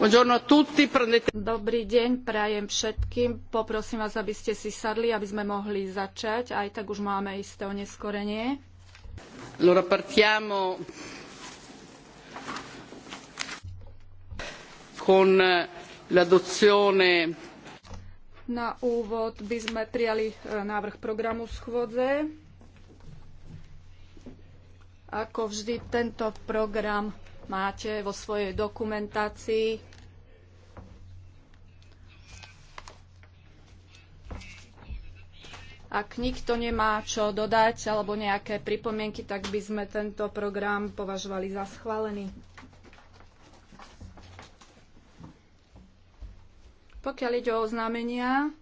Dobrý deň, prajem všetkým. Poprosím vás, aby ste si sadli, aby sme mohli začať. Aj tak už máme isté oneskorenie. Allora partiamo con eh, l'adozione. Na úvod by sme prijali eh, návrh programu schôdze. Ako vždy, tento program máte vo svojej dokumentácii Ak nikto nemá čo dodať alebo nejaké pripomienky, tak by sme tento program považovali za schválený. Pokiaľ ide o oznámenia,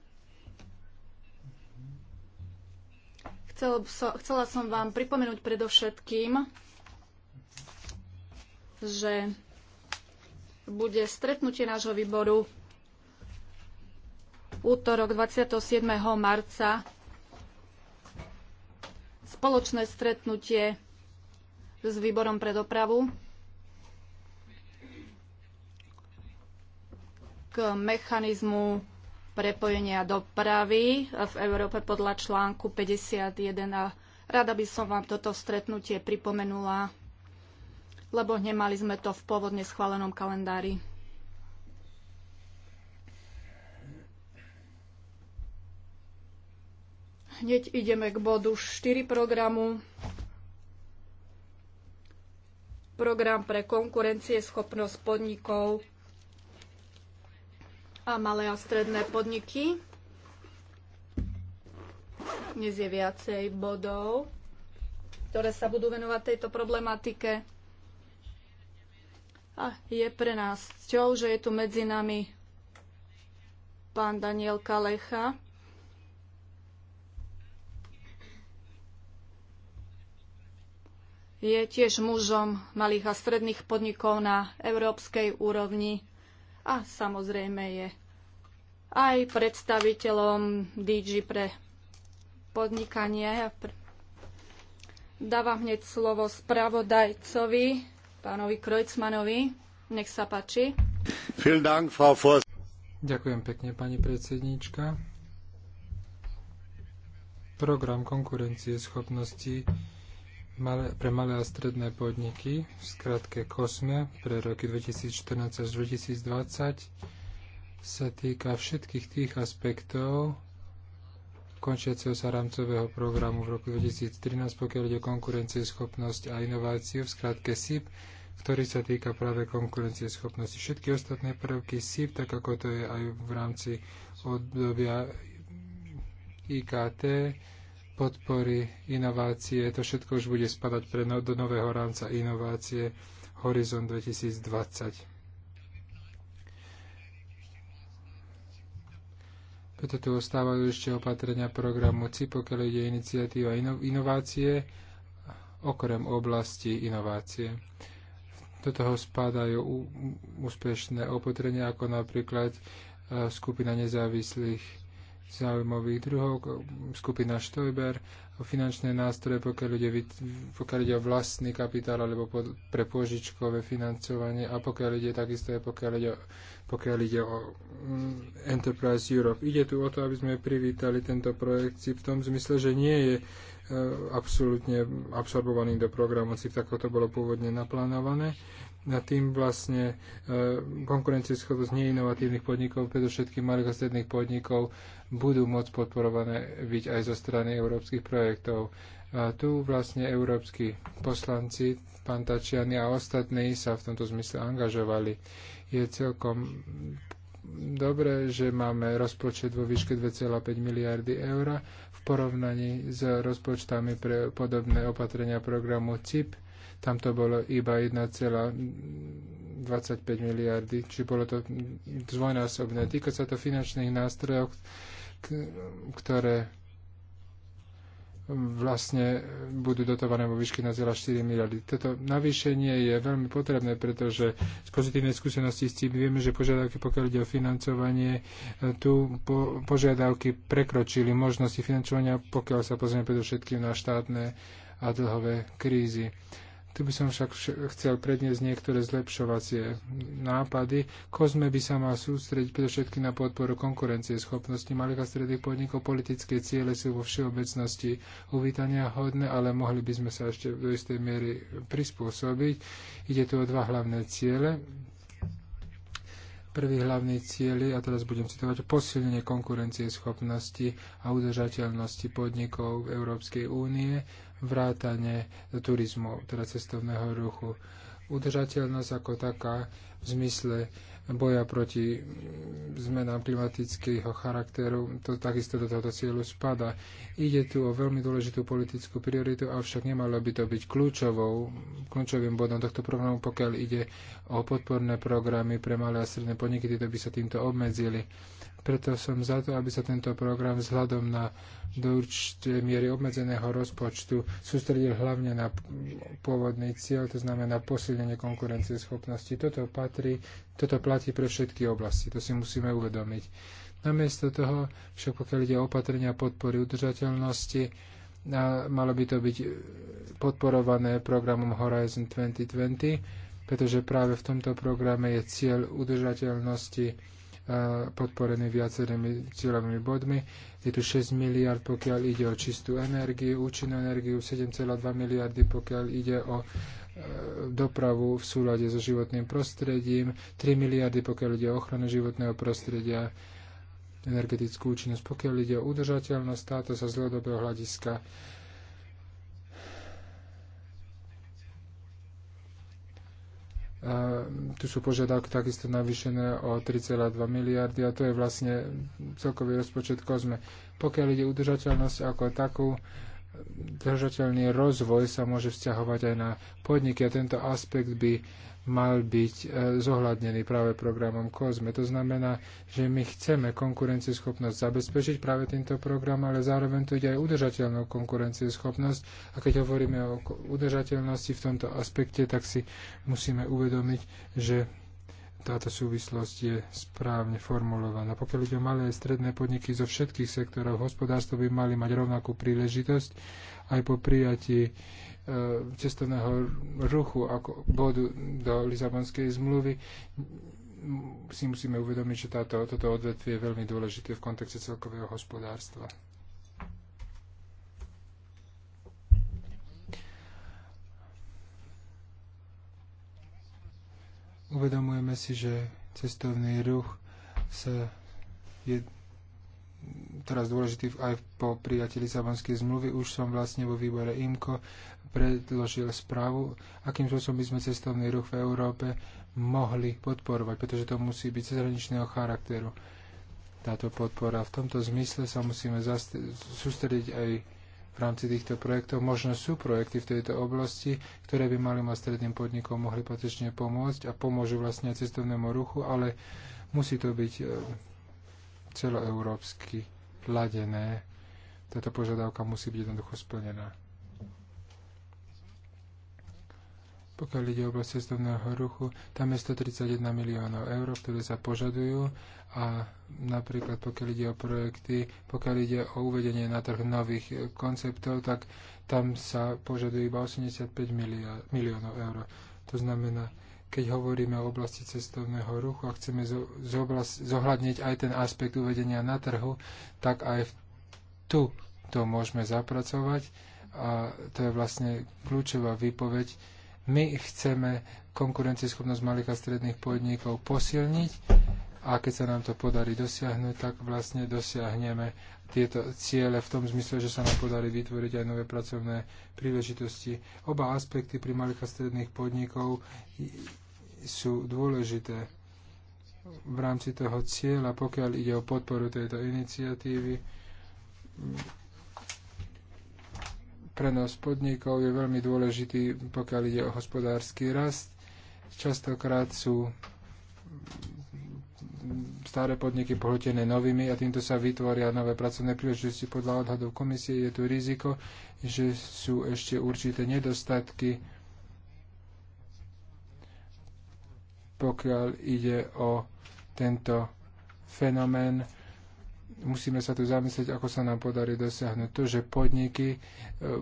chcela som vám pripomenúť predovšetkým, že bude stretnutie nášho výboru útorok 27. marca spoločné stretnutie s výborom pre dopravu k mechanizmu prepojenia dopravy v Európe podľa článku 51 a rada by som vám toto stretnutie pripomenula, lebo nemali sme to v pôvodne schválenom kalendári. hneď ideme k bodu 4 programu. Program pre konkurencie schopnosť podnikov a malé a stredné podniky. Dnes je viacej bodov, ktoré sa budú venovať tejto problematike. A je pre nás cťou, že je tu medzi nami pán Daniel Kalecha, je tiež mužom malých a stredných podnikov na európskej úrovni a samozrejme je aj predstaviteľom DG pre podnikanie. Dávam hneď slovo spravodajcovi, pánovi Krojcmanovi. Nech sa páči. Ďakujem pekne, pani predsedníčka. Program konkurencie schopnosti malé, pre malé a stredné podniky, v skratke COSME, pre roky 2014 až 2020 sa týka všetkých tých aspektov končiaceho sa rámcového programu v roku 2013, pokiaľ ide o konkurencieschopnosť a inováciu, v skratke SIP, ktorý sa týka práve konkurencieschopnosti. Všetky ostatné prvky SIP, tak ako to je aj v rámci obdobia IKT, podpory, inovácie, to všetko už bude spadať pre no, do nového rámca inovácie Horizon 2020. Preto tu ostávajú ešte opatrenia programu CI, pokiaľ ide iniciatíva inovácie, okrem oblasti inovácie. Do toho spadajú úspešné opatrenia, ako napríklad e, skupina nezávislých záujmových druhov, skupina Stoiber, o finančné nástroje, pokiaľ ide, pokiaľ ide o vlastný kapitál alebo pod, pre požičkové financovanie a pokiaľ ide takisto je, pokiaľ ide, pokiaľ ide o mm, Enterprise Europe. Ide tu o to, aby sme privítali tento projekt si v tom zmysle, že nie je e, absolútne absorbovaný do programu, si tak to bolo pôvodne naplánované na tým vlastne e, konkurencieschopnosť neinovatívnych podnikov, predovšetkým malých a stredných podnikov, budú môcť podporované byť aj zo strany európskych projektov. A tu vlastne európsky poslanci, pán Tačiani a ostatní sa v tomto zmysle angažovali. Je celkom dobre, že máme rozpočet vo výške 2,5 miliardy eur v porovnaní s rozpočtami pre podobné opatrenia programu CIP tam to bolo iba 1,25 miliardy, či bolo to dvojnásobné. Týka sa to finančných nástrojov, ktoré vlastne budú dotované vo výške 1,4 miliardy. Toto navýšenie je veľmi potrebné, pretože z pozitívnej skúsenosti s tým vieme, že požiadavky, pokiaľ ide o financovanie, tu po, požiadavky prekročili možnosti financovania, pokiaľ sa pozrieme predovšetkým na štátne a dlhové krízy. Tu by som však chcel predniesť niektoré zlepšovacie nápady. Kozme by sa mal sústrediť predovšetkým na podporu konkurencie schopnosti malých a stredných podnikov. Politické ciele sú vo všeobecnosti uvítania hodné, ale mohli by sme sa ešte do istej miery prispôsobiť. Ide tu o dva hlavné ciele Prvý hlavný cieľ je, a teraz budem citovať, posilnenie konkurencie schopnosti a udržateľnosti podnikov Európskej únie, vrátanie turizmu, teda cestovného ruchu. Udržateľnosť ako taká v zmysle boja proti zmenám klimatického charakteru, to takisto do tohto cieľu spada. Ide tu o veľmi dôležitú politickú prioritu, avšak nemalo by to byť kľúčovou, kľúčovým bodom tohto programu, pokiaľ ide o podporné programy pre malé a stredné podniky, tieto by sa týmto obmedzili. Preto som za to, aby sa tento program vzhľadom na do určitej miery obmedzeného rozpočtu sústredil hlavne na pôvodný cieľ, to znamená posilnenie konkurencie schopnosti. Toto, patrí, toto platí pre všetky oblasti, to si musíme uvedomiť. Namiesto toho, však pokiaľ ide o opatrenia podpory udržateľnosti, malo by to byť podporované programom Horizon 2020, pretože práve v tomto programe je cieľ udržateľnosti podporený viacerými cieľovými bodmi. Je tu 6 miliard, pokiaľ ide o čistú energiu, účinnú energiu, 7,2 miliardy, pokiaľ ide o e, dopravu v súlade so životným prostredím, 3 miliardy, pokiaľ ide o ochranu životného prostredia, energetickú účinnosť. Pokiaľ ide o udržateľnosť, táto sa z dlhodobého hľadiska tu sú požiadavky takisto navýšené o 3,2 miliardy a to je vlastne celkový rozpočet kozme. Pokiaľ ide udržateľnosť ako takú, držateľný rozvoj sa môže vzťahovať aj na podniky a tento aspekt by mal byť e, zohľadnený práve programom COSME. To znamená, že my chceme konkurencieschopnosť zabezpečiť práve týmto programom, ale zároveň tu ide aj udržateľnú konkurencieschopnosť. A keď hovoríme o udržateľnosti v tomto aspekte, tak si musíme uvedomiť, že táto súvislosť je správne formulovaná. Pokiaľ ide o malé a stredné podniky zo všetkých sektorov hospodárstva by mali mať rovnakú príležitosť aj po prijatí E, cestovného ruchu ako bodu do Lisabonskej zmluvy, si musíme uvedomiť, že táto, toto odvetvie je veľmi dôležité v kontexte celkového hospodárstva. Uvedomujeme si, že cestovný ruch sa je teraz dôležitý aj po prijatí Lisabonskej zmluvy. Už som vlastne vo výbore IMCO predložil správu, akým spôsobom by sme cestovný ruch v Európe mohli podporovať, pretože to musí byť cezhraničného charakteru táto podpora. V tomto zmysle sa musíme sústrediť aj v rámci týchto projektov. Možno sú projekty v tejto oblasti, ktoré by malým a stredným podnikom mohli patrične pomôcť a pomôžu vlastne aj cestovnému ruchu, ale musí to byť e, celoeurópsky kladené. Táto požiadavka musí byť jednoducho splnená. Pokiaľ ide o oblasť cestovného ruchu, tam je 131 miliónov eur, ktoré sa požadujú a napríklad pokiaľ ide o projekty, pokiaľ ide o uvedenie na trh nových konceptov, tak tam sa požaduje iba 85 miliónov eur. To znamená, keď hovoríme o oblasti cestovného ruchu a chceme zohľadniť aj ten aspekt uvedenia na trhu, tak aj tu to môžeme zapracovať a to je vlastne kľúčová výpoveď. My chceme konkurencieschopnosť malých a stredných podnikov posilniť a keď sa nám to podarí dosiahnuť, tak vlastne dosiahneme tieto ciele v tom zmysle, že sa nám podarí vytvoriť aj nové pracovné príležitosti. Oba aspekty pri malých a stredných podnikov sú dôležité v rámci toho cieľa, pokiaľ ide o podporu tejto iniciatívy. Prenos podnikov je veľmi dôležitý, pokiaľ ide o hospodársky rast. Častokrát sú staré podniky pohltené novými a týmto sa vytvoria nové pracovné príležitosti. Podľa odhadov komisie je tu riziko, že sú ešte určité nedostatky, pokiaľ ide o tento fenomén. Musíme sa tu zamyslieť, ako sa nám podarí dosiahnuť to, že podniky e,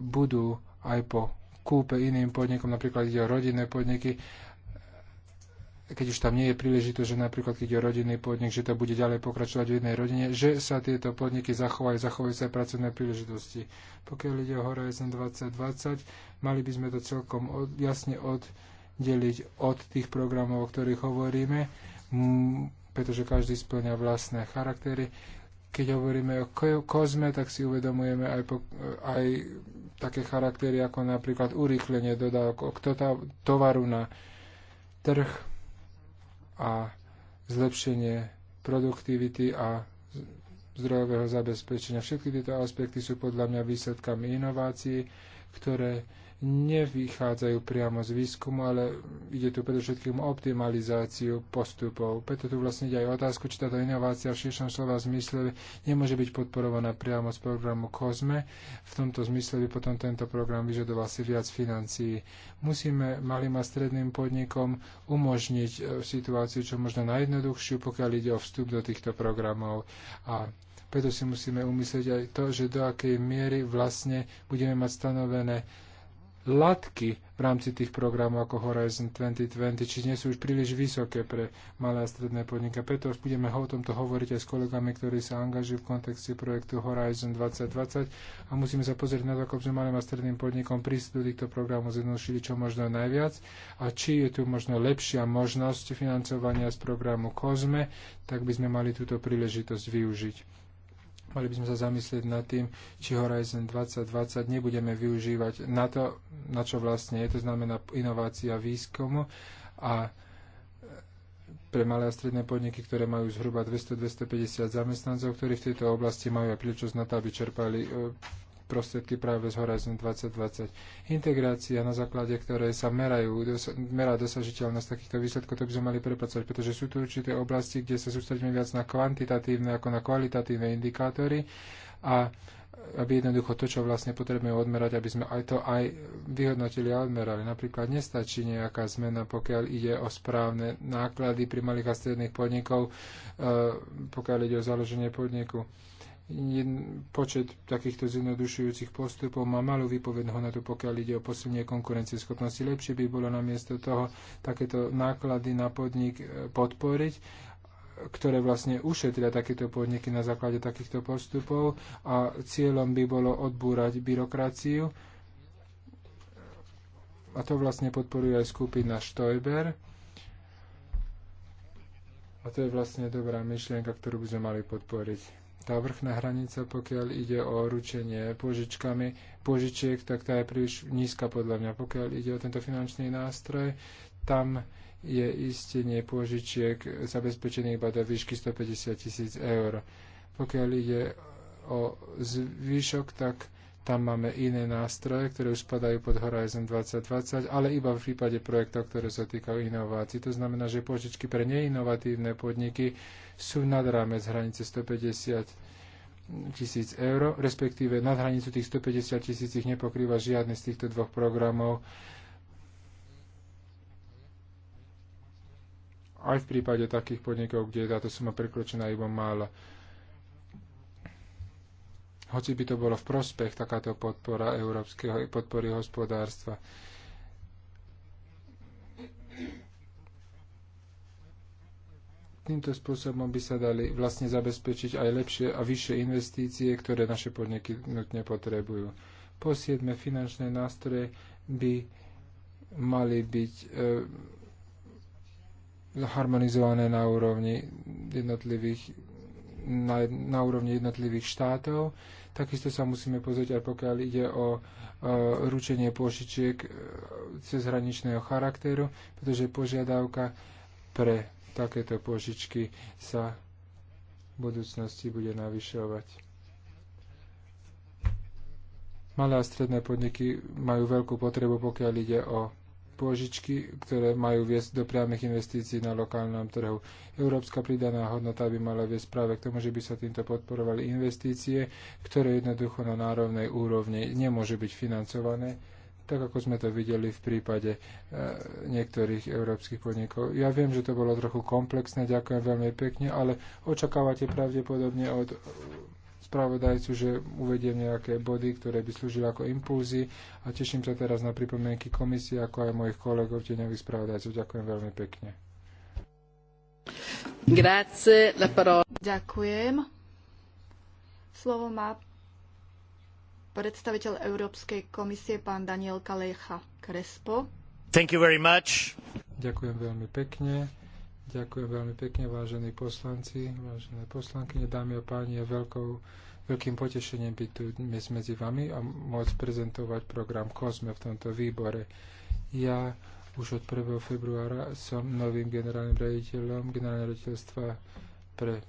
budú aj po kúpe iným podnikom, napríklad ide o rodinné podniky, keď už tam nie je príležitosť, že napríklad keď je rodinný podnik, že to bude ďalej pokračovať v jednej rodine, že sa tieto podniky zachovajú, zachovajú sa pracovné príležitosti. Pokiaľ ide o Horizon 2020, mali by sme to celkom od, jasne oddeliť od tých programov, o ktorých hovoríme, m, pretože každý splňa vlastné charaktery. Keď hovoríme o kozme, tak si uvedomujeme aj, po, aj také charaktery ako napríklad urýchlenie dodávok tovaru na trh, a zlepšenie produktivity a zdrojového zabezpečenia. Všetky tieto aspekty sú podľa mňa výsledkami inovácií, ktoré nevychádzajú priamo z výskumu, ale ide tu predovšetkým o optimalizáciu postupov. Preto tu vlastne ide aj otázku, či táto inovácia v širšom slova zmysle nemôže byť podporovaná priamo z programu COSME. V tomto zmysle by potom tento program vyžadoval si viac financií. Musíme malým a stredným podnikom umožniť e, situáciu čo možno najjednoduchšiu, pokiaľ ide o vstup do týchto programov. A preto si musíme umyslieť aj to, že do akej miery vlastne budeme mať stanovené latky v rámci tých programov ako Horizon 2020, či nie sú už príliš vysoké pre malé a stredné podniky. Preto už budeme o tomto hovoriť aj s kolegami, ktorí sa angažujú v kontexte projektu Horizon 2020 a musíme sa pozrieť na to, ako sme malým a stredným podnikom prístup do týchto programov zjednodušili čo možno najviac a či je tu možno lepšia možnosť financovania z programu COSME, tak by sme mali túto príležitosť využiť. Mali by sme sa zamyslieť nad tým, či Horizon 2020 nebudeme využívať na to, na čo vlastne je, to znamená inovácia výskumu a pre malé a stredné podniky, ktoré majú zhruba 200-250 zamestnancov, ktorí v tejto oblasti majú aj príležitosť na to, aby čerpali e, prostriedky práve z Horizon 2020. Integrácia, na základe ktorej sa merajú, dosa, merá dosažiteľnosť takýchto výsledkov, to by sme mali prepracovať, pretože sú tu určité oblasti, kde sa sústredíme viac na kvantitatívne ako na kvalitatívne indikátory a aby jednoducho to, čo vlastne potrebujeme odmerať, aby sme aj to aj vyhodnotili a odmerali. Napríklad nestačí nejaká zmena, pokiaľ ide o správne náklady pri malých a stredných podnikov, e, pokiaľ ide o založenie podniku počet takýchto zjednodušujúcich postupov má malú výpovednú hodnotu, pokiaľ ide o posilnenie schopnosti. Lepšie by bolo namiesto toho takéto náklady na podnik e, podporiť ktoré vlastne ušetria takéto podniky na základe takýchto postupov a cieľom by bolo odbúrať byrokraciu. A to vlastne podporuje aj skupina Stoiber. A to je vlastne dobrá myšlienka, ktorú by sme mali podporiť tá vrchná hranica, pokiaľ ide o ručenie požičkami, požičiek, tak tá je príliš nízka podľa mňa. Pokiaľ ide o tento finančný nástroj, tam je istenie požičiek zabezpečených iba do výšky 150 tisíc eur. Pokiaľ ide o zvyšok, tak tam máme iné nástroje, ktoré už spadajú pod Horizon 2020, ale iba v prípade projektov, ktoré sa týkajú inovácií. To znamená, že požičky pre neinovatívne podniky sú nad rámec hranice 150 tisíc eur, respektíve nad hranicu tých 150 tisíc ich nepokrýva žiadny z týchto dvoch programov. Aj v prípade takých podnikov, kde je táto suma prekročená iba málo hoci by to bolo v prospech takáto podpora európskeho, podpory hospodárstva. Týmto spôsobom by sa dali vlastne zabezpečiť aj lepšie a vyššie investície, ktoré naše podniky nutne potrebujú. Po siedme finančné nástroje by mali byť e, harmonizované na úrovni jednotlivých na, na úrovni jednotlivých štátov. Takisto sa musíme pozrieť aj pokiaľ ide o e, ručenie pôžičiek e, cezhraničného charakteru, pretože požiadavka pre takéto požičky sa v budúcnosti bude navyšovať. Malé a stredné podniky majú veľkú potrebu, pokiaľ ide o pôžičky, ktoré majú viesť do priamých investícií na lokálnom trhu. Európska pridaná hodnota by mala viesť práve k tomu, že by sa týmto podporovali investície, ktoré jednoducho na nárovnej úrovni nemôžu byť financované tak ako sme to videli v prípade e, niektorých európskych podnikov. Ja viem, že to bolo trochu komplexné, ďakujem veľmi pekne, ale očakávate pravdepodobne od spravodajcu, že uvediem nejaké body, ktoré by slúžili ako impulzy a teším sa teraz na pripomienky komisie, ako aj mojich kolegov tieňových spravodajcov. Ďakujem veľmi pekne. Grazie, la Ďakujem. Slovo má predstaviteľ Európskej komisie, pán Daniel Kalecha Krespo. Thank you very much. Ďakujem veľmi pekne. Ďakujem veľmi pekne, vážení poslanci, vážené poslankyne, dámy a páni, je veľkou, veľkým potešením byť tu dnes medzi vami a môcť prezentovať program COSME v tomto výbore. Ja už od 1. februára som novým generálnym raditeľom generálneho riaditeľstva pre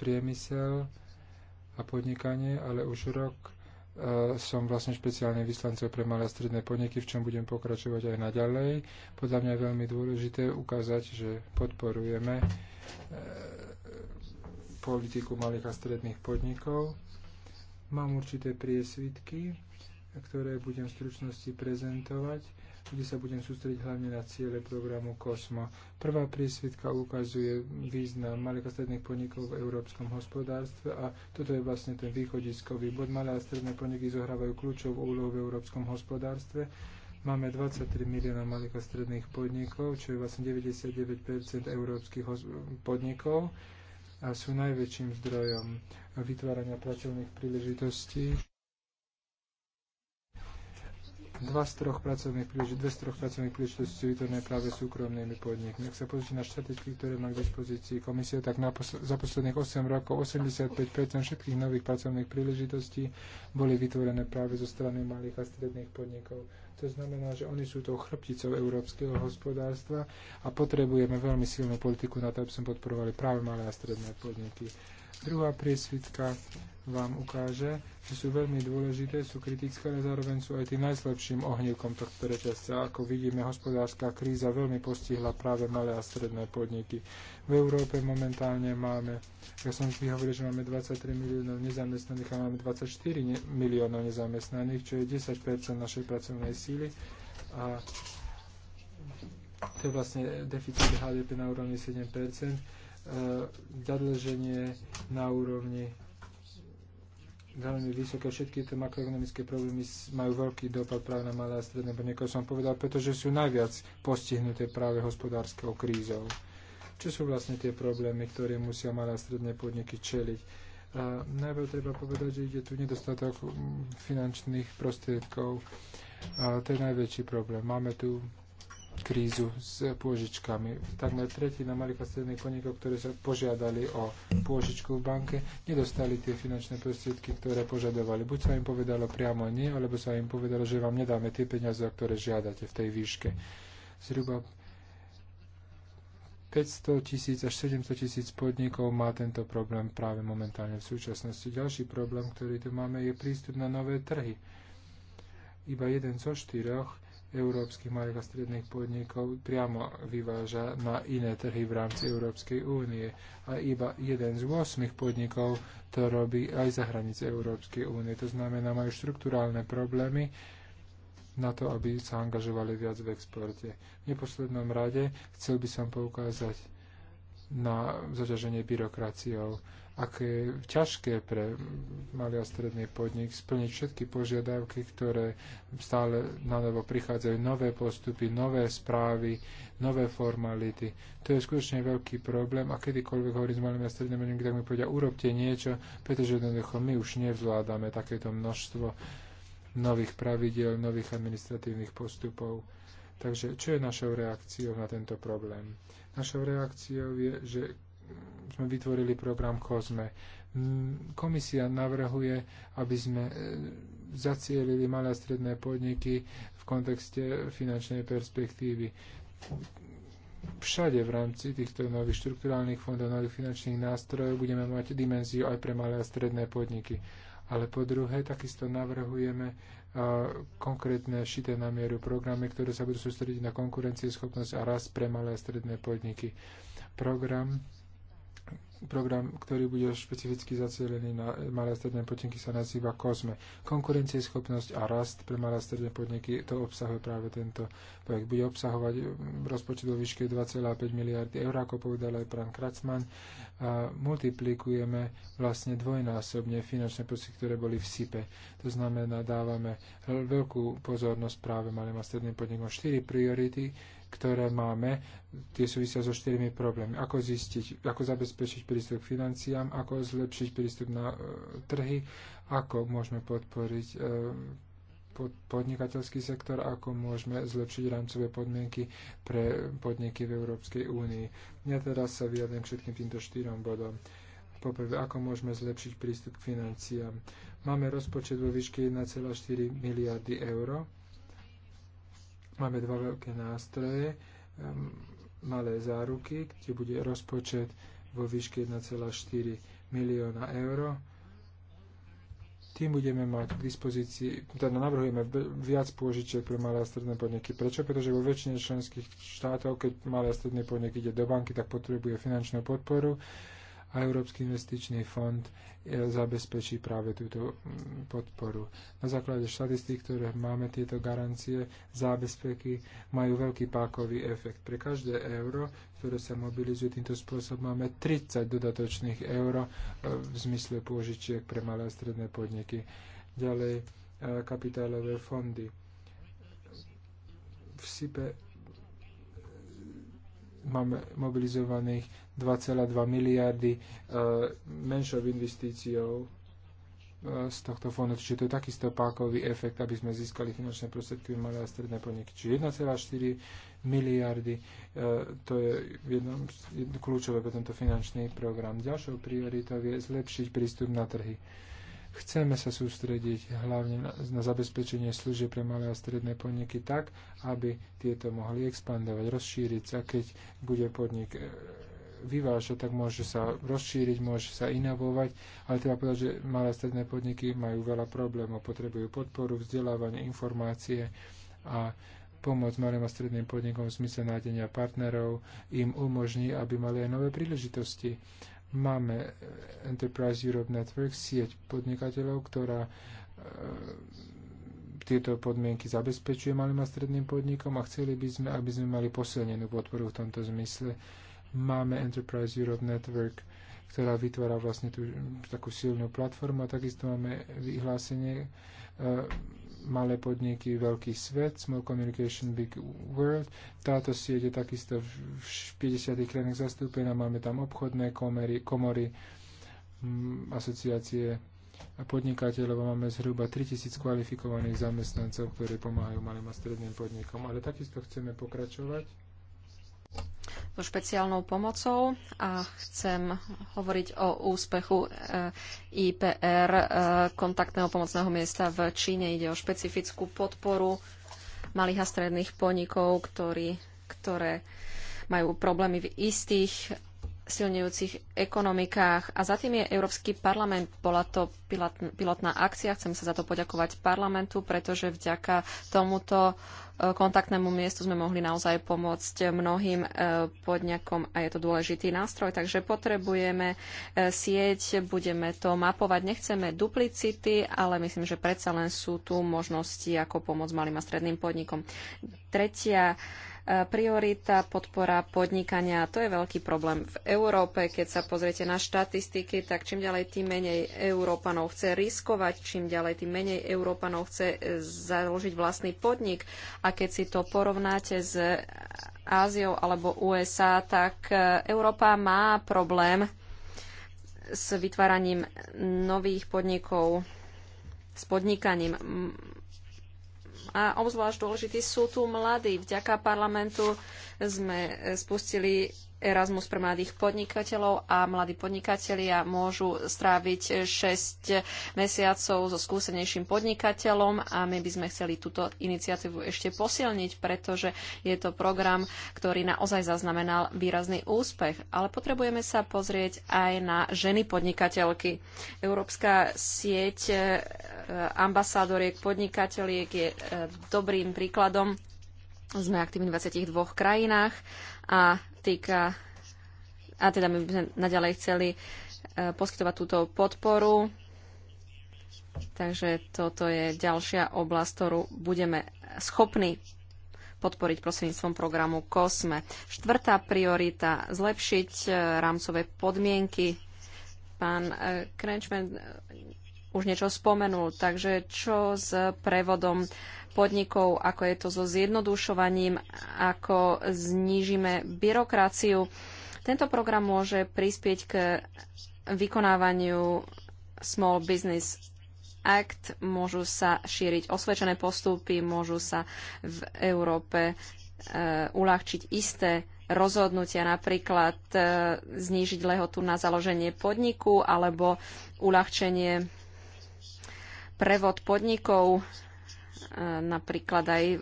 priemysel a podnikanie, ale už rok som vlastne špeciálne vyslancov pre malé a stredné podniky, v čom budem pokračovať aj naďalej. Podľa mňa je veľmi dôležité ukázať, že podporujeme e, politiku malých a stredných podnikov. Mám určité priesvitky, ktoré budem v stručnosti prezentovať kde sa budem sústrediť hlavne na ciele programu COSMO. Prvá priesvitka ukazuje význam malých a stredných podnikov v európskom hospodárstve a toto je vlastne ten východiskový bod. Malé a stredné podniky zohrávajú kľúčovú úlohu v európskom hospodárstve. Máme 23 miliónov malých a stredných podnikov, čo je vlastne 99 európskych podnikov a sú najväčším zdrojom vytvárania pracovných príležitostí. Dva z troch pracovných príležitostí, dve z troch pracovných príležitostí sú vytvorené práve súkromnými podnikmi. Ak sa pozrite na štatistiky, ktoré má k dispozícii komisia, tak na za posledných 8 rokov 85% všetkých nových pracovných príležitostí boli vytvorené práve zo strany malých a stredných podnikov. To znamená, že oni sú tou chrbticou európskeho hospodárstva a potrebujeme veľmi silnú politiku na to, aby sme podporovali práve malé a stredné podniky. Druhá priesvitka vám ukáže, že sú veľmi dôležité, sú kritické, ale zároveň sú aj tým najslabším ohnívkom tohto reťazca. Ako vidíme, hospodárska kríza veľmi postihla práve malé a stredné podniky. V Európe momentálne máme, ja som vždy hovoril, že máme 23 miliónov nezamestnaných a máme 24 miliónov nezamestnaných, čo je 10 našej pracovnej síly. A to je vlastne deficit HDP na úrovni 7 e, zadlženie na úrovni veľmi vysoké. Všetky tie makroekonomické problémy majú veľký dopad práve na malé a stredné podniky, som povedal, pretože sú najviac postihnuté práve hospodárskou krízou. Čo sú vlastne tie problémy, ktoré musia malé a stredné podniky čeliť? A najprv treba povedať, že ide tu nedostatok mm, finančných prostriedkov. A to je najväčší problém. Máme tu krízu s pôžičkami. Takmer tretina malých a stredných podnikov, ktoré sa požiadali o pôžičku v banke, nedostali tie finančné prostriedky, ktoré požadovali. Buď sa im povedalo priamo nie, alebo sa im povedalo, že vám nedáme tie peniaze, o ktoré žiadate v tej výške. Zhruba 500 tisíc až 700 tisíc podnikov má tento problém práve momentálne v súčasnosti. Ďalší problém, ktorý tu máme, je prístup na nové trhy. Iba jeden zo štyroch európskych malých a stredných podnikov priamo vyváža na iné trhy v rámci Európskej únie. A iba jeden z 8 podnikov to robí aj za hranice Európskej únie. To znamená, majú štruktúrálne problémy na to, aby sa angažovali viac v exporte. V neposlednom rade chcel by som poukázať na zaťaženie byrokraciou aké je ťažké pre malý a stredný podnik splniť všetky požiadavky, ktoré stále na novo prichádzajú, nové postupy, nové správy, nové formality. To je skutočne veľký problém a kedykoľvek hovorím s malými a strednými podnikmi, tak mi povedia, urobte niečo, pretože jednoducho my už nevzládame takéto množstvo nových pravidel, nových administratívnych postupov. Takže čo je našou reakciou na tento problém? Našou reakciou je, že sme vytvorili program COSME. Mm, komisia navrhuje, aby sme e, zacielili malé a stredné podniky v kontexte finančnej perspektívy. Všade v rámci týchto nových štrukturálnych fondov, nových finančných nástrojov budeme mať dimenziu aj pre malé a stredné podniky. Ale po druhé, takisto navrhujeme e, konkrétne šité na mieru programy, ktoré sa budú sústrediť na konkurencieschopnosť a rast pre malé a stredné podniky. Program program, ktorý bude špecificky zacielený na malé a stredné podniky, sa nazýva COSME. Konkurencieschopnosť a rast pre malé a stredné podniky, to obsahuje práve tento projekt. Bude obsahovať rozpočet vo výške 2,5 miliardy eur, ako povedal aj pán Kracman. A multiplikujeme vlastne dvojnásobne finančné prostriedky, ktoré boli v SIPE. To znamená, dávame veľkú pozornosť práve malým a stredným podnikom. 4 priority ktoré máme, tie súvisia so štyrmi problémy. Ako zistiť, ako zabezpečiť prístup k financiám, ako zlepšiť prístup na e, trhy, ako môžeme podporiť e, pod, podnikateľský sektor, ako môžeme zlepšiť rámcové podmienky pre podniky v Európskej únii. Ja teraz sa vyjadrím všetkým týmto štyrom bodom. Poprvé, ako môžeme zlepšiť prístup k financiám. Máme rozpočet vo výške 1,4 miliardy eur Máme dva veľké nástroje, ehm, malé záruky, kde bude rozpočet vo výške 1,4 milióna eur. Tým budeme mať k dispozícii, teda navrhujeme viac pôžičiek pre malé a stredné podniky. Prečo? Pretože vo väčšine členských štátov, keď malé a stredné podnik ide do banky, tak potrebuje finančnú podporu a Európsky investičný fond e, zabezpečí práve túto mm, podporu. Na základe štatistík, ktoré máme, tieto garancie, zábezpeky majú veľký pákový efekt. Pre každé euro, ktoré sa mobilizuje týmto spôsobom, máme 30 dodatočných euro e, v zmysle pôžičiek pre malé a stredné podniky. Ďalej e, kapitálové fondy. V SIPE máme mobilizovaných 2,2 miliardy e, menšou investíciou e, z tohto fondu, čiže to je taký stopákový efekt, aby sme získali finančné prostriedky malé a stredné podniky. Čiže 1,4 miliardy, e, to je jedno, jedno, kľúčové pre tento finančný program. Ďalšou prioritou je zlepšiť prístup na trhy Chceme sa sústrediť hlavne na, na zabezpečenie služieb pre malé a stredné podniky tak, aby tieto mohli expandovať, rozšíriť sa, keď bude podnik e, vyvážať, tak môže sa rozšíriť, môže sa inovovať, ale treba povedať, že malé a stredné podniky majú veľa problémov, potrebujú podporu, vzdelávanie, informácie a pomoc malým a stredným podnikom v zmysle nájdenia partnerov im umožní, aby mali aj nové príležitosti. Máme Enterprise Europe Network, sieť podnikateľov, ktorá e, tieto podmienky zabezpečuje malým a stredným podnikom a chceli by sme, aby sme mali posilnenú podporu v tomto zmysle. Máme Enterprise Europe Network, ktorá vytvára vlastne tú takú silnú platformu a takisto máme vyhlásenie e, malé podniky, veľký svet, Small Communication Big World. Táto sieť je takisto v 50 krajinách zastúpená, máme tam obchodné komory, komory mm, asociácie podnikateľov máme zhruba 3000 kvalifikovaných zamestnancov, ktorí pomáhajú malým a stredným podnikom. Ale takisto chceme pokračovať so špeciálnou pomocou a chcem hovoriť o úspechu eh, IPR eh, kontaktného pomocného miesta v Číne. Ide o špecifickú podporu malých a stredných podnikov, ktorí, ktoré majú problémy v istých silňujúcich ekonomikách. A za tým je Európsky parlament. Bola to pilotná akcia. Chcem sa za to poďakovať parlamentu, pretože vďaka tomuto kontaktnému miestu sme mohli naozaj pomôcť mnohým e, podnikom a je to dôležitý nástroj. Takže potrebujeme e, sieť, budeme to mapovať. Nechceme duplicity, ale myslím, že predsa len sú tu možnosti, ako pomôcť malým a stredným podnikom. Tretia priorita podpora podnikania. To je veľký problém v Európe. Keď sa pozriete na štatistiky, tak čím ďalej tým menej Európanov chce riskovať, čím ďalej tým menej Európanov chce e, založiť vlastný podnik. A keď si to porovnáte s Áziou alebo USA, tak e, Európa má problém s vytváraním nových podnikov, s podnikaním a obzvlášť dôležití sú tu mladí. Vďaka parlamentu sme eh, spustili Erasmus pre mladých podnikateľov a mladí podnikatelia môžu stráviť 6 mesiacov so skúsenejším podnikateľom a my by sme chceli túto iniciatívu ešte posilniť, pretože je to program, ktorý naozaj zaznamenal výrazný úspech. Ale potrebujeme sa pozrieť aj na ženy podnikateľky. Európska sieť eh, ambasádoriek podnikateľiek je eh, dobrým príkladom sme aktívni v 22 krajinách a týka a teda my by sme naďalej chceli e, poskytovať túto podporu. Takže toto je ďalšia oblasť, ktorú budeme schopní podporiť prostredníctvom programu COSME. Štvrtá priorita zlepšiť e, rámcové podmienky. Pán e, Krenčmen už niečo spomenul, takže čo s prevodom podnikov, ako je to so zjednodušovaním, ako znížime byrokraciu. Tento program môže prispieť k vykonávaniu Small Business Act, môžu sa šíriť osvedčené postupy, môžu sa v Európe e, uľahčiť isté rozhodnutia, napríklad e, znížiť lehotu na založenie podniku alebo uľahčenie prevod podnikov Eh, napríklad aj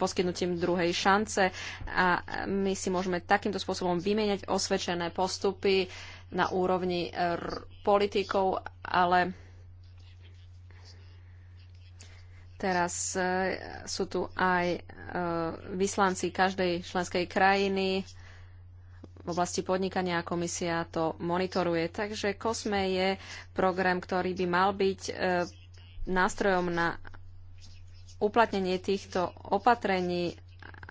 poskytnutím druhej šance a my si môžeme takýmto spôsobom vymieňať osvedčené postupy na úrovni politikov, ale teraz eh, sú tu aj eh, vyslanci každej členskej krajiny v oblasti podnikania a komisia to monitoruje. Takže COSME je program, ktorý by mal byť nástrojom na uplatnenie týchto opatrení.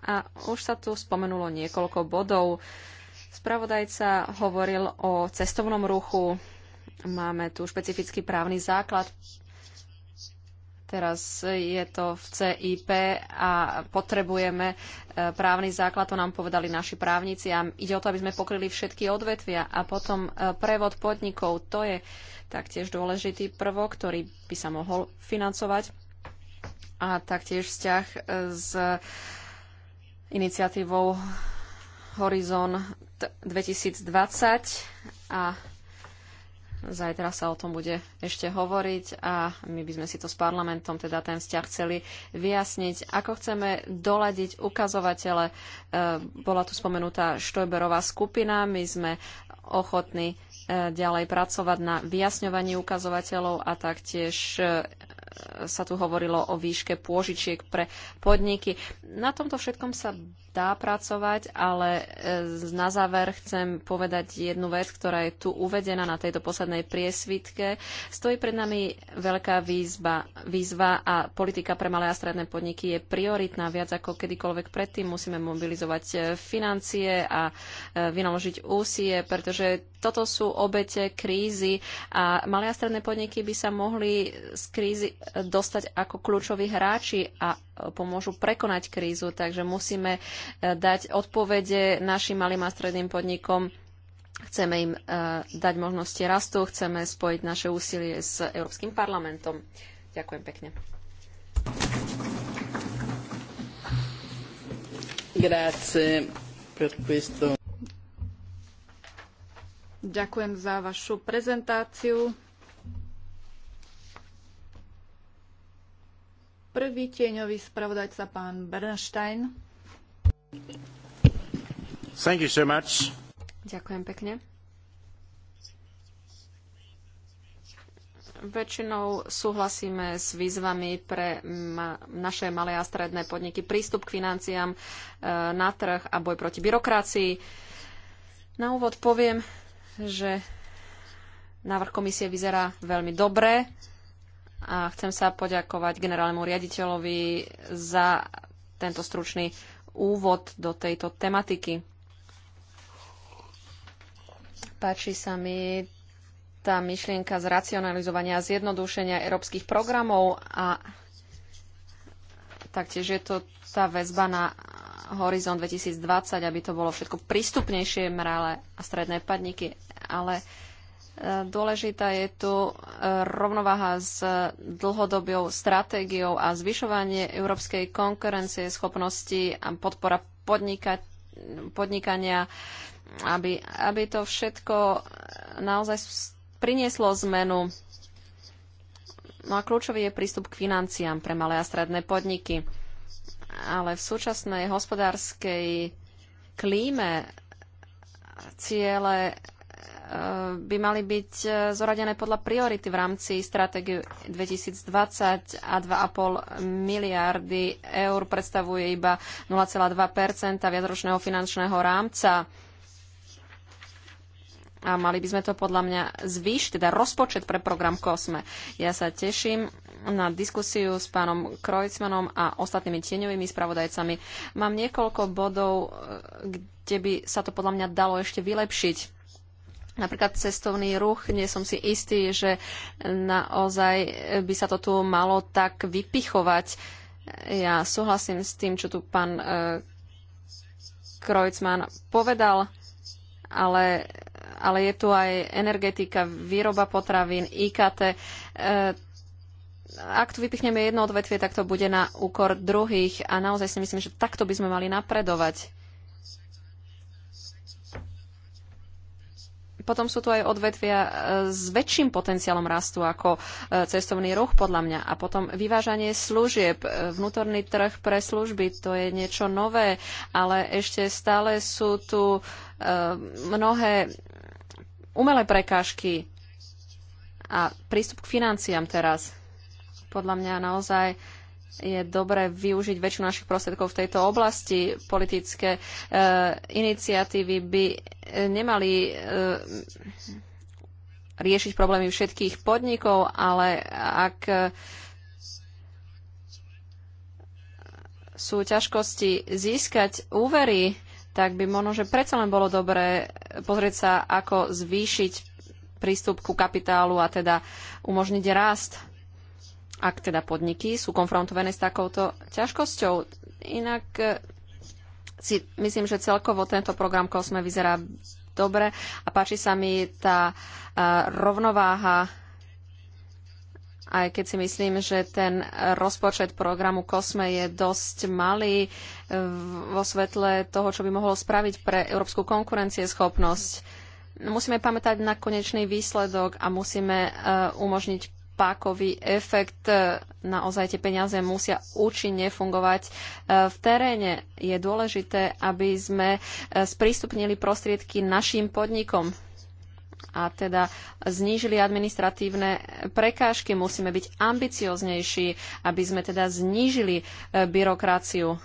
A už sa tu spomenulo niekoľko bodov. Spravodajca hovoril o cestovnom ruchu. Máme tu špecifický právny základ. Teraz je to v CIP a potrebujeme e, právny základ, to nám povedali naši právnici a ide o to, aby sme pokryli všetky odvetvia a potom e, prevod podnikov, to je taktiež dôležitý prvok, ktorý by sa mohol financovať a taktiež vzťah e, s iniciatívou Horizon 2020 a Zajtra sa o tom bude ešte hovoriť a my by sme si to s parlamentom, teda ten vzťah chceli vyjasniť. Ako chceme doladiť ukazovatele, e, bola tu spomenutá Štojberová skupina, my sme ochotní e, ďalej pracovať na vyjasňovaní ukazovateľov a taktiež sa tu hovorilo o výške pôžičiek pre podniky. Na tomto všetkom sa dá pracovať, ale e, na záver chcem povedať jednu vec, ktorá je tu uvedená na tejto poslednej priesvitke. Stojí pred nami veľká výzva, výzva a politika pre malé a stredné podniky je prioritná viac ako kedykoľvek predtým. Musíme mobilizovať e, financie a e, vynaložiť úsie, pretože toto sú obete krízy a malé a stredné podniky by sa mohli z krízy dostať ako kľúčoví hráči a pomôžu prekonať krízu. Takže musíme e, dať odpovede našim malým a stredným podnikom. Chceme im e, dať možnosti rastu, chceme spojiť naše úsilie s Európskym parlamentom. Ďakujem pekne. Grazie per questo. Ďakujem za vašu prezentáciu. Prvý tieňový spravodajca pán Bernstein. Thank you so much. Ďakujem pekne. väčšinou súhlasíme s výzvami pre naše malé a stredné podniky, prístup k financiám e, na trh a boj proti byrokracii. Na úvod poviem, že návrh komisie vyzerá veľmi dobre a chcem sa poďakovať generálnemu riaditeľovi za tento stručný úvod do tejto tematiky. Páči sa mi tá myšlienka zracionalizovania a zjednodušenia európskych programov a taktiež je to tá väzba na Horizon 2020, aby to bolo všetko prístupnejšie mrále a stredné padníky, ale Dôležitá je tu e, rovnováha s dlhodobou stratégiou a zvyšovanie európskej konkurencie, schopnosti a podpora podnika- podnikania, aby, aby to všetko naozaj prinieslo zmenu. No a kľúčový je prístup k financiám pre malé a stredné podniky. Ale v súčasnej hospodárskej klíme ciele Eh, by mali byť eh, zoradené podľa priority v rámci stratégie 2020 a 2,5 miliardy eur predstavuje iba 0,2 viacročného finančného rámca. A mali by sme to podľa mňa zvýšiť, teda rozpočet pre program COSME. Ja sa teším na diskusiu s pánom Krojcmanom a ostatnými tieňovými spravodajcami. Mám niekoľko bodov, eh, kde by sa to podľa mňa dalo ešte vylepšiť Napríklad cestovný ruch, nie som si istý, že naozaj by sa to tu malo tak vypichovať. Ja súhlasím s tým, čo tu pán e, Krojcman povedal, ale, ale je tu aj energetika, výroba potravín, IKT. E, ak tu vypichneme jedno odvetvie, tak to bude na úkor druhých a naozaj si myslím, že takto by sme mali napredovať. potom sú tu aj odvetvia e, s väčším potenciálom rastu ako e, cestovný ruch podľa mňa. A potom vyvážanie služieb, e, vnútorný trh pre služby, to je niečo nové, ale ešte stále sú tu mnohé umelé prekážky a prístup k financiám teraz. Podľa mňa naozaj je dobré využiť väčšinu našich prostriedkov v tejto oblasti. Politické e, iniciatívy by e, nemali e, riešiť problémy všetkých podnikov, ale ak e, sú ťažkosti získať úvery, tak by možno, že predsa len bolo dobré pozrieť sa, ako zvýšiť prístup ku kapitálu a teda umožniť rast ak teda podniky sú konfrontované s takouto ťažkosťou. Inak e, si myslím, že celkovo tento program Kosme vyzerá dobre a páči sa mi tá e, rovnováha, aj keď si myslím, že ten rozpočet programu Kosme je dosť malý e, vo svetle toho, čo by mohlo spraviť pre európsku konkurencieschopnosť musíme pamätať na konečný výsledok a musíme umožniť pákový efekt. E, naozaj tie peniaze musia účinne fungovať e, v teréne. Je dôležité, aby sme e, sprístupnili prostriedky našim podnikom a teda znížili administratívne prekážky. Musíme byť ambicioznejší, aby sme teda znížili byrokraciu.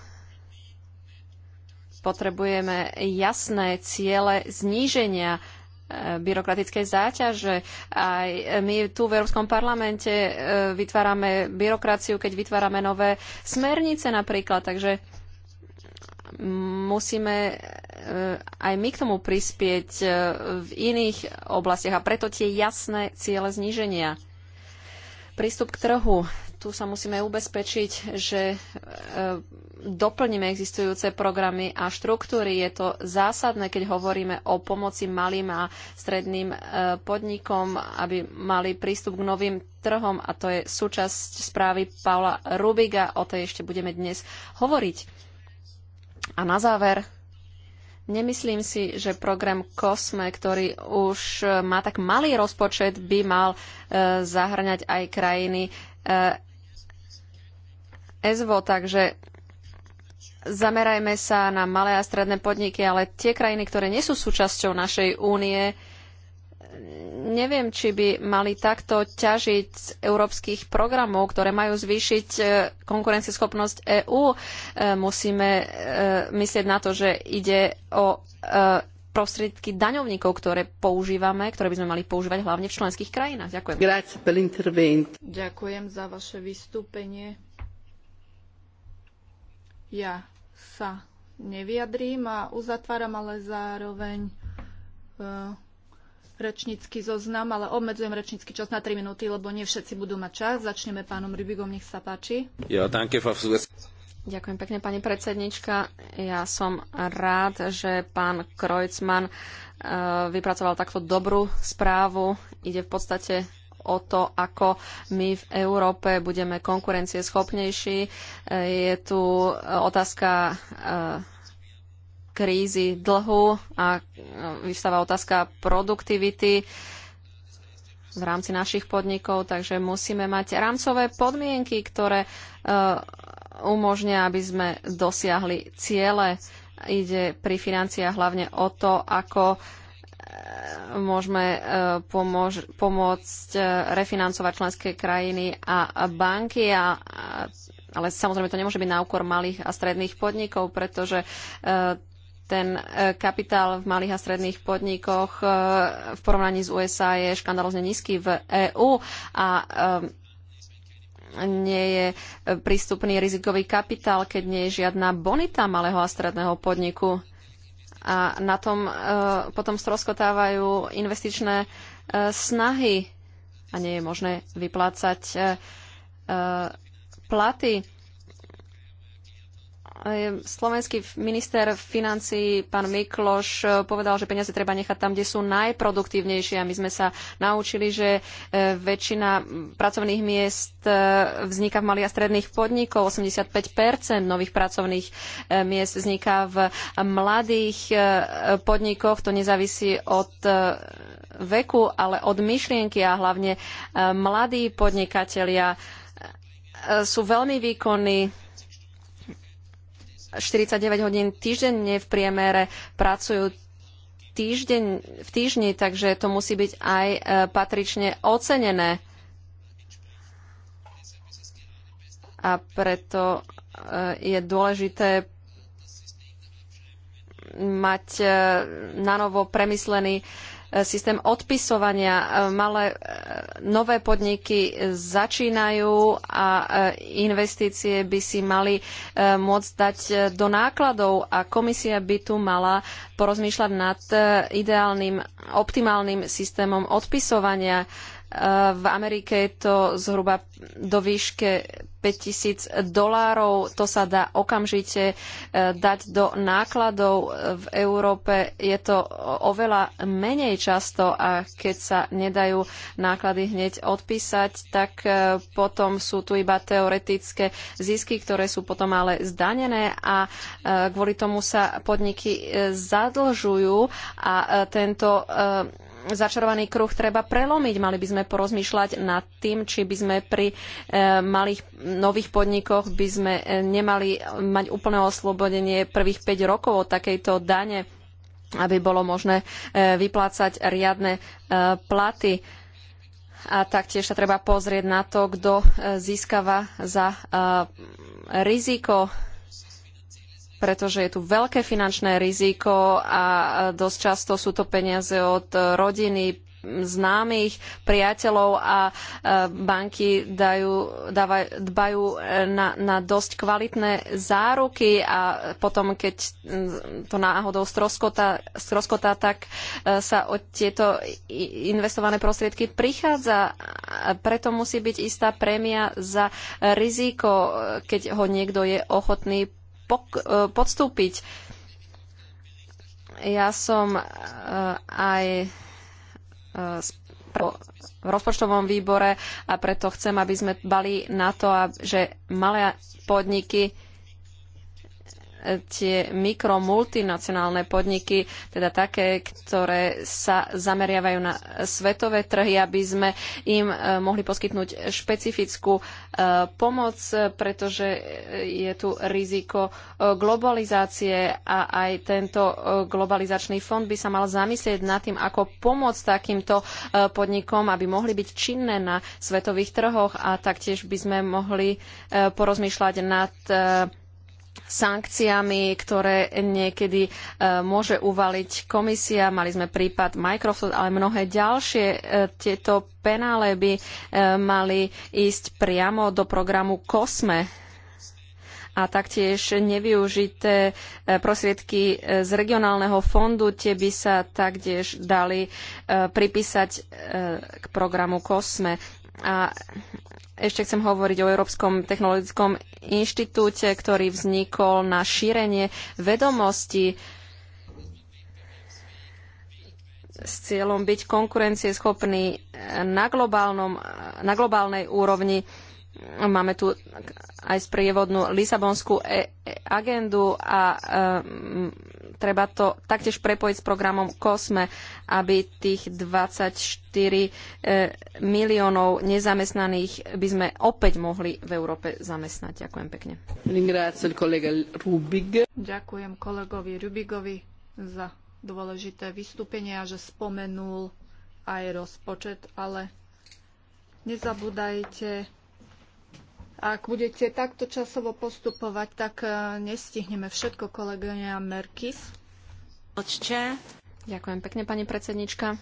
Potrebujeme jasné ciele zníženia byrokratickej záťaže. Aj my tu v Európskom parlamente e, vytvárame byrokraciu, keď vytvárame nové smernice napríklad, takže musíme e, aj my k tomu prispieť e, v iných oblastiach a preto tie jasné ciele zníženia. Prístup k trhu tu sa musíme ubezpečiť, že e, doplníme existujúce programy a štruktúry. Je to zásadné, keď hovoríme o pomoci malým a stredným e, podnikom, aby mali prístup k novým trhom a to je súčasť správy Paula Rubiga. O tej ešte budeme dnes hovoriť. A na záver, nemyslím si, že program COSME, ktorý už e, má tak malý rozpočet, by mal e, zahrňať aj krajiny e, EZVO, takže zamerajme sa na malé a stredné podniky, ale tie krajiny, ktoré nie sú súčasťou našej únie, neviem, či by mali takto ťažiť z európskych programov, ktoré majú zvýšiť e, konkurencieschopnosť EÚ. E, musíme e, myslieť na to, že ide o prostriedky daňovníkov, ktoré používame, ktoré by sme mali používať hlavne v členských krajinách. Ďakujem. Ďakujem za vaše vystúpenie. Ja sa nevyjadrím a uzatváram ale zároveň e, rečnícky zoznam, ale obmedzujem rečnícky čas na 3 minúty, lebo nie všetci budú mať čas. Začneme pánom Rybigom, nech sa páči. Ja, danke, Ďakujem pekne, pani predsednička. Ja som rád, že pán Krojcman e, vypracoval takto dobrú správu. Ide v podstate o to, ako my v Európe budeme konkurencieschopnejší. E, je tu otázka e, krízy dlhu a e, vystáva otázka produktivity v rámci našich podnikov, takže musíme mať rámcové podmienky, ktoré umožnia, aby sme dosiahli ciele. Ide pri financiách hlavne o to, ako môžeme e, pomôž, pomôcť e, refinancovať členské krajiny a banky, a, ale samozrejme to nemôže byť na úkor malých a stredných podnikov, pretože e, ten kapitál v malých a stredných podnikoch v porovnaní s USA je škandalozne nízky v EÚ a nie je prístupný rizikový kapitál, keď nie je žiadna bonita malého a stredného podniku a na tom e, potom stroskotávajú investičné e, snahy a nie je možné vyplácať e, e platy. Slovenský minister financí, pán Mikloš, eh, povedal, že peniaze treba nechať tam, kde sú najproduktívnejšie a my sme sa naučili, že eh, väčšina pracovných miest eh, vzniká v malých a stredných podnikov, 85% nových pracovných miest vzniká v mladých podnikoch, to nezávisí od veku, ale od myšlienky a hlavne mladí podnikatelia sú veľmi výkonní 49 hodín týždenne v priemere pracujú týždeň, v týždni, takže to musí byť aj e, patrične ocenené. A preto e, je dôležité mať e, nanovo premyslený E, systém odpisovania. E, malé e, nové podniky začínajú a investície by si mali môcť dať do nákladov a komisia by tu mala porozmýšľať nad ideálnym, optimálnym systémom odpisovania. V Amerike je to zhruba do výške 5000 dolárov. To sa dá okamžite e, dať do nákladov. V Európe je to oveľa menej často a keď sa nedajú náklady hneď odpísať, tak e, potom sú tu iba teoretické zisky, ktoré sú potom ale zdanené a e, kvôli tomu sa podniky zadlžujú a tento začarovaný kruh treba prelomiť. Mali by sme porozmýšľať nad tým, či by sme pri e, malých nových podnikoch by sme e, nemali mať úplné oslobodenie prvých 5 rokov od takejto dane, aby bolo možné e, vyplácať riadne platy. A taktiež sa treba pozrieť na to, kto získava za riziko pretože je tu veľké finančné riziko a dosť často sú to peniaze od rodiny, známych, priateľov a e, banky dajú, dávaj, dbajú e, na, na dosť kvalitné záruky a potom, keď mm, to náhodou stroskota, stroskota tak e, sa o tieto investované prostriedky prichádza. Preto musí byť istá prémia za riziko, keď ho niekto je ochotný E, podstúpiť. Ja som e, aj e, v rozpočtovom výbore a preto chcem, aby sme bali na to, že malé podniky tie mikromultinacionálne podniky, teda také, ktoré sa zameriavajú na svetové trhy, aby sme im e, mohli poskytnúť špecifickú e, pomoc, pretože je tu riziko e, globalizácie a aj tento globalizačný fond by sa mal zamyslieť nad tým, ako pomôcť takýmto podnikom, aby mohli byť činné na svetových trhoch a taktiež by sme mohli porozmýšľať nad sankciami, ktoré niekedy e, môže uvaliť komisia. Mali sme prípad Microsoft, ale mnohé ďalšie. E, tieto penále by e, mali ísť priamo do programu COSME a taktiež nevyužité prostriedky z regionálneho fondu, tie by sa taktiež dali pripísať k programu COSME. A ešte chcem hovoriť o Európskom technologickom inštitúte, ktorý vznikol na šírenie vedomostí s cieľom byť konkurencieschopný na, na globálnej úrovni. Máme tu aj sprievodnú Lisabonskú e, e- agendu a treba to taktiež prepojiť s programom COSME, aby tých 24 e, miliónov nezamestnaných by sme opäť mohli v Európe zamestnať. Ďakujem pekne. Ďakujem kolegovi Rubigovi za dôležité vystúpenie a že spomenul aj rozpočet, ale nezabúdajte, ak budete takto časovo postupovať, tak e, nestihneme všetko, kolegyňa Merkis. Počte. Ďakujem pekne, pani predsednička.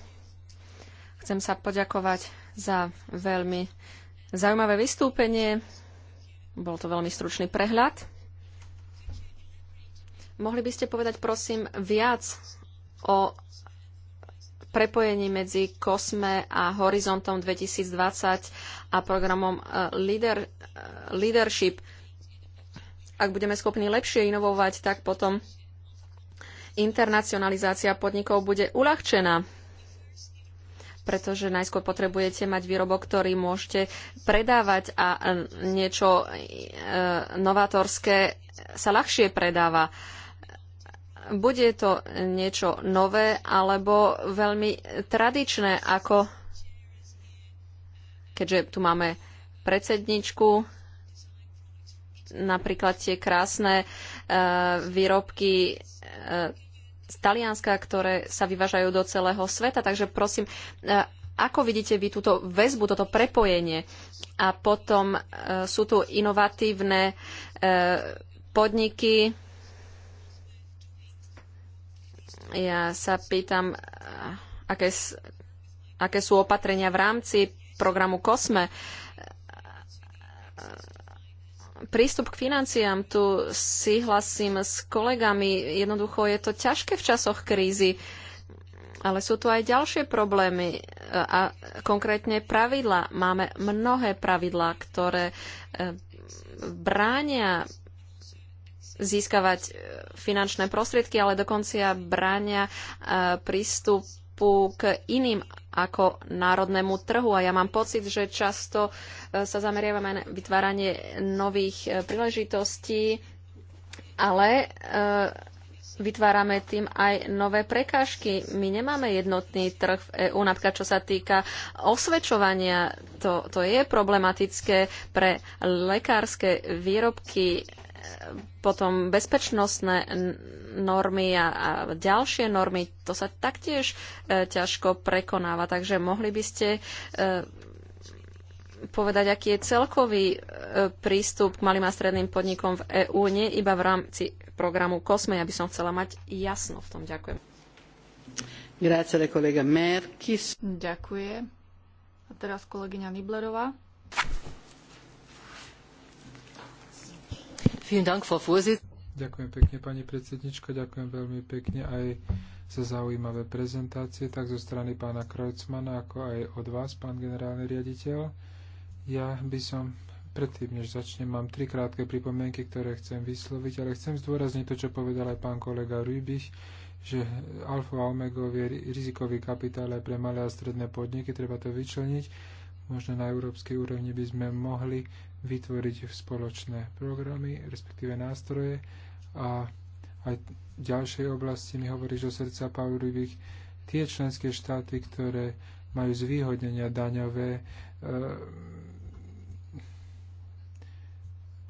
Chcem sa poďakovať za veľmi zaujímavé vystúpenie. Bol to veľmi stručný prehľad. Mohli by ste povedať, prosím, viac o prepojení medzi Kosme a Horizontom 2020 a programom e, leader, e, Leadership. Ak budeme schopní lepšie inovovať, tak potom internacionalizácia podnikov bude uľahčená pretože najskôr potrebujete mať výrobok, ktorý môžete predávať a e, niečo novátorské sa ľahšie predáva. Bude to niečo nové alebo veľmi tradičné, ako keďže tu máme predsedničku, napríklad tie krásne e, výrobky e, z Talianska, ktoré sa vyvážajú do celého sveta. Takže prosím, e, ako vidíte vy túto väzbu, toto prepojenie? A potom sú tu inovatívne podniky. Ja sa pýtam, aké, aké sú opatrenia v rámci programu COSME. Prístup k financiám, tu si hlasím s kolegami, jednoducho je to ťažké v časoch krízy, ale sú tu aj ďalšie problémy a konkrétne pravidla. Máme mnohé pravidlá, ktoré e, bránia získavať e, finančné prostriedky, ale dokonca bráňa e, prístup prístupu k iným ako národnému trhu. A ja mám pocit, že často e, sa zameriavame na vytváranie nových e, príležitostí, ale e, vytvárame tým aj nové prekážky. My nemáme jednotný trh v EÚ, napríklad čo sa týka osvedčovania. To, to je problematické pre lekárske výrobky potom bezpečnostné normy a, a ďalšie normy, to sa taktiež e, ťažko prekonáva. Takže mohli by ste e, povedať, aký je celkový e, prístup k malým a stredným podnikom v EÚ, nie iba v rámci programu COSME. Ja by som chcela mať jasno v tom. Ďakujem. Grazie, kolega Merkis. Ďakujem. A teraz kolegyňa Niblerová. Ďakujem pekne, pani predsednička, ďakujem veľmi pekne aj za zaujímavé prezentácie, tak zo strany pána krajcmana ako aj od vás, pán generálny riaditeľ. Ja by som predtým, než začnem, mám tri krátke pripomienky, ktoré chcem vysloviť, ale chcem zdôrazniť to, čo povedal aj pán kolega Rübich, že alfa a omegov je rizikový kapitál aj pre malé a stredné podniky, treba to vyčleniť. Možno na európskej úrovni by sme mohli vytvoriť spoločné programy, respektíve nástroje a aj v ďalšej oblasti mi hovoríš o srdca Paulivých, tie členské štáty, ktoré majú zvýhodnenia daňové, e,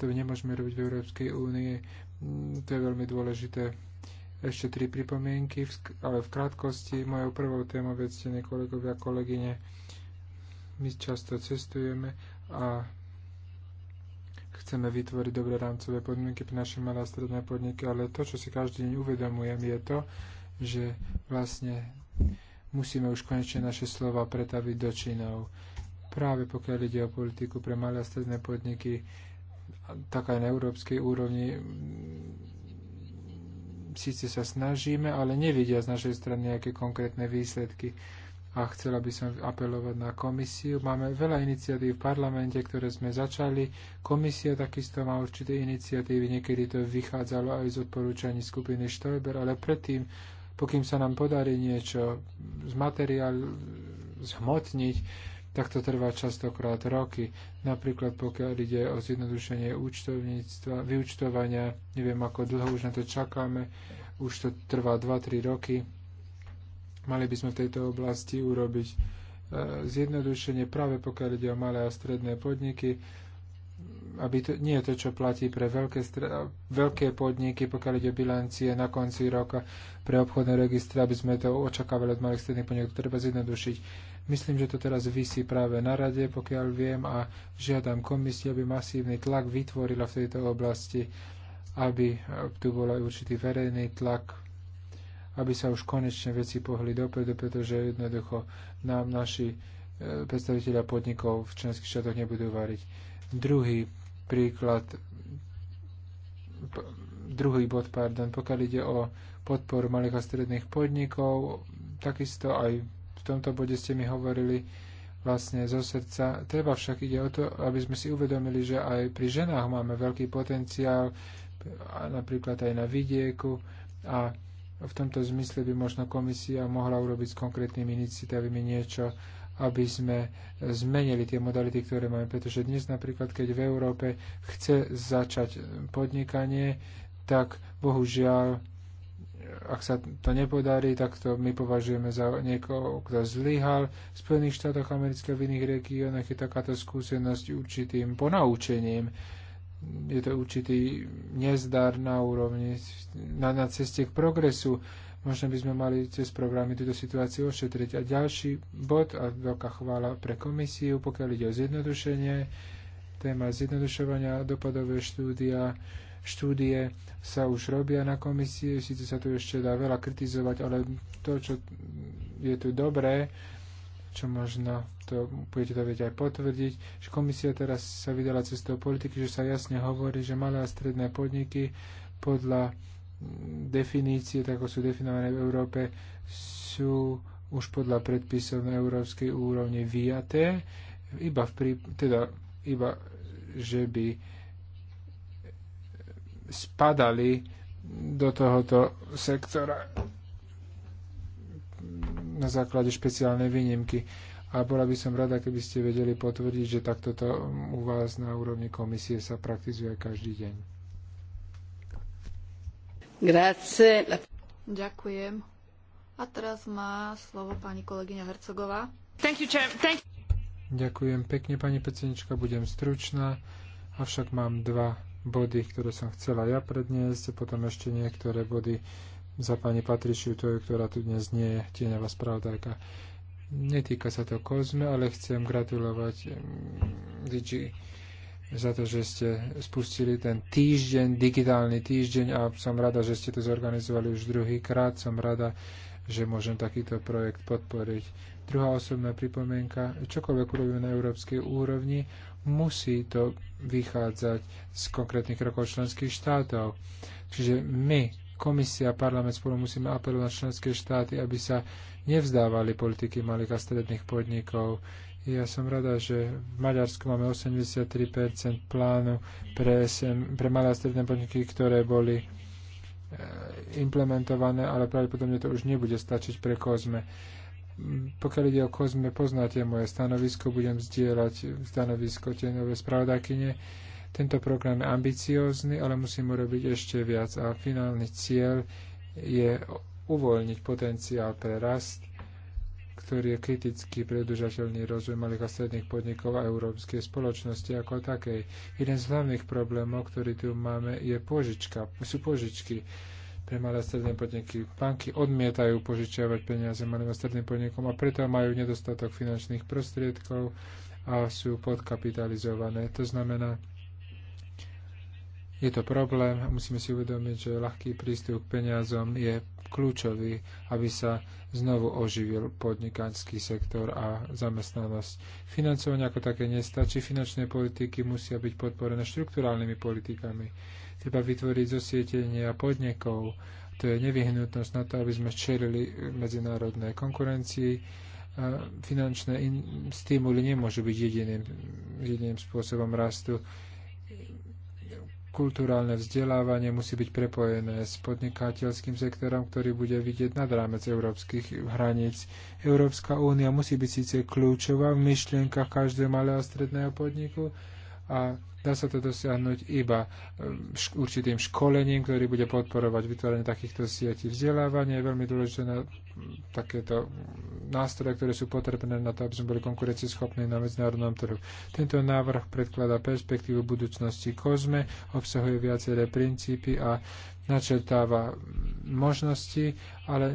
to nemôžeme robiť v Európskej únie, to je veľmi dôležité. Ešte tri pripomienky, ale v krátkosti. Mojou prvou témou, vedztené kolegovia a kolegyne, my často cestujeme a chceme vytvoriť dobré rámcové podmienky pre naše malé a stredné podniky, ale to, čo si každý deň uvedomujem, je to, že vlastne musíme už konečne naše slova pretaviť do činov. Práve pokiaľ ide o politiku pre malé a stredné podniky, tak aj na európskej úrovni mm, síce sa snažíme, ale nevidia z našej strany nejaké konkrétne výsledky a chcela by som apelovať na komisiu. Máme veľa iniciatív v parlamente, ktoré sme začali. Komisia takisto má určité iniciatívy, niekedy to vychádzalo aj z odporúčaní skupiny Štojber, ale predtým, pokým sa nám podarí niečo z materiál zhmotniť, tak to trvá častokrát roky. Napríklad pokiaľ ide o zjednodušenie účtovníctva, vyúčtovania, neviem ako dlho už na to čakáme, už to trvá 2-3 roky Mali by sme v tejto oblasti urobiť e, zjednodušenie práve pokiaľ ide o malé a stredné podniky, aby to, nie to, čo platí pre veľké, veľké podniky, pokiaľ ide o bilancie na konci roka pre obchodné registre, aby sme to očakávali od malých stredných podnikov, treba zjednodušiť. Myslím, že to teraz vysí práve na rade, pokiaľ viem, a žiadam komisiu, aby masívny tlak vytvorila v tejto oblasti, aby e, tu bol aj určitý verejný tlak aby sa už konečne veci pohli dopredu, pretože jednoducho nám naši e, predstaviteľa podnikov v členských štátoch nebudú variť. Druhý príklad, druhý bod, pardon, pokiaľ ide o podporu malých a stredných podnikov, takisto aj v tomto bode ste mi hovorili vlastne zo srdca. Treba však ide o to, aby sme si uvedomili, že aj pri ženách máme veľký potenciál, napríklad aj na vidieku a v tomto zmysle by možno komisia mohla urobiť s konkrétnymi iniciatívami niečo, aby sme zmenili tie modality, ktoré máme. Pretože dnes napríklad, keď v Európe chce začať podnikanie, tak bohužiaľ, ak sa to nepodarí, tak to my považujeme za niekoho, kto zlyhal. V Spojených štátoch amerických v iných regiónoch je takáto skúsenosť určitým ponaučením je to určitý nezdar na úrovni, na, na ceste k progresu. Možno by sme mali cez programy túto situáciu ošetriť. A ďalší bod, a veľká chvála pre komisiu, pokiaľ ide o zjednodušenie, téma zjednodušovania, dopadové štúdia, štúdie sa už robia na komisii, síce sa tu ešte dá veľa kritizovať, ale to, čo je tu dobré, čo možno to budete to vedieť aj potvrdiť, že komisia teraz sa vydala cestou politiky, že sa jasne hovorí, že malé a stredné podniky podľa mm, definície, tak ako sú definované v Európe, sú už podľa predpisov na európskej úrovni vyjaté, iba v prí, teda iba, že by spadali do tohoto sektora na základe špeciálnej výnimky. A bola by som rada, keby ste vedeli potvrdiť, že takto to um, u vás na úrovni komisie sa praktizuje každý deň. Grazie. Ďakujem. A teraz má slovo pani kolegyňa Hercogová. Thank you, Thank you. Ďakujem pekne, pani predsednička, budem stručná, avšak mám dva body, ktoré som chcela ja predniesť, potom ešte niektoré body za pani Patrišiu, to, ktorá tu dnes nie je tieňová spravodajka. Netýka sa to Kozme, ale chcem gratulovať mm, DJ, za to, že ste spustili ten týždeň, digitálny týždeň a som rada, že ste to zorganizovali už druhýkrát. Som rada, že môžem takýto projekt podporiť. Druhá osobná pripomienka, čokoľvek urobím na európskej úrovni, musí to vychádzať z konkrétnych rokov členských štátov. Čiže my komisia a parlament spolu musíme apelovať na členské štáty, aby sa nevzdávali politiky malých a stredných podnikov. Ja som rada, že v Maďarsku máme 83% plánu pre, SM, pre malé a stredné podniky, ktoré boli e, implementované, ale pravdepodobne to už nebude stačiť pre kozme. Mm, pokiaľ ide o kozme, poznáte moje stanovisko, budem vzdielať stanovisko tej nové spravodákyne tento program je ambiciózny, ale musíme robiť ešte viac a finálny cieľ je uvoľniť potenciál pre rast, ktorý je kritický pre udržateľný rozvoj malých a stredných podnikov a európskej spoločnosti ako takej. Jeden z hlavných problémov, ktorý tu máme, je požička, sú požičky pre malé a stredné podniky. Banky odmietajú požičiavať peniaze malým a stredným podnikom a preto majú nedostatok finančných prostriedkov a sú podkapitalizované. To znamená, je to problém a musíme si uvedomiť, že ľahký prístup k peniazom je kľúčový, aby sa znovu oživil podnikánsky sektor a zamestnanosť. Financovanie ako také nestačí, finančné politiky musia byť podporené štruktúrálnymi politikami. Treba vytvoriť zosietenie a podnikov. To je nevyhnutnosť na to, aby sme čelili medzinárodnej konkurencii finančné stimuly nemôžu byť jediným, jediným spôsobom rastu kulturálne vzdelávanie musí byť prepojené s podnikateľským sektorom, ktorý bude vidieť nad rámec európskych hraníc. Európska únia musí byť síce kľúčová v myšlienkach každého malého a stredného podniku, a dá sa to dosiahnuť iba um, určitým školením, ktorý bude podporovať vytvorenie takýchto sietí vzdelávania. Je veľmi dôležité na um, takéto um, nástroje, ktoré sú potrebné na to, aby sme boli konkurencieschopní na medzinárodnom trhu. Tento návrh predkladá perspektívu budúcnosti kozme, obsahuje viaceré princípy a načrtáva možnosti, ale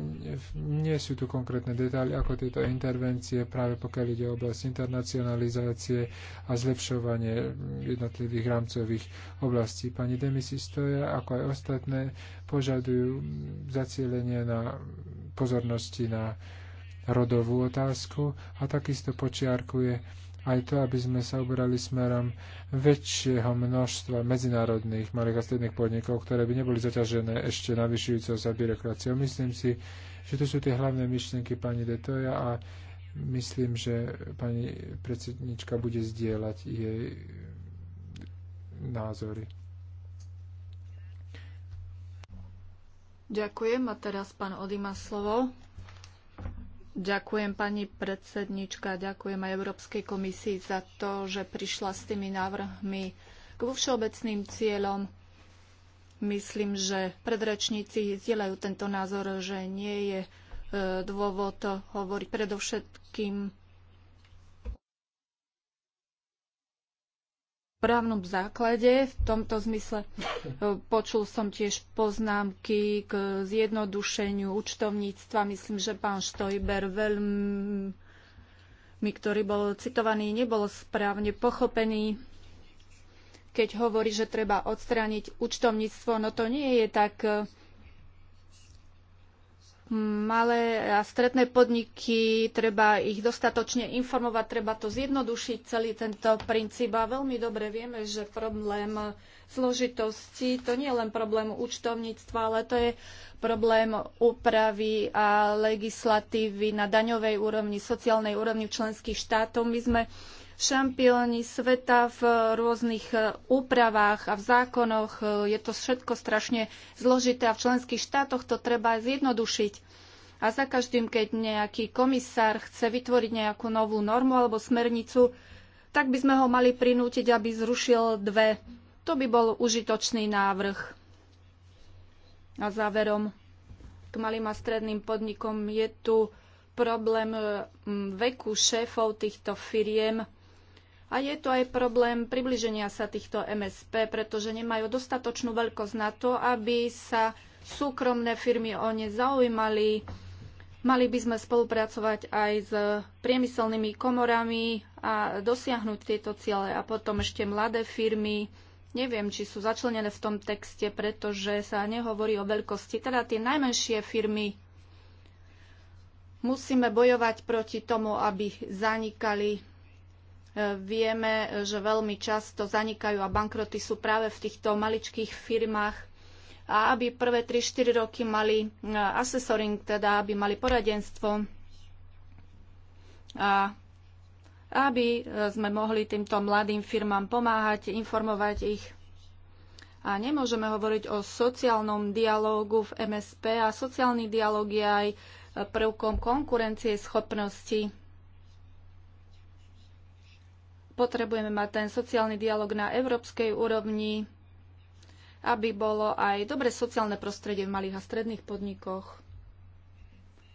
nie sú tu konkrétne detaily, ako tieto intervencie, práve pokiaľ ide o oblasť internacionalizácie a zlepšovanie jednotlivých rámcových oblastí. Pani Demisi stoja, ako aj ostatné, požadujú zacielenie na pozornosti na rodovú otázku a takisto počiarkuje aj to, aby sme sa uberali smerom väčšieho množstva medzinárodných malých a stredných podnikov, ktoré by neboli zaťažené ešte navyšujúcou sa byrokraciou. Myslím si, že to sú tie hlavné myšlienky pani Detoja a myslím, že pani predsednička bude zdieľať jej názory. Ďakujem a teraz pán Odima slovo. Ďakujem pani predsednička, ďakujem aj Európskej komisii za to, že prišla s tými návrhmi k všeobecným cieľom. Myslím, že predrečníci zdieľajú tento názor, že nie je e, dôvod hovoriť predovšetkým právnom základe v tomto zmysle. E, počul som tiež poznámky k zjednodušeniu účtovníctva. Myslím, že pán Štojber veľmi, ktorý bol citovaný, nebol správne pochopený keď hovorí, že treba odstrániť účtovníctvo, no to nie je tak e, malé a stredné podniky, treba ich dostatočne informovať, treba to zjednodušiť, celý tento princíp. A veľmi dobre vieme, že problém zložitosti to nie je len problém účtovníctva, ale to je problém úpravy a legislatívy na daňovej úrovni, sociálnej úrovni v členských štátov. My sme šampióni sveta v rôznych e, úpravách a v zákonoch. E, je to všetko strašne zložité a v členských štátoch to treba zjednodušiť. A za každým, keď nejaký komisár chce vytvoriť nejakú novú normu alebo smernicu, tak by sme ho mali prinútiť, aby zrušil dve. To by bol užitočný návrh. A záverom, k malým a stredným podnikom je tu problém veku šéfov týchto firiem. A je to aj problém približenia sa týchto MSP, pretože nemajú dostatočnú veľkosť na to, aby sa súkromné firmy o ne zaujímali. Mali by sme spolupracovať aj s priemyselnými komorami a dosiahnuť tieto ciele. A potom ešte mladé firmy, neviem, či sú začlenené v tom texte, pretože sa nehovorí o veľkosti. Teda tie najmenšie firmy musíme bojovať proti tomu, aby zanikali Vieme, že veľmi často zanikajú a bankroty sú práve v týchto maličkých firmách a aby prvé 3-4 roky mali e, assessoring, teda aby mali poradenstvo a aby e, sme mohli týmto mladým firmám pomáhať, informovať ich. A nemôžeme hovoriť o sociálnom dialógu v MSP a sociálny dialóg je aj e, prvkom konkurencie schopnosti Potrebujeme mať ten sociálny dialog na európskej úrovni, aby bolo aj dobre sociálne prostredie v malých a stredných podnikoch.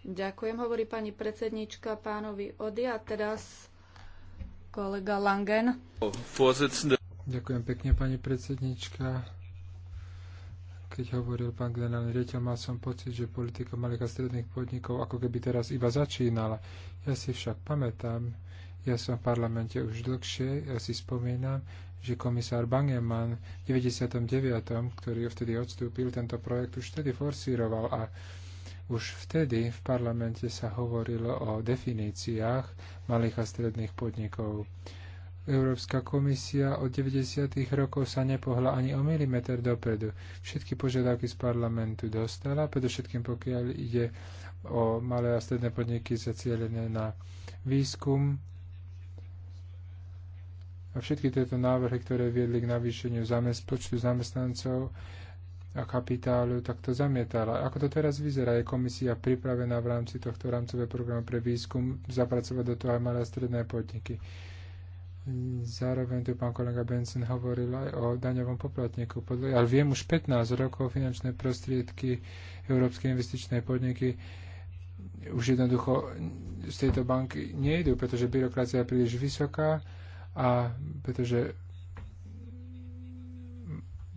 Ďakujem, hovorí pani predsednička pánovi Odi a teraz kolega Langen. Ďakujem pekne, pani predsednička. Keď hovoril pán generálny riaditeľ, mal som pocit, že politika malých a stredných podnikov ako keby teraz iba začínala. Ja si však pamätám, ja som v parlamente už dlhšie, ja si spomínam, že komisár Bangeman v 99., ktorý vtedy odstúpil, tento projekt už vtedy forsíroval a už vtedy v parlamente sa hovorilo o definíciách malých a stredných podnikov. Európska komisia od 90. rokov sa nepohla ani o milimeter dopredu. Všetky požiadavky z parlamentu dostala, predovšetkým pokiaľ ide o malé a stredné podniky zacielené na výskum, a všetky tieto návrhy, ktoré viedli k navýšeniu zamest- počtu zamestnancov a kapitálu, tak to zamietala. Ako to teraz vyzerá? Je komisia pripravená v rámci tohto rámcového programu pre výskum zapracovať do toho aj malé a stredné podniky? Zároveň tu pán kolega Benson hovoril aj o daňovom poplatníku. Ale viem už 15 rokov finančné prostriedky Európskej investičnej podniky už jednoducho z tejto banky nejdu, pretože byrokracia je príliš vysoká a pretože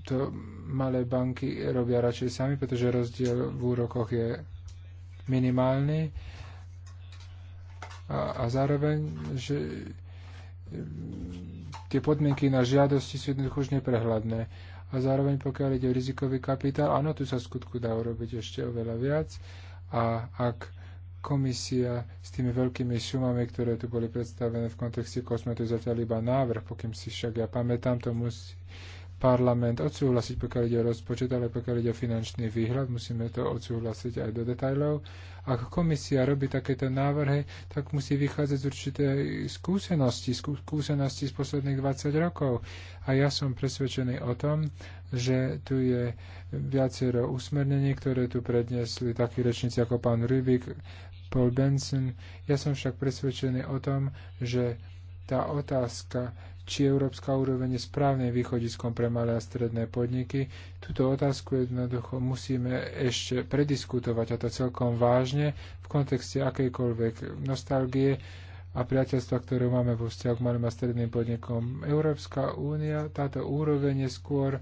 to malé banky robia radšej sami, pretože rozdiel v úrokoch je minimálny a, a zároveň, že mm, tie podmienky na žiadosti sú jednoducho už neprehľadné. A zároveň, pokiaľ ide o rizikový kapitál, áno, tu sa skutku dá urobiť ešte oveľa viac. A ak komisia s tými veľkými sumami, ktoré tu boli predstavené v kontexte kosmetu, zatiaľ iba návrh, pokým si však ja pamätám, to musí parlament odsúhlasiť, pokiaľ ide o rozpočet, ale pokiaľ ide o finančný výhľad, musíme to odsúhlasiť aj do detajlov. Ak komisia robí takéto návrhy, tak musí vychádzať z určitej skúsenosti, skúsenosti z posledných 20 rokov. A ja som presvedčený o tom, že tu je viacero usmernení, ktoré tu predniesli takí rečníci ako pán Rybik, Paul Benson. Ja som však presvedčený o tom, že tá otázka, či európska úroveň je správnym východiskom pre malé a stredné podniky. Túto otázku jednoducho musíme ešte prediskutovať a to celkom vážne v kontexte akejkoľvek nostalgie a priateľstva, ktoré máme vo vzťahu k malým a stredným podnikom. Európska únia, táto úroveň je skôr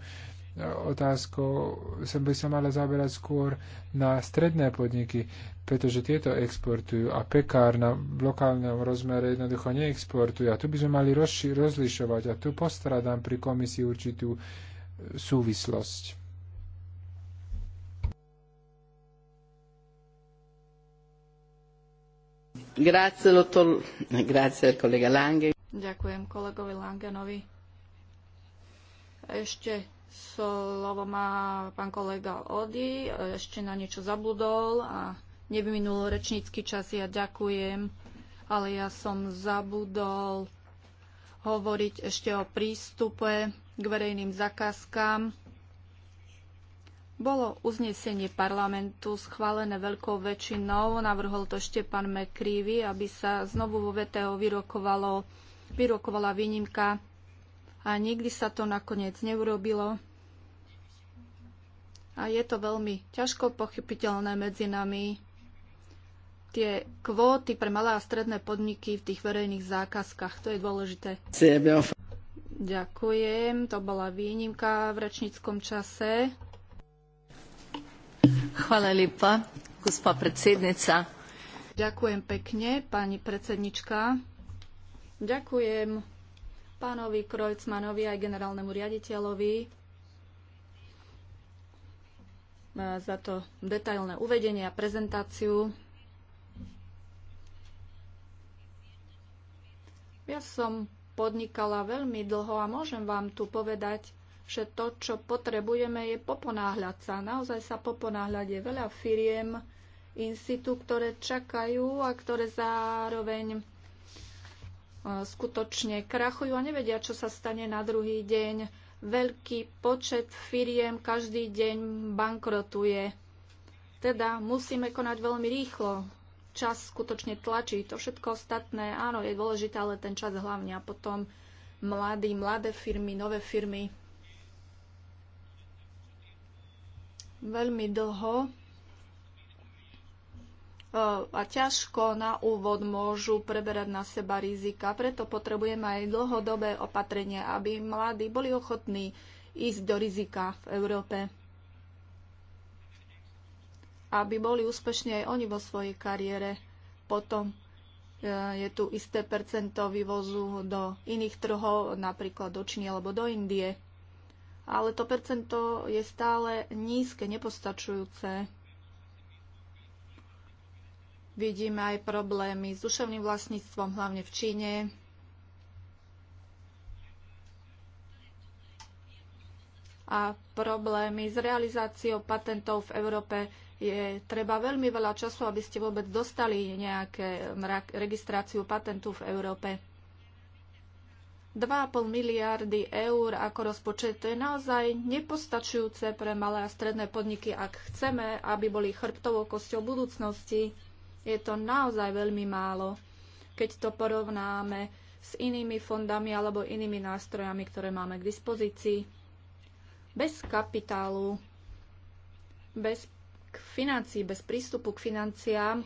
otázkou, sem by sa mala zaberať skôr na stredné podniky pretože tieto exportujú a pekár na lokálnom rozmere jednoducho neexportuje. A tu by sme mali rozlišovať a tu postradám pri komisii určitú e, súvislosť. Grazie, Grazie, kolega Lange. Ďakujem kolegovi Langenovi. Ešte slovo má pán kolega Ody, ešte na niečo zabudol a nevyminul rečnícky čas, ja ďakujem, ale ja som zabudol hovoriť ešte o prístupe k verejným zakázkám. Bolo uznesenie parlamentu schválené veľkou väčšinou, navrhol to ešte pán McCreevy, aby sa znovu vo VTO vyrokovalo, vyrokovala výnimka a nikdy sa to nakoniec neurobilo. A je to veľmi ťažko pochopiteľné medzi nami, tie kvóty pre malé a stredné podniky v tých verejných zákazkách. To je dôležité. Ďakujem, to bola výnimka v rečníckom čase. Hvala lepa, gospa predsednica. Ďakujem pekne, pani predsednička. Ďakujem pánovi Krojcmanovi aj generálnemu riaditeľovi za to detailné uvedenie a prezentáciu Ja som podnikala veľmi dlho a môžem vám tu povedať, že to, čo potrebujeme, je poponáhľať sa. Naozaj sa poponáhľať je veľa firiem, institú, ktoré čakajú a ktoré zároveň e, skutočne krachujú a nevedia, čo sa stane na druhý deň. Veľký počet firiem každý deň bankrotuje. Teda musíme konať veľmi rýchlo čas skutočne tlačí. To všetko ostatné, áno, je dôležité, ale ten čas hlavne. A potom mladí, mladé firmy, nové firmy. Veľmi dlho eh, a ťažko na úvod môžu preberať na seba rizika. Preto potrebujeme aj dlhodobé opatrenia, aby mladí boli ochotní ísť do rizika v Európe aby boli úspešní aj oni vo svojej kariére. Potom e, je tu isté percento vývozu do iných trhov, napríklad do Číny alebo do Indie. Ale to percento je stále nízke, nepostačujúce. Vidíme aj problémy s duševným vlastníctvom, hlavne v Číne. A problémy s realizáciou patentov v Európe je treba veľmi veľa času, aby ste vôbec dostali nejaké registráciu patentu v Európe. 2,5 miliardy eur ako rozpočet, to je naozaj nepostačujúce pre malé a stredné podniky, ak chceme, aby boli chrbtovou kosťou budúcnosti. Je to naozaj veľmi málo, keď to porovnáme s inými fondami alebo inými nástrojami, ktoré máme k dispozícii. Bez kapitálu, bez k financií, bez prístupu k financiám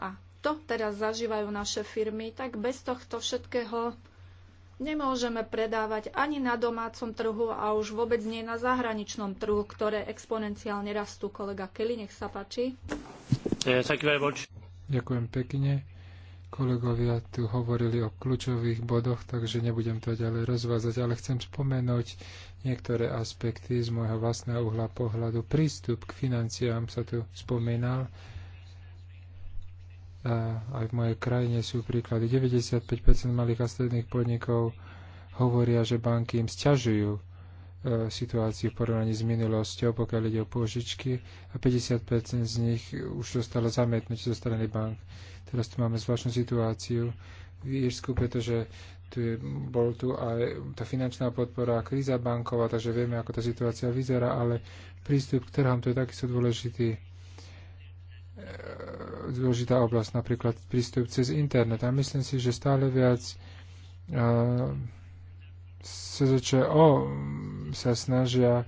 a to teraz zažívajú naše firmy, tak bez tohto všetkého nemôžeme predávať ani na domácom trhu a už vôbec nie na zahraničnom trhu, ktoré exponenciálne rastú. Kolega Kelly, nech sa páči. Eh, Ďakujem pekne. Kolegovia tu hovorili o kľúčových bodoch, takže nebudem to ďalej rozvázať, ale chcem spomenúť niektoré aspekty z môjho vlastného uhla pohľadu. Prístup k financiám sa tu spomínal. A aj v mojej krajine sú príklady. 95% malých a stredných podnikov hovoria, že banky im sťažujú E, situáciu v porovnaní s minulosťou, pokiaľ ide o pôžičky a 50% z nich už zostalo zamietnuť zo strany bank. Teraz tu máme zvláštnu situáciu v Írsku, pretože tu je, bol tu aj tá finančná podpora a kríza banková, takže vieme, ako tá situácia vyzerá, ale prístup k trhám to je takisto dôležitý e, dôležitá oblasť, napríklad prístup cez internet. A myslím si, že stále viac uh, e, SZČO sa snažia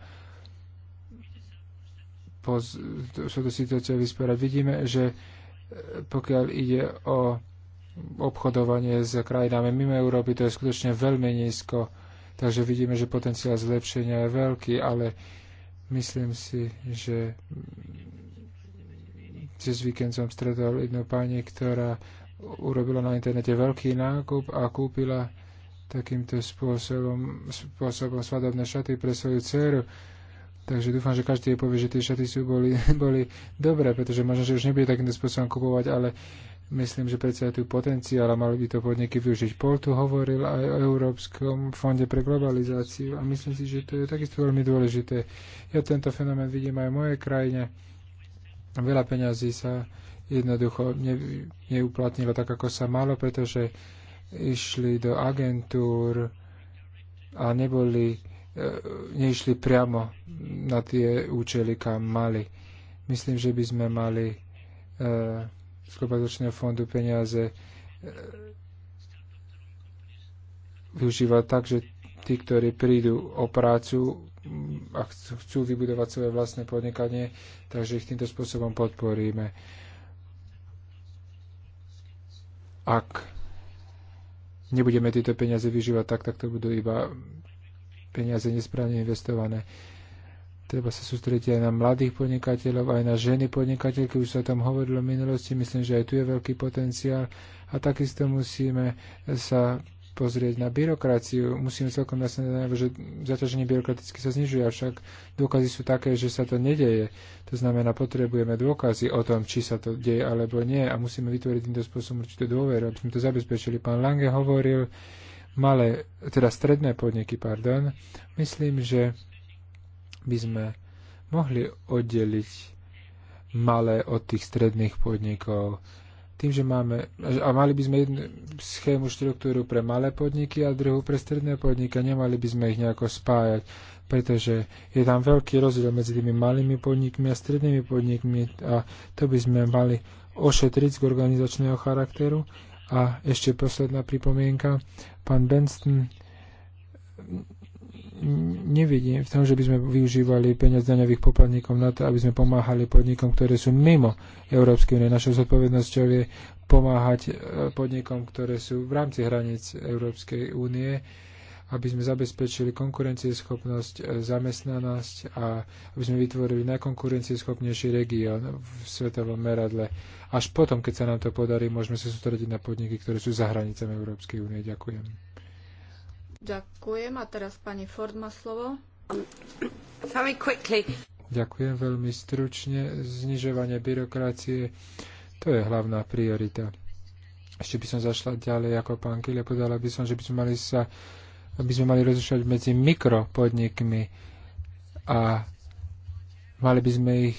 poz, sú to situácie vysporiadať. Vidíme, že pokiaľ ide o obchodovanie s krajinami mimo Európy, to je skutočne veľmi nízko. Takže vidíme, že potenciál zlepšenia je veľký, ale myslím si, že cez víkend som stretol jednu pani, ktorá urobila na internete veľký nákup a kúpila takýmto spôsobom, spôsobom svadobné šaty pre svoju dceru. Takže dúfam, že každý jej povie, že tie šaty sú boli, boli dobré, pretože možno, že už nebude takýmto spôsobom kupovať, ale myslím, že predsa je tu potenciál a mali by to podniky využiť. Pol tu hovoril aj o Európskom fonde pre globalizáciu a myslím si, že to je takisto veľmi dôležité. Ja tento fenomén vidím aj v mojej krajine. Veľa peňazí sa jednoducho neuplatnilo tak, ako sa malo, pretože uh, išli do agentúr a neboli, e, neišli priamo na tie účely, kam mali. Myslím, že by sme mali e, z kompenzačného fondu peniaze e, využívať tak, že tí, ktorí prídu o prácu a chcú vybudovať svoje vlastné podnikanie, takže ich týmto spôsobom podporíme. Ak nebudeme tieto peniaze vyžívať tak, tak to budú iba peniaze nesprávne investované. Treba sa sústrediť aj na mladých podnikateľov, aj na ženy podnikateľky, už sa tam hovorilo v minulosti, myslím, že aj tu je veľký potenciál a takisto musíme sa pozrieť na byrokraciu, musíme celkom jasne znamená, že zaťaženie byrokraticky sa znižuje, avšak dôkazy sú také, že sa to nedeje. To znamená, potrebujeme dôkazy o tom, či sa to deje alebo nie a musíme vytvoriť týmto spôsobom určitú dôveru, aby sme to zabezpečili. Pán Lange hovoril, malé, teda stredné podniky, pardon, myslím, že by sme mohli oddeliť malé od tých stredných podnikov tým, že máme, a mali by sme jednu schému štruktúru pre malé podniky a druhú pre stredné podniky, nemali by sme ich nejako spájať, pretože je tam veľký rozdiel medzi tými malými podnikmi a strednými podnikmi a to by sme mali ošetriť z organizačného charakteru. A ešte posledná pripomienka. Pán Benston nevidím v tom, že by sme využívali peniaz daňových poplatníkov na to, aby sme pomáhali podnikom, ktoré sú mimo Európskej únie. Našou zodpovednosťou je pomáhať e, podnikom, ktoré sú v rámci hraníc Európskej únie, aby sme zabezpečili konkurencieschopnosť, e, zamestnanosť a aby sme vytvorili najkonkurencieschopnejší región v svetovom meradle. Až potom, keď sa nám to podarí, môžeme sa sústrediť na podniky, ktoré sú za hranicami Európskej únie. Ďakujem. Ďakujem. A teraz pani Ford má slovo. Ďakujem veľmi stručne. Znižovanie byrokracie, to je hlavná priorita. Ešte by som zašla ďalej ako pán Kile, povedala by som, že by sme mali sa aby sme mali rozlišovať medzi mikropodnikmi a mali by sme ich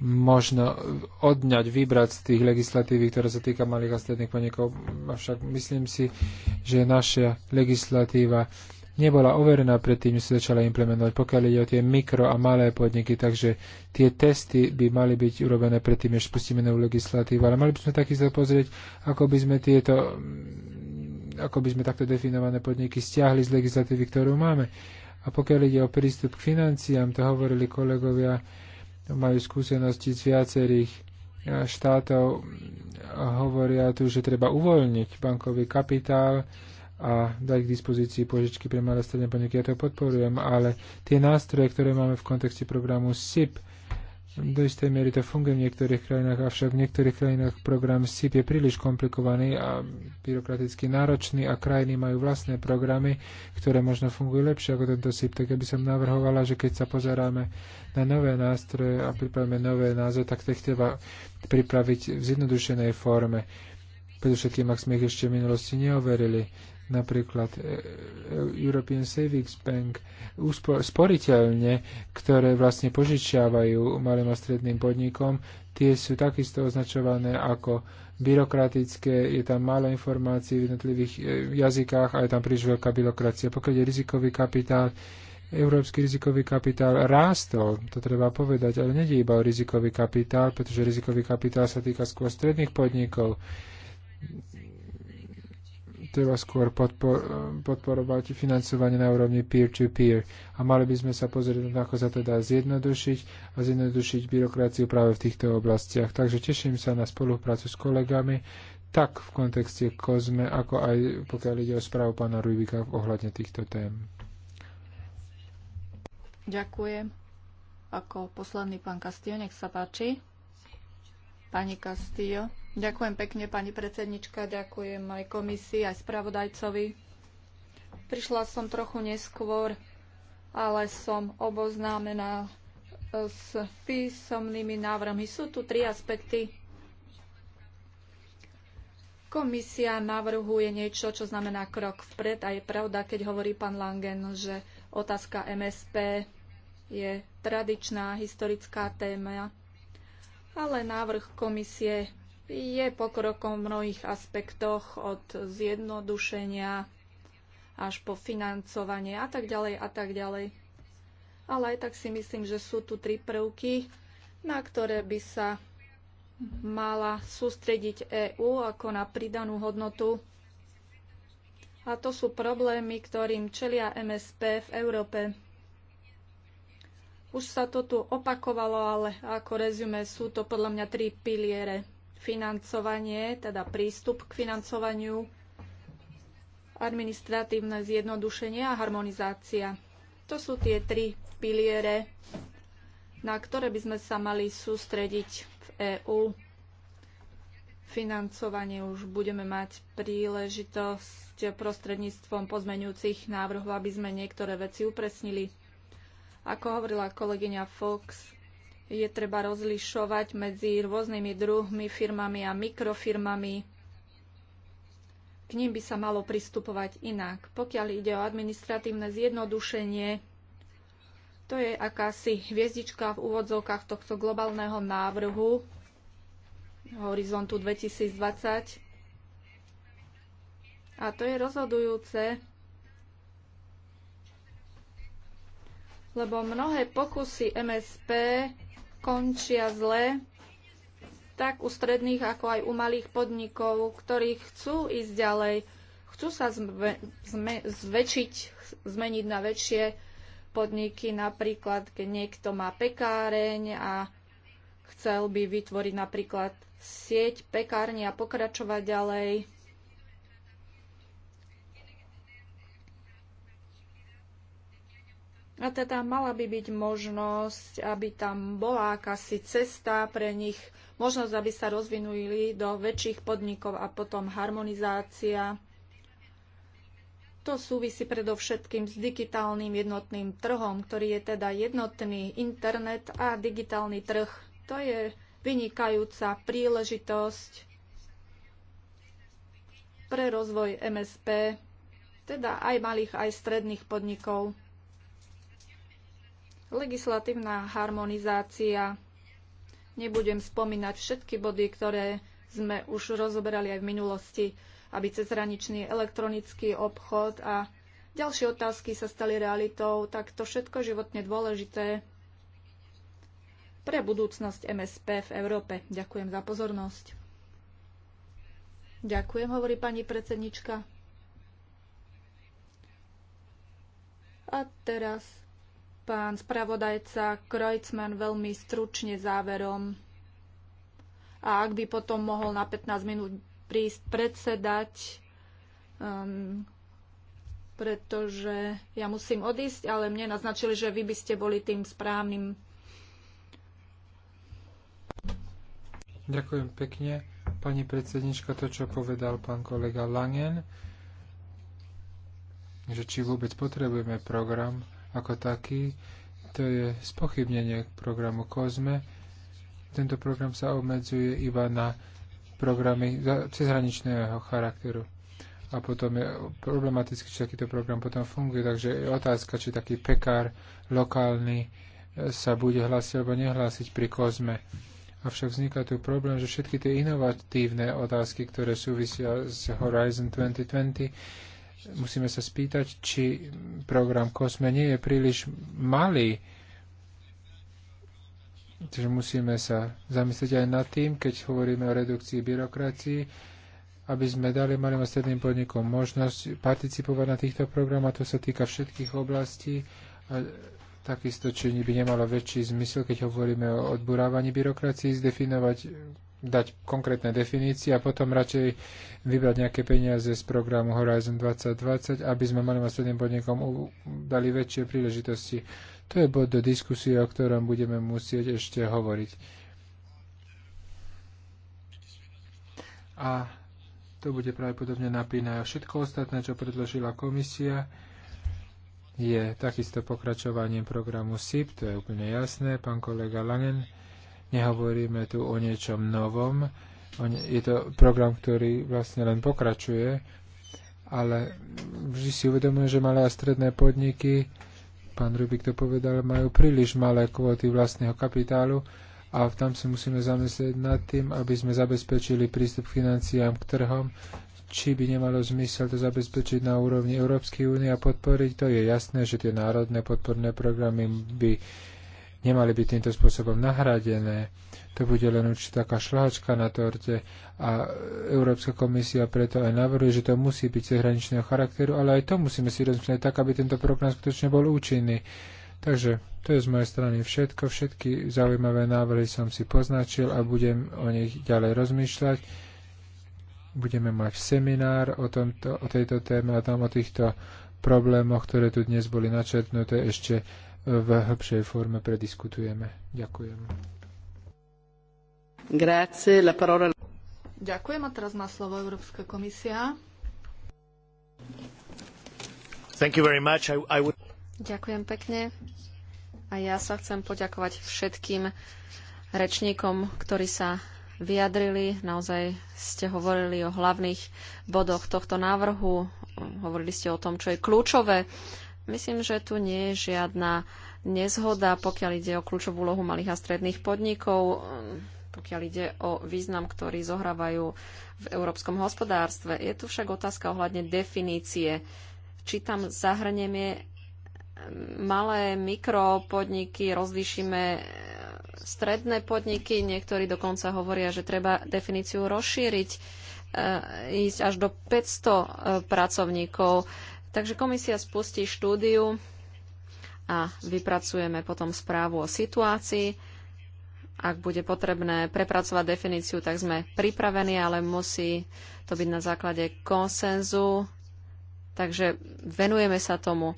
možno odňať, vybrať z tých legislatívy, ktoré sa týka malých a stredných podnikov. Avšak myslím si, že naša legislatíva nebola overená predtým, než sa začala implementovať, pokiaľ ide o tie mikro a malé podniky, takže tie testy by mali byť urobené predtým, než spustíme novú legislatívu. Ale mali by sme takisto pozrieť, ako by sme tieto mm, ako by sme takto definované podniky stiahli z legislatívy, ktorú máme. A pokiaľ ide o prístup k financiám, to hovorili kolegovia, majú skúsenosti z viacerých eh, štátov, hovoria tu, že treba uvoľniť bankový kapitál a dať k dispozícii požičky pre malé stredné podniky. Ja to podporujem, ale tie nástroje, ktoré máme v kontexte programu SIP, do istej miery to funguje v niektorých krajinách, avšak v niektorých krajinách program SIP je príliš komplikovaný a byrokraticky náročný a krajiny majú vlastné programy, ktoré možno fungujú lepšie ako tento SIP. Tak ja by som navrhovala, že keď sa pozeráme na nové nástroje a pripravíme nové názvy, tak ich treba pripraviť v zjednodušenej forme. Predovšetkým, ak sme ich ešte v minulosti neoverili napríklad e, e, European Savings Bank, sporiteľne, ktoré vlastne požičiavajú malým a stredným podnikom, tie sú takisto označované ako byrokratické, je tam málo informácií v jednotlivých e, jazykách a je tam príliš veľká byrokracia. Pokiaľ je rizikový kapitál, európsky rizikový kapitál rástol, to treba povedať, ale nedie iba o rizikový kapitál, pretože rizikový kapitál sa týka skôr stredných podnikov treba skôr podpor, podporovať financovanie na úrovni peer-to-peer. -peer. A mali by sme sa pozrieť, ako sa to dá zjednodušiť a zjednodušiť byrokraciu práve v týchto oblastiach. Takže teším sa na spoluprácu s kolegami, tak v kontexte kozme, ako aj pokiaľ ide o správu pána Rubika ohľadne týchto tém. Ďakujem. Ako posledný pán Kastil, nech sa páči. Pani Castillo. Ďakujem pekne, pani predsednička. Ďakujem aj komisii, aj spravodajcovi. Prišla som trochu neskôr, ale som oboznámená e, s písomnými návrhmi. Sú tu tri aspekty. Komisia navrhuje niečo, čo znamená krok vpred a je pravda, keď hovorí pán Langen, že otázka MSP je tradičná historická téma ale návrh komisie je pokrokom v mnohých aspektoch od zjednodušenia až po financovanie a tak ďalej a tak ďalej. Ale aj tak si myslím, že sú tu tri prvky, na ktoré by sa mala sústrediť EÚ ako na pridanú hodnotu. A to sú problémy, ktorým čelia MSP v Európe. Už sa to tu opakovalo, ale ako rezume sú to podľa mňa tri piliere. Financovanie, teda prístup k financovaniu, administratívne zjednodušenie a harmonizácia. To sú tie tri piliere, na ktoré by sme sa mali sústrediť v EÚ financovanie už budeme mať príležitosť prostredníctvom pozmeňujúcich návrhov, aby sme niektoré veci upresnili. Ako hovorila kolegyňa Fox, je treba rozlišovať medzi rôznymi druhmi firmami a mikrofirmami. K ním by sa malo pristupovať inak. Pokiaľ ide o administratívne zjednodušenie, to je akási hviezdička v úvodzovkách tohto globálneho návrhu Horizontu 2020. A to je rozhodujúce, lebo mnohé pokusy MSP končia zle, tak u stredných, ako aj u malých podnikov, ktorí chcú ísť ďalej, chcú sa zme, zme, zväčšiť, zmeniť na väčšie podniky, napríklad keď niekto má pekáreň a chcel by vytvoriť napríklad sieť pekárne a pokračovať ďalej A teda mala by byť možnosť, aby tam bola akási cesta pre nich, možnosť, aby sa rozvinuli do väčších podnikov a potom harmonizácia. To súvisí predovšetkým s digitálnym jednotným trhom, ktorý je teda jednotný internet a digitálny trh. To je vynikajúca príležitosť pre rozvoj MSP, teda aj malých, aj stredných podnikov. Legislatívna harmonizácia. Nebudem spomínať všetky body, ktoré sme už rozoberali aj v minulosti, aby cezhraničný elektronický obchod a ďalšie otázky sa stali realitou, tak to všetko životne dôležité pre budúcnosť MSP v Európe. Ďakujem za pozornosť. Ďakujem, hovorí pani predsednička. A teraz Pán spravodajca Krojcman veľmi stručne záverom. A ak by potom mohol na 15 minút prísť predsedať, um, pretože ja musím odísť, ale mne naznačili, že vy by ste boli tým správnym. Ďakujem pekne. Pani predsednička, to, čo povedal pán kolega Langen, že či vôbec potrebujeme program, ako taký, to je spochybnenie programu COSME. Tento program sa obmedzuje iba na programy cezhraničného charakteru. A potom je problematicky, či takýto program potom funguje. Takže je otázka, či taký pekár lokálny e, sa bude hlásiť alebo nehlásiť pri COSME. Avšak vzniká tu problém, že všetky tie inovatívne otázky, ktoré súvisia s Horizon 2020, musíme sa spýtať, či program Kosme nie je príliš malý. Takže musíme sa zamyslieť aj nad tým, keď hovoríme o redukcii byrokracii, aby sme dali malým a stredným podnikom možnosť participovať na týchto programoch. To sa týka všetkých oblastí. A takisto, či by nemalo väčší zmysel, keď hovoríme o odburávaní byrokracii, zdefinovať dať konkrétne definície a potom radšej vybrať nejaké peniaze z programu Horizon 2020, aby sme malým a stredným podnikom dali väčšie príležitosti. To je bod do diskusie, o ktorom budeme musieť ešte hovoriť. A to bude pravdepodobne napínajú. Všetko ostatné, čo predložila komisia, je takisto pokračovaním programu SIP, to je úplne jasné, pán kolega Langen Nehovoríme tu o niečom novom. Je to program, ktorý vlastne len pokračuje, ale vždy si uvedomujem, že malé a stredné podniky, pán Rubik to povedal, majú príliš malé kvóty vlastného kapitálu a tam si musíme zamyslieť nad tým, aby sme zabezpečili prístup k financiám k trhom, či by nemalo zmysel to zabezpečiť na úrovni Európskej únie a podporiť to. Je jasné, že tie národné podporné programy by nemali byť týmto spôsobom nahradené. To bude len určitá taká šláčka na torte a Európska komisia preto aj navrhuje, že to musí byť zahraničného charakteru, ale aj to musíme si rozmýšľať tak, aby tento program skutočne bol účinný. Takže to je z mojej strany všetko. Všetky zaujímavé návrhy som si poznačil a budem o nich ďalej rozmýšľať. Budeme mať seminár o, tomto, o tejto téme a tam o týchto problémoch, ktoré tu dnes boli načetnuté, ešte v hĺbšej forme prediskutujeme. Ďakujem. Grazie, la parola... Ďakujem a teraz má slovo Európska komisia. Thank you very much. I, I would... Ďakujem pekne. A ja sa chcem poďakovať všetkým rečníkom, ktorí sa vyjadrili. Naozaj ste hovorili o hlavných bodoch tohto návrhu. Hovorili ste o tom, čo je kľúčové Myslím, že tu nie je žiadna nezhoda, pokiaľ ide o kľúčovú lohu malých a stredných podnikov, mm, pokiaľ ide o význam, ktorý zohrávajú v európskom hospodárstve. Je tu však otázka ohľadne definície. Či tam zahrnieme mm, malé mikropodniky, rozlíšime mm, stredné podniky, niektorí dokonca hovoria, že treba definíciu rozšíriť, ísť až do 500 e, pracovníkov. Takže komisia spustí štúdiu a vypracujeme potom správu o situácii. Ak bude potrebné prepracovať definíciu, tak sme pripravení, ale musí to byť na základe konsenzu. Takže venujeme sa tomu,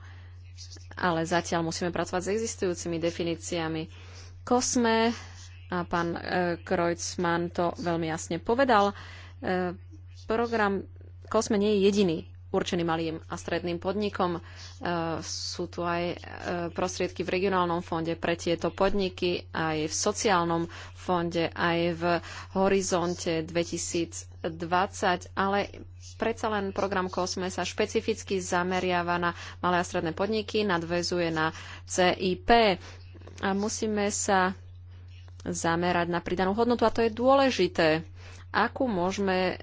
ale zatiaľ musíme pracovať s existujúcimi definíciami. Kosme a pán e, Kreutzmann to veľmi jasne povedal. E, program Kosme nie je jediný určený malým a stredným podnikom. E, sú tu aj e, prostriedky v regionálnom fonde pre tieto podniky, aj v sociálnom fonde, aj v horizonte 2020, ale predsa len program COSME sa špecificky zameriava na malé a stredné podniky, nadvezuje na CIP a musíme sa zamerať na pridanú hodnotu a to je dôležité. Akú môžeme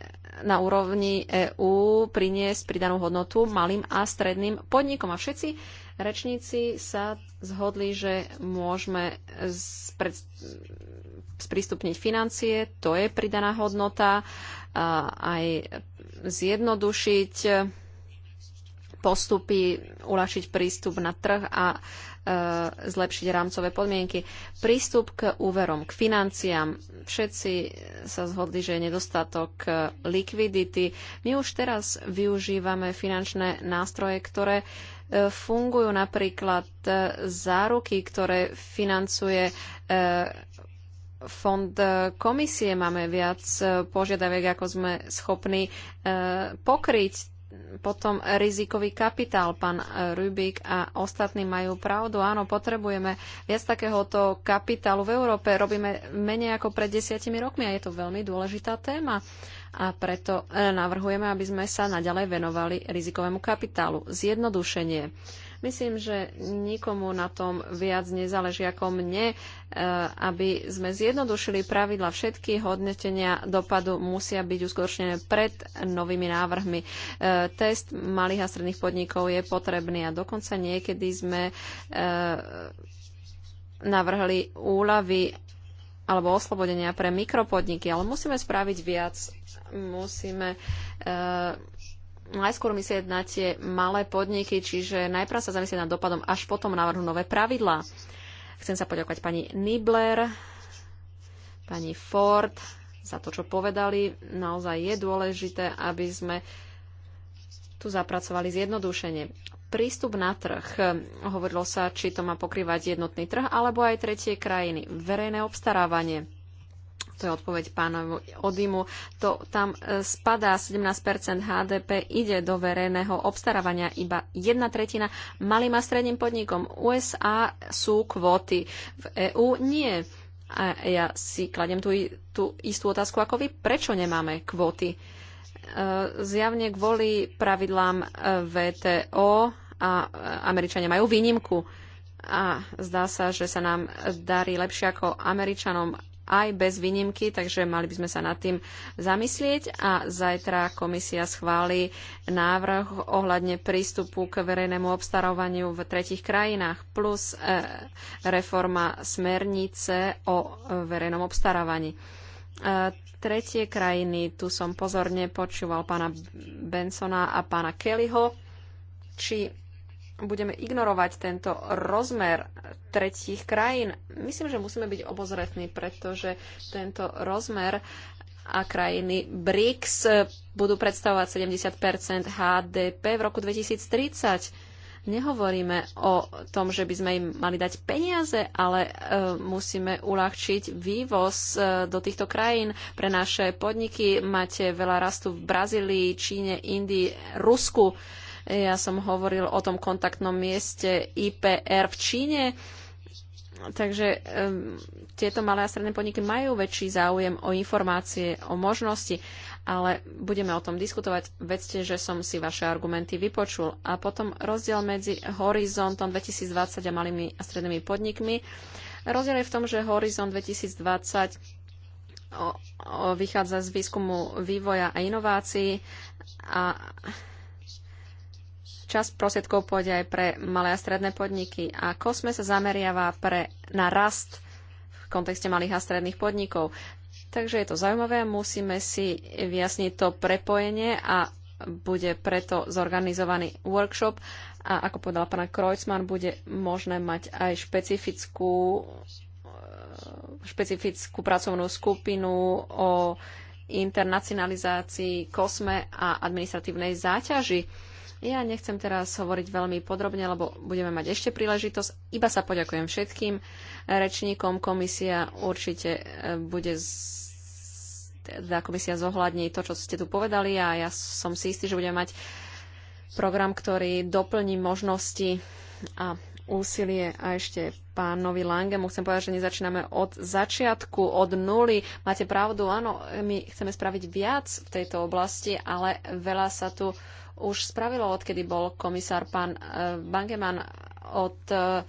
na úrovni EÚ priniesť pridanú hodnotu malým a stredným podnikom. A všetci rečníci sa zhodli, že môžeme spred... sprístupniť financie, to je pridaná hodnota, a aj zjednodušiť postupy, uľahčiť prístup na trh a e, zlepšiť rámcové podmienky. Prístup k úverom, k financiám. Všetci sa zhodli, že je nedostatok e, likvidity. My už teraz využívame finančné nástroje, ktoré e, fungujú napríklad e, záruky, ktoré financuje fond komisie. Máme viac požiadaviek, ako sme schopní pokryť potom rizikový kapitál, pán Rubik a ostatní majú pravdu. Áno, potrebujeme viac takéhoto kapitálu v Európe. Robíme menej ako pred desiatimi rokmi a je to veľmi dôležitá téma. A preto e, navrhujeme, aby sme sa naďalej venovali rizikovému kapitálu. Zjednodušenie Myslím, že nikomu na tom viac nezáleží ako mne, e, aby sme zjednodušili pravidla. Všetky hodnotenia dopadu musia byť uskutočnené pred novými návrhmi. E, test malých a stredných podnikov je potrebný a dokonca niekedy sme e, navrhli úlavy alebo oslobodenia pre mikropodniky, ale musíme spraviť viac. Musíme najskôr myslieť na tie malé podniky, čiže najprv sa zamyslieť nad dopadom, až potom navrhnú nové pravidlá. Chcem sa poďakovať pani Nibler, pani Ford za to, čo povedali. Naozaj je dôležité, aby sme tu zapracovali zjednodušenie. Prístup na trh. Hovorilo sa, či to má pokrývať jednotný trh alebo aj tretie krajiny. Verejné obstarávanie to je odpoveď pánovu Odimu, to tam e, spadá 17% HDP, ide do verejného obstarávania iba jedna tretina malým a stredným podnikom. USA sú kvóty, v EÚ nie. A ja si kladem tú, tú istú otázku ako vy, prečo nemáme kvóty? E, zjavne kvôli pravidlám e, VTO a Američania majú výnimku a zdá sa, že sa nám darí lepšie ako Američanom aj bez výnimky, takže mali by sme sa nad tým zamyslieť a zajtra komisia schváli návrh ohľadne prístupu k verejnému obstarovaniu v tretich krajinách plus e, reforma smernice o verejnom obstarávaní e, tretie krajiny, tu som pozorne počúval pána Bensona a pána Kellyho, či budeme ignorovať tento rozmer tretích krajín. Myslím, že musíme byť obozretní, pretože tento rozmer a krajiny BRICS budú predstavovať 70 HDP v roku 2030. Nehovoríme o tom, že by sme im mali dať peniaze, ale e, musíme uľahčiť vývoz e, do týchto krajín pre naše podniky. Máte veľa rastu v Brazílii, Číne, Indii, Rusku. E, ja som hovoril o tom kontaktnom mieste IPR v Číne. Takže um, tieto malé a stredné podniky majú väčší záujem o informácie, o možnosti, ale budeme o tom diskutovať. Vedzte, že som si vaše argumenty vypočul. A potom rozdiel medzi Horizontom 2020 a malými a strednými podnikmi. Rozdiel je v tom, že Horizont 2020 o, o, vychádza z výskumu vývoja a inovácií a Časť prosiedkov pôjde aj pre malé a stredné podniky a Kosme sa zameriava pre, na rast v kontexte malých a stredných podnikov. Takže je to zaujímavé a musíme si vyjasniť to prepojenie a bude preto zorganizovaný workshop a ako povedala pána Kreuzmann, bude možné mať aj špecifickú, špecifickú pracovnú skupinu o internacionalizácii kosme a administratívnej záťaži ja nechcem teraz hovoriť veľmi podrobne, lebo budeme mať ešte príležitosť. Iba sa poďakujem všetkým rečníkom. Komisia určite e, bude z... teda komisia zohľadní to, čo ste tu povedali a ja som si istý, že budeme mať program, ktorý doplní možnosti a úsilie a ešte pánovi Langemu. Chcem povedať, že nezačíname od začiatku, od nuly. Máte pravdu, áno, my chceme spraviť viac v tejto oblasti, ale veľa sa tu už spravilo, odkedy bol komisár pán eh, Bangeman od eh,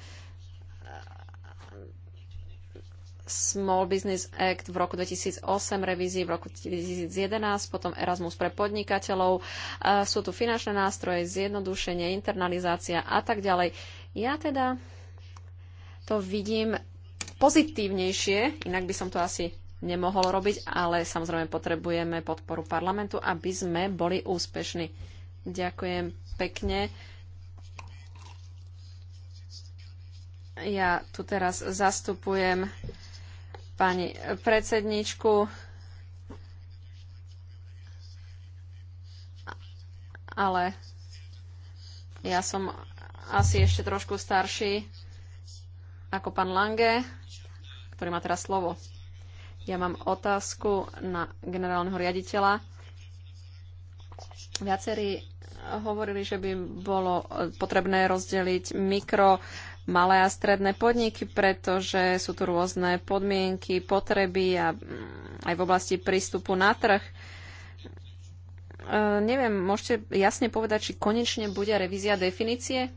Small Business Act v roku 2008, revízii v roku 2011, potom Erasmus pre podnikateľov, eh, sú tu finančné nástroje, zjednodušenie, internalizácia a tak ďalej. Ja teda to vidím pozitívnejšie, inak by som to asi nemohol robiť, ale samozrejme potrebujeme podporu parlamentu, aby sme boli úspešní. Ďakujem pekne. Ja tu teraz zastupujem pani predsedničku. Ale ja som asi ešte trošku starší ako pán Lange, ktorý má teraz slovo. Ja mám otázku na generálneho riaditeľa. Viacerí hovorili, že by bolo potrebné rozdeliť mikro, malé a stredné podniky, pretože sú tu rôzne podmienky, potreby a mm, aj v oblasti prístupu na trh. E, neviem, môžete jasne povedať, či konečne bude revízia definície?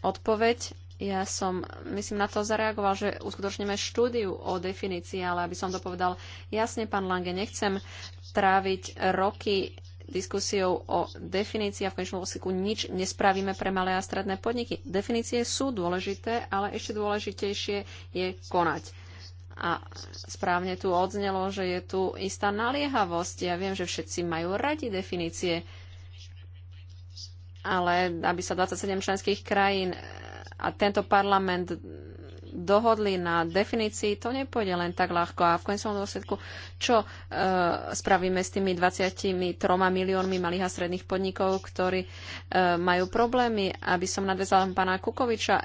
Odpoveď ja som, myslím, na to zareagoval, že uskutočneme štúdiu o definícii, ale aby som to povedal jasne, pán Lange, nechcem tráviť roky diskusiou o definícii a v konečnom dôsledku nič nespravíme pre malé a stredné podniky. Definície sú dôležité, ale ešte dôležitejšie je konať. A správne tu odznelo, že je tu istá naliehavosť. Ja viem, že všetci majú radi definície, ale aby sa 27 členských krajín a tento parlament dohodli na definícii, to nepôjde len tak ľahko. A v konečnom dôsledku, čo e, spravíme s tými 23 miliónmi malých a stredných podnikov, ktorí e, majú problémy? Aby som nadvezala pána Kukoviča, e,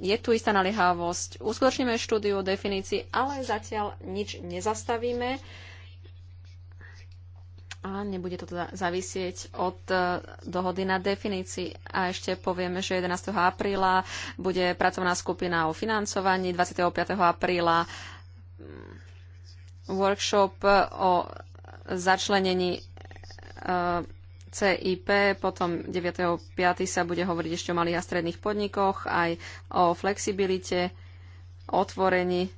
je tu istá naliehavosť. Uskutočníme štúdiu o definícii, ale zatiaľ nič nezastavíme a nebude to teda závisieť od e, dohody na definícii. A ešte povieme, že 11. apríla bude pracovná skupina o financovaní, 25. apríla mm, workshop o začlenení e, CIP, potom 9.5. sa bude hovoriť ešte o malých a stredných podnikoch, aj o flexibilite, otvorení.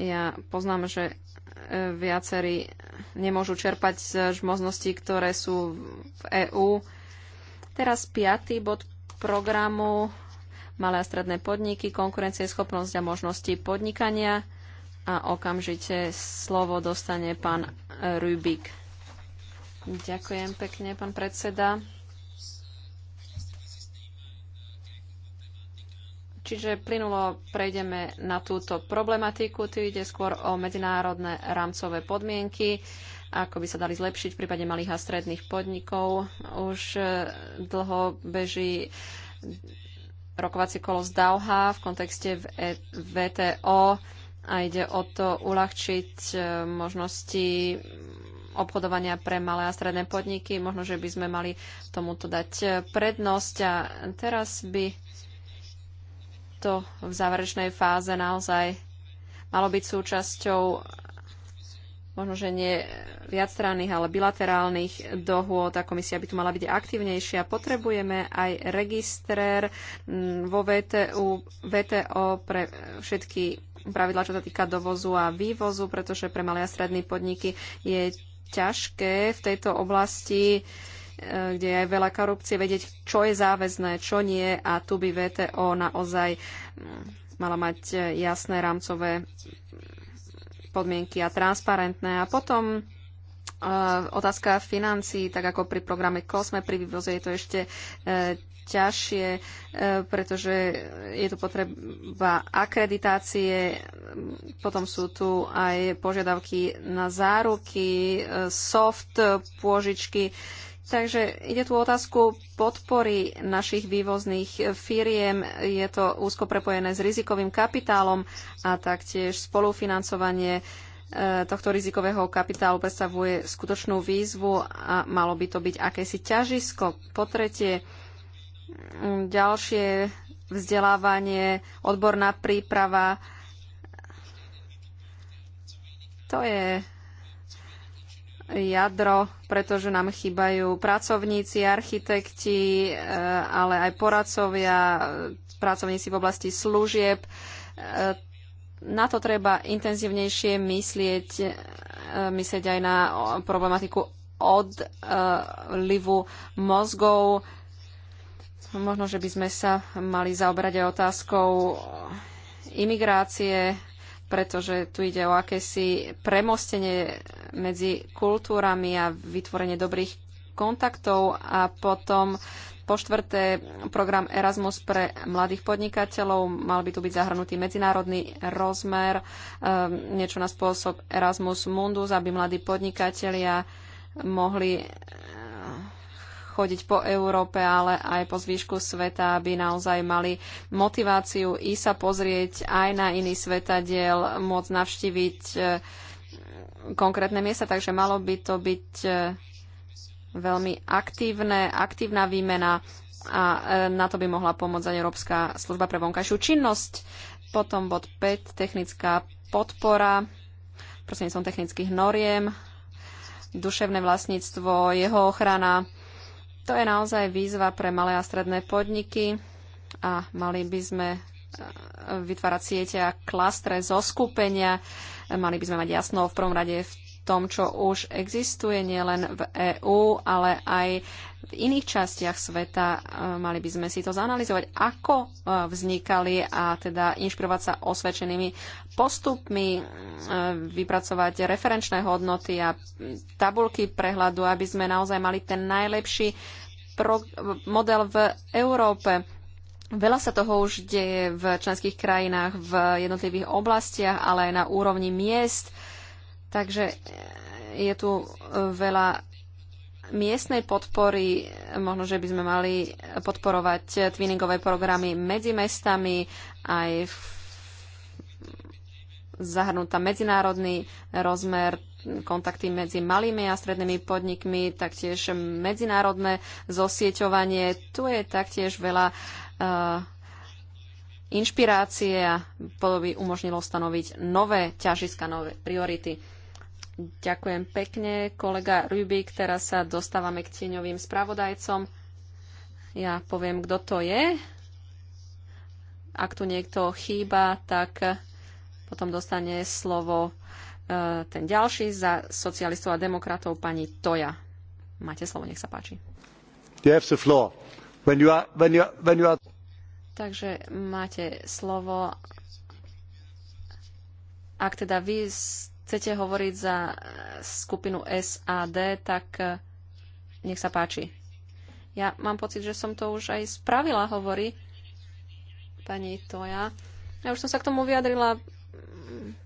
Ja poznám, že e, viacerí nemôžu čerpať z možností, ktoré sú v EÚ. Teraz piatý bod programu malé a stredné podniky, konkurencieschopnosť a možnosti podnikania a okamžite slovo dostane pán Rubik. Ďakujem pekne, pán predseda. Čiže plynulo prejdeme na túto problematiku. Tu ide skôr o medzinárodné rámcové podmienky, ako by sa dali zlepšiť v prípade malých a stredných podnikov. Už e, dlho beží rokovacie kolo z Dauha v kontekste VTO e, a ide o to uľahčiť e, možnosti obchodovania pre malé a stredné podniky. Možno, že by sme mali tomuto dať prednosť a teraz by to v záverečnej fáze naozaj malo byť súčasťou možno, že nie viacstranných, ale bilaterálnych dohôd. a komisia by tu mala byť aktívnejšia. Potrebujeme aj registrér vo VTU, VTO pre všetky pravidla, čo sa týka dovozu a vývozu, pretože pre malé a stredné podniky je ťažké v tejto oblasti uh, Eh, kde je aj veľa korupcie, vedieť, čo je záväzné, čo nie a tu by VTO naozaj mm, mala mať eh, jasné rámcové mm, podmienky a transparentné. A potom eh, otázka financí, tak ako pri programe COSME, pri vývoze je to ešte ťažšie, pretože je tu potreba akreditácie, potom sú tu aj požiadavky na záruky, soft pôžičky, Takže ide tu otázku podpory našich vývozných firiem. Je to úzko prepojené s rizikovým kapitálom a taktiež spolufinancovanie e, tohto rizikového kapitálu predstavuje skutočnú výzvu a malo by to byť akési ťažisko. Po tretie, ďalšie vzdelávanie, odborná príprava. To je jadro, pretože nám chýbajú pracovníci, architekti, e, ale aj poradcovia, pracovníci v oblasti služieb. E, na to treba intenzívnejšie myslieť, e, myslieť aj na problematiku odlivu mozgov. Možno, že by sme sa mali zaoberať aj otázkou imigrácie pretože tu ide o akési premostenie medzi kultúrami a vytvorenie dobrých kontaktov a potom po štvrté, program Erasmus pre mladých podnikateľov. Mal by tu byť zahrnutý medzinárodný rozmer, ehm, niečo na spôsob Erasmus Mundus, aby mladí podnikatelia mohli chodiť po Európe, ale aj po zvyšku sveta, aby naozaj mali motiváciu i sa pozrieť aj na iný svetadiel, môcť navštíviť e, konkrétne miesta, takže malo by to byť e, veľmi aktívne, aktívna výmena a e, na to by mohla pomôcť aj Európska služba pre vonkajšiu činnosť. Potom bod 5, technická podpora, prosím som technických noriem, duševné vlastníctvo, jeho ochrana, to je naozaj výzva pre malé a stredné podniky a mali by sme e, vytvárať siete a klastre zo skupenia. Mali by sme mať jasno v prvom rade v tom, čo už existuje nielen v EÚ, ale aj v iných častiach sveta. E, mali by sme si to zanalizovať, ako e, vznikali a teda inšpirovať sa osvedčenými postupmi, e, vypracovať referenčné hodnoty a tabulky prehľadu, aby sme naozaj mali ten najlepší model v Európe. Veľa sa toho už deje v členských krajinách, v jednotlivých oblastiach, ale aj na úrovni miest Takže e, je tu e, veľa miestnej podpory, možno, že by sme mali podporovať e, twinningové programy medzi mestami, aj zahrnúť tam medzinárodný rozmer, kontakty medzi malými a strednými podnikmi, taktiež medzinárodné zosieťovanie. Tu je taktiež veľa uh, inšpirácie a podoby umožnilo stanoviť nové ťažiska, nové priority. Ďakujem pekne, kolega Rubik. Teraz sa dostávame k tieňovým spravodajcom. Ja poviem, kto to je. Ak tu niekto chýba, tak potom dostane slovo e, ten ďalší za socialistov a demokratov, pani Toja. Máte slovo, nech sa páči. Takže máte slovo. Ak teda vy chcete hovoriť za e, skupinu SAD, tak e, nech sa páči. Ja mám pocit, že som to už aj spravila, hovorí pani Toja. Ja už som sa k tomu vyjadrila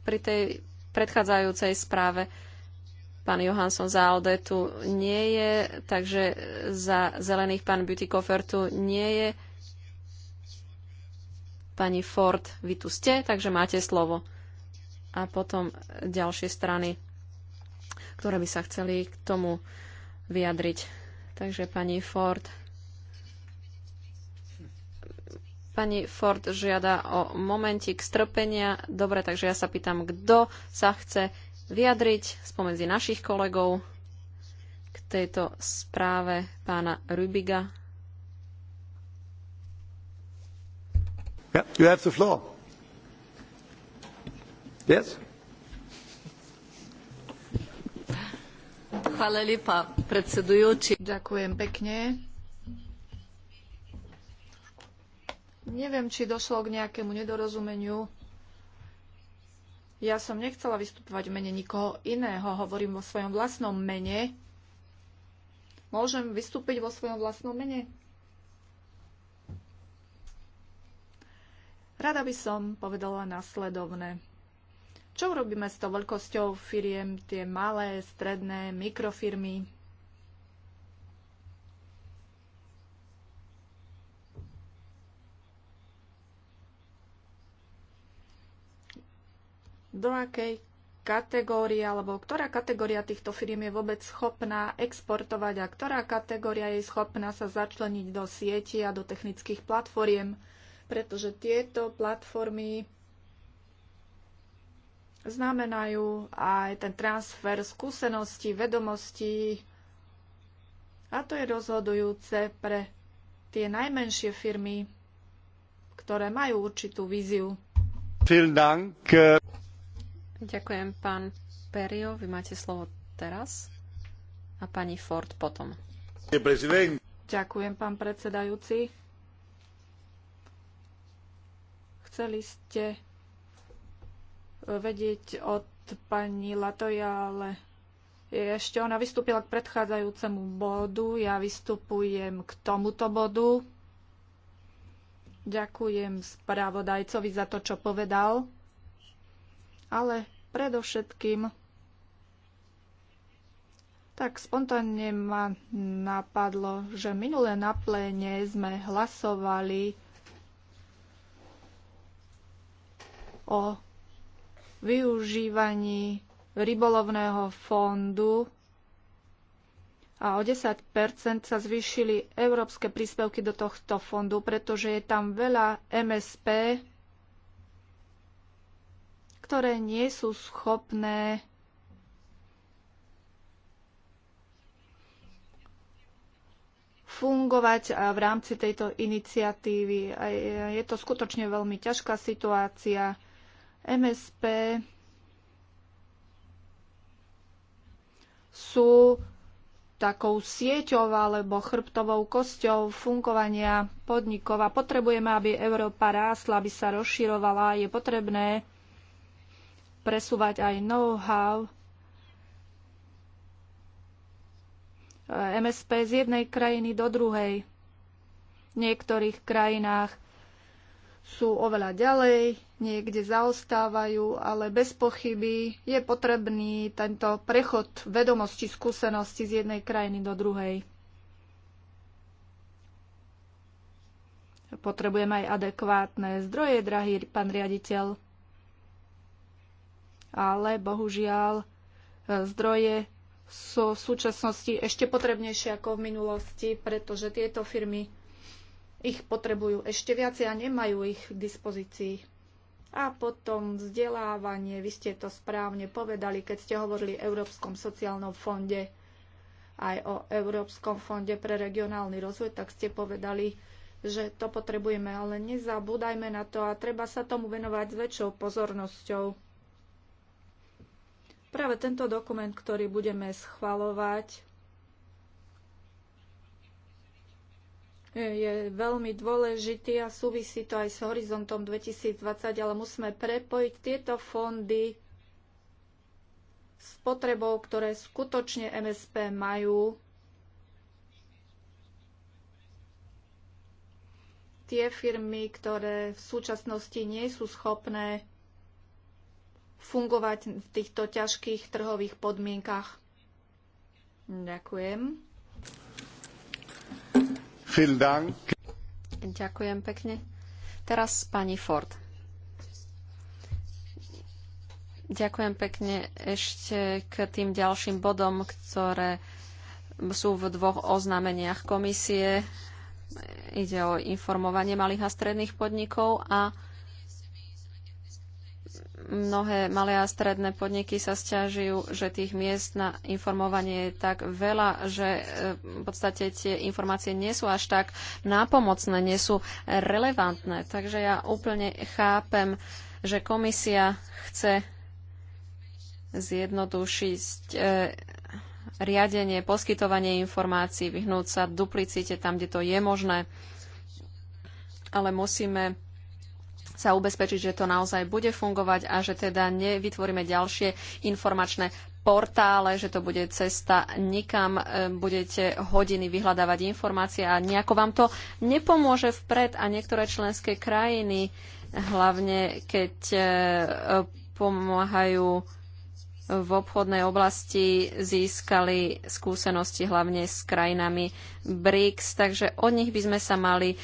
pri tej predchádzajúcej správe. Pán Johansson za Alde tu nie je, takže za zelených pán Butikofer tu nie je. Pani Ford, vy tu ste, takže máte slovo a potom ďalšie strany, ktoré by sa chceli k tomu vyjadriť. Takže pani Ford. Pani Ford žiada o momentik strpenia. Dobre, takže ja sa pýtam, kto sa chce vyjadriť spomedzi našich kolegov k tejto správe pána Rubiga. Yeah, you have the floor. Ďakujem pekne. Neviem, či došlo k nejakému nedorozumeniu. Ja som nechcela vystupovať v mene nikoho iného, hovorím vo svojom vlastnom mene. Môžem vystúpiť vo svojom vlastnom mene? Rada by som povedala následovné. Čo urobíme s tou veľkosťou firiem, tie malé, stredné, mikrofirmy? Do akej kategórie, alebo ktorá kategória týchto firiem je vôbec schopná exportovať a ktorá kategória je schopná sa začleniť do sieti a do technických platformiem, pretože tieto platformy znamenajú aj ten transfer skúseností, vedomostí a to je rozhodujúce pre tie najmenšie firmy, ktoré majú určitú víziu. Ďakujem, pán Perio. Vy máte slovo teraz a pani Ford potom. Ďakujem, pán predsedajúci. Chceli ste vedieť od pani Latoja, ale ešte ona vystúpila k predchádzajúcemu bodu, ja vystupujem k tomuto bodu. Ďakujem správodajcovi za to, čo povedal, ale predovšetkým tak spontánne ma napadlo, že minulé na pléne sme hlasovali o využívaní rybolovného fondu a o 10 sa zvýšili európske príspevky do tohto fondu, pretože je tam veľa MSP, ktoré nie sú schopné fungovať v rámci tejto iniciatívy. Je to skutočne veľmi ťažká situácia MSP sú takou sieťou alebo chrbtovou kosťou fungovania podnikov a potrebujeme, aby Európa rástla, aby sa rozširovala. Je potrebné presúvať aj know-how MSP z jednej krajiny do druhej. V niektorých krajinách sú oveľa ďalej, niekde zaostávajú, ale bez pochyby je potrebný tento prechod vedomosti, skúsenosti z jednej krajiny do druhej. Potrebujeme aj adekvátne zdroje, drahý pán riaditeľ. Ale bohužiaľ e, zdroje sú v súčasnosti ešte potrebnejšie ako v minulosti, pretože tieto firmy ich potrebujú ešte viacej a nemajú ich k dispozícii. A potom vzdelávanie, vy ste to správne povedali, keď ste hovorili o Európskom sociálnom fonde, aj o Európskom fonde pre regionálny rozvoj, tak ste povedali, že to potrebujeme, ale nezabúdajme na to a treba sa tomu venovať s väčšou pozornosťou. Práve tento dokument, ktorý budeme schvalovať, je veľmi dôležitý a súvisí to aj s horizontom 2020, ale musíme prepojiť tieto fondy s potrebou, ktoré skutočne MSP majú. Tie firmy, ktoré v súčasnosti nie sú schopné fungovať v týchto ťažkých trhových podmienkach. Ďakujem. Ďakujem pekne. Teraz pani Ford. Ďakujem pekne ešte k tým ďalším bodom, ktoré sú v dvoch oznámeniach komisie. Ide o informovanie malých a stredných podnikov a Mnohé malé a stredné podniky sa stiažujú, že tých miest na informovanie je tak veľa, že e, v podstate tie informácie nie sú až tak nápomocné, nie sú relevantné. Takže ja úplne chápem, že komisia chce zjednodušiť e, riadenie, poskytovanie informácií, vyhnúť sa duplicite tam, kde to je možné. Ale musíme sa ubezpečiť, že to naozaj bude fungovať a že teda nevytvoríme ďalšie informačné portále, že to bude cesta nikam, e, budete hodiny vyhľadávať informácie a nejako vám to nepomôže vpred a niektoré členské krajiny, hlavne keď e, pomáhajú v obchodnej oblasti získali skúsenosti hlavne s krajinami BRICS, takže od nich by sme sa mali e,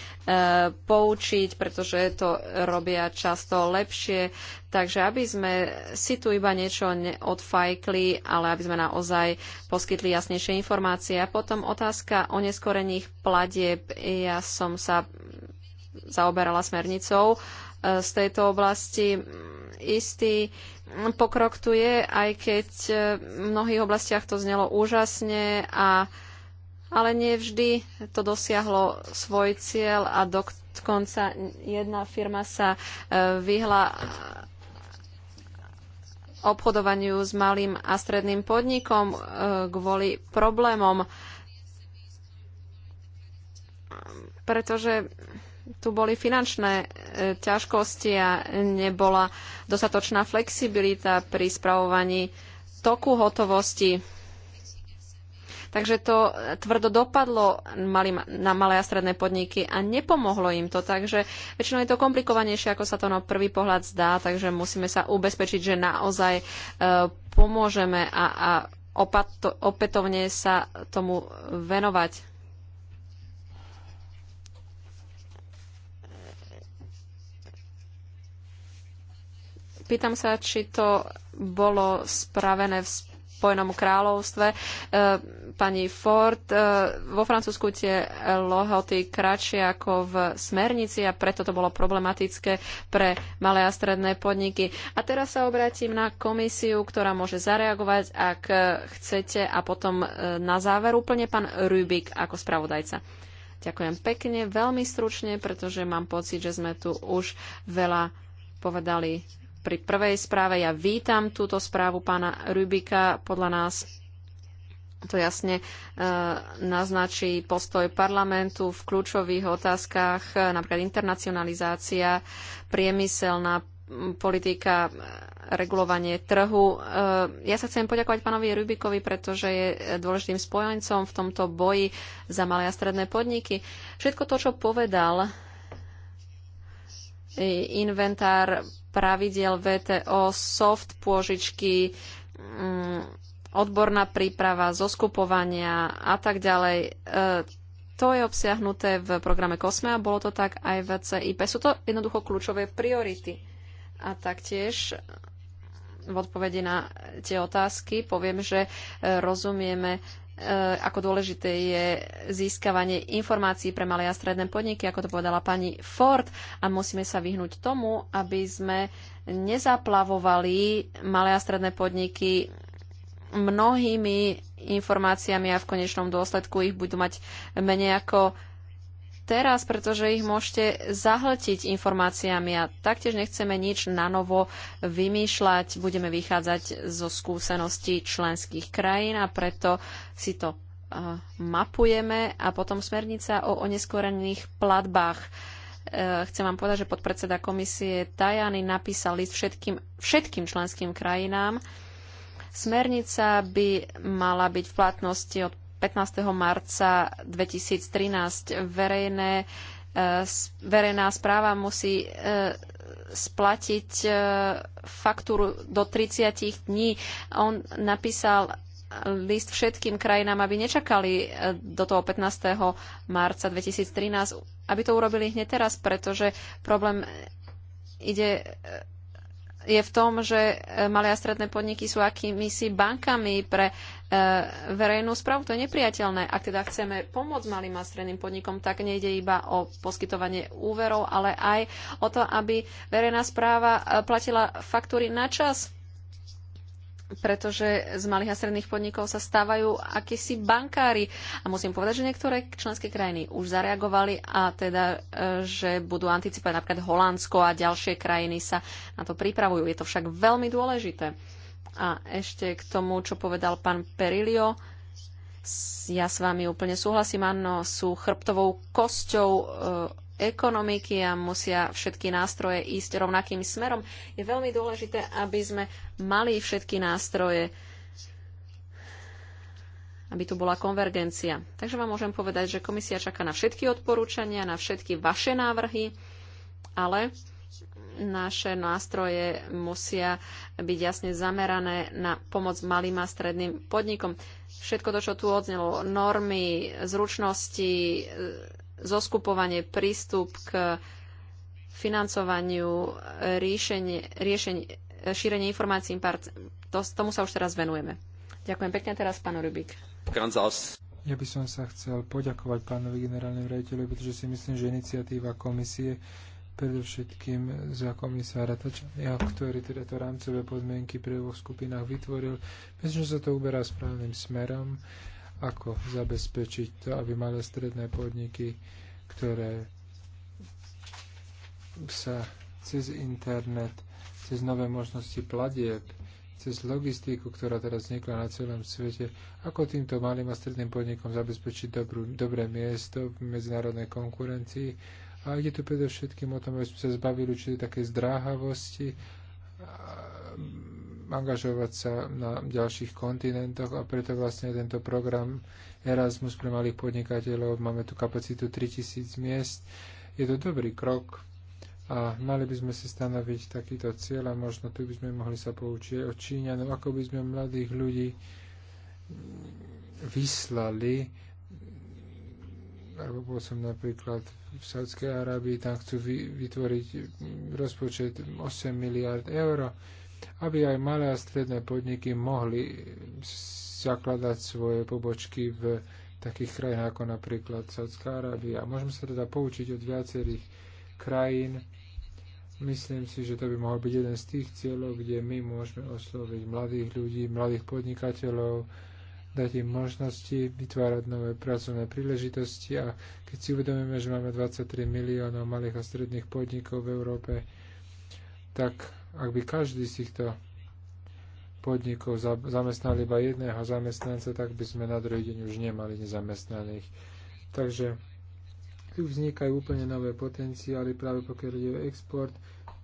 poučiť, pretože to robia často lepšie. Takže aby sme si tu iba niečo odfajkli, ale aby sme naozaj poskytli jasnejšie informácie. A potom otázka o neskorených platieb. Ja som sa zaoberala smernicou e, z tejto oblasti. Istý pokrok tu je, aj keď e, v mnohých oblastiach to znelo úžasne, a, ale nie vždy to dosiahlo svoj cieľ a dokonca jedna firma sa e, vyhla obchodovaniu s malým a stredným podnikom e, kvôli problémom, pretože tu boli finančné e, ťažkosti a nebola dostatočná flexibilita pri spravovaní toku hotovosti. Takže to tvrdo dopadlo na malé a stredné podniky a nepomohlo im to. Takže väčšinou je to komplikovanejšie, ako sa to na prvý pohľad zdá, takže musíme sa ubezpečiť, že naozaj e, pomôžeme a, a opätovne sa tomu venovať. Pýtam sa, či to bolo spravené v Spojenom kráľovstve. E, pani Ford, e, vo Francúzsku tie lohoty kratšie ako v smernici a preto to bolo problematické pre malé a stredné podniky. A teraz sa obrátim na komisiu, ktorá môže zareagovať, ak chcete, a potom e, na záver úplne pán Rubik ako spravodajca. Ďakujem pekne, veľmi stručne, pretože mám pocit, že sme tu už veľa povedali pri prvej správe. Ja vítam túto správu pána Rubika. Podľa nás to jasne e, naznačí postoj parlamentu v kľúčových otázkach, napríklad internacionalizácia, priemyselná politika, regulovanie trhu. E, ja sa chcem poďakovať pánovi Rubikovi, pretože je dôležitým spojencom v tomto boji za malé a stredné podniky. Všetko to, čo povedal, inventár pravidiel VTO, soft pôžičky, mm, odborná príprava, zoskupovania a tak ďalej. E, to je obsiahnuté v programe COSME a bolo to tak aj v CIP. Sú to jednoducho kľúčové priority. A taktiež v odpovedi na tie otázky poviem, že e, rozumieme E, ako dôležité je získavanie informácií pre malé a stredné podniky, ako to povedala pani Ford. A musíme sa vyhnúť tomu, aby sme nezaplavovali malé a stredné podniky mnohými informáciami a v konečnom dôsledku ich budú mať menej ako teraz, pretože ich môžete zahltiť informáciami a taktiež nechceme nič na novo vymýšľať. Budeme vychádzať zo skúseností členských krajín a preto si to uh, mapujeme a potom smernica o oneskorených platbách eh, chcem vám povedať, že podpredseda komisie Tajany napísal list všetkým, všetkým členským krajinám. Smernica by mala byť v platnosti od 15. marca 2013. Verejné, e, verejná správa musí e, splatiť e, faktúru do 30 dní. On napísal list všetkým krajinám, aby nečakali do toho 15. marca 2013, aby to urobili hneď teraz, pretože problém ide je v tom, že malé a stredné podniky sú akýmisi bankami pre E, verejnú správu. To je nepriateľné. Ak teda chceme pomôcť malým a stredným podnikom, tak nejde iba o poskytovanie úverov, ale aj o to, aby verejná správa e, platila faktúry na čas pretože z malých a stredných podnikov sa stávajú akísi bankári. A musím povedať, že niektoré členské krajiny už zareagovali a teda, e, že budú anticipovať napríklad Holandsko a ďalšie krajiny sa na to pripravujú. Je to však veľmi dôležité. A ešte k tomu, čo povedal pán Perilio. Ja s vami úplne súhlasím, áno, sú chrbtovou kosťou e, ekonomiky a musia všetky nástroje ísť rovnakým smerom. Je veľmi dôležité, aby sme mali všetky nástroje, aby tu bola konvergencia. Takže vám môžem povedať, že komisia čaká na všetky odporúčania, na všetky vaše návrhy, ale naše nástroje musia byť jasne zamerané na pomoc malým a stredným podnikom. Všetko to, čo tu odznelo, normy, zručnosti, zoskupovanie, prístup k financovaniu, riešenie, riešenie, šírenie informácií, to, tomu sa už teraz venujeme. Ďakujem pekne teraz, pán Rubik. Ja by som sa chcel poďakovať pánovi generálnemu rejiteľovi, pretože si myslím, že iniciatíva komisie predovšetkým za komisára Tačania, ktorý teda to rámcové podmienky pre dvoch skupinách vytvoril. Myslím, že sa to uberá správnym smerom, ako zabezpečiť to, aby malé stredné podniky, ktoré sa cez internet, cez nové možnosti platieb, cez logistiku, ktorá teraz vznikla na celom svete, ako týmto malým a stredným podnikom zabezpečiť dobrú, dobré miesto v medzinárodnej konkurencii a ide tu predovšetkým o tom, aby sme sa zbavili určitej takej zdráhavosti, mm, angažovať sa na ďalších kontinentoch a preto vlastne tento program Erasmus pre malých podnikateľov, máme tu kapacitu 3000 miest, je to dobrý krok a mali by sme si stanoviť takýto cieľ a možno tu by sme mohli sa poučiť od Číňanom, ako by sme mladých ľudí vyslali ako som napríklad v Sádskej Arábii, tam chcú vytvoriť rozpočet 8 miliard eur, aby aj malé a stredné podniky mohli zakladať svoje pobočky v takých krajinách ako napríklad Sádska Arábia. Môžeme sa teda poučiť od viacerých krajín. Myslím si, že to by mohol byť jeden z tých cieľov, kde my môžeme osloviť mladých ľudí, mladých podnikateľov, dať im možnosti vytvárať nové pracovné príležitosti a keď si uvedomíme, že máme 23 miliónov malých a stredných podnikov v Európe, tak ak by každý z týchto podnikov zamestnal iba jedného zamestnanca, tak by sme na druhý deň už nemali nezamestnaných. Takže tu vznikajú úplne nové potenciály, práve pokiaľ ide o export,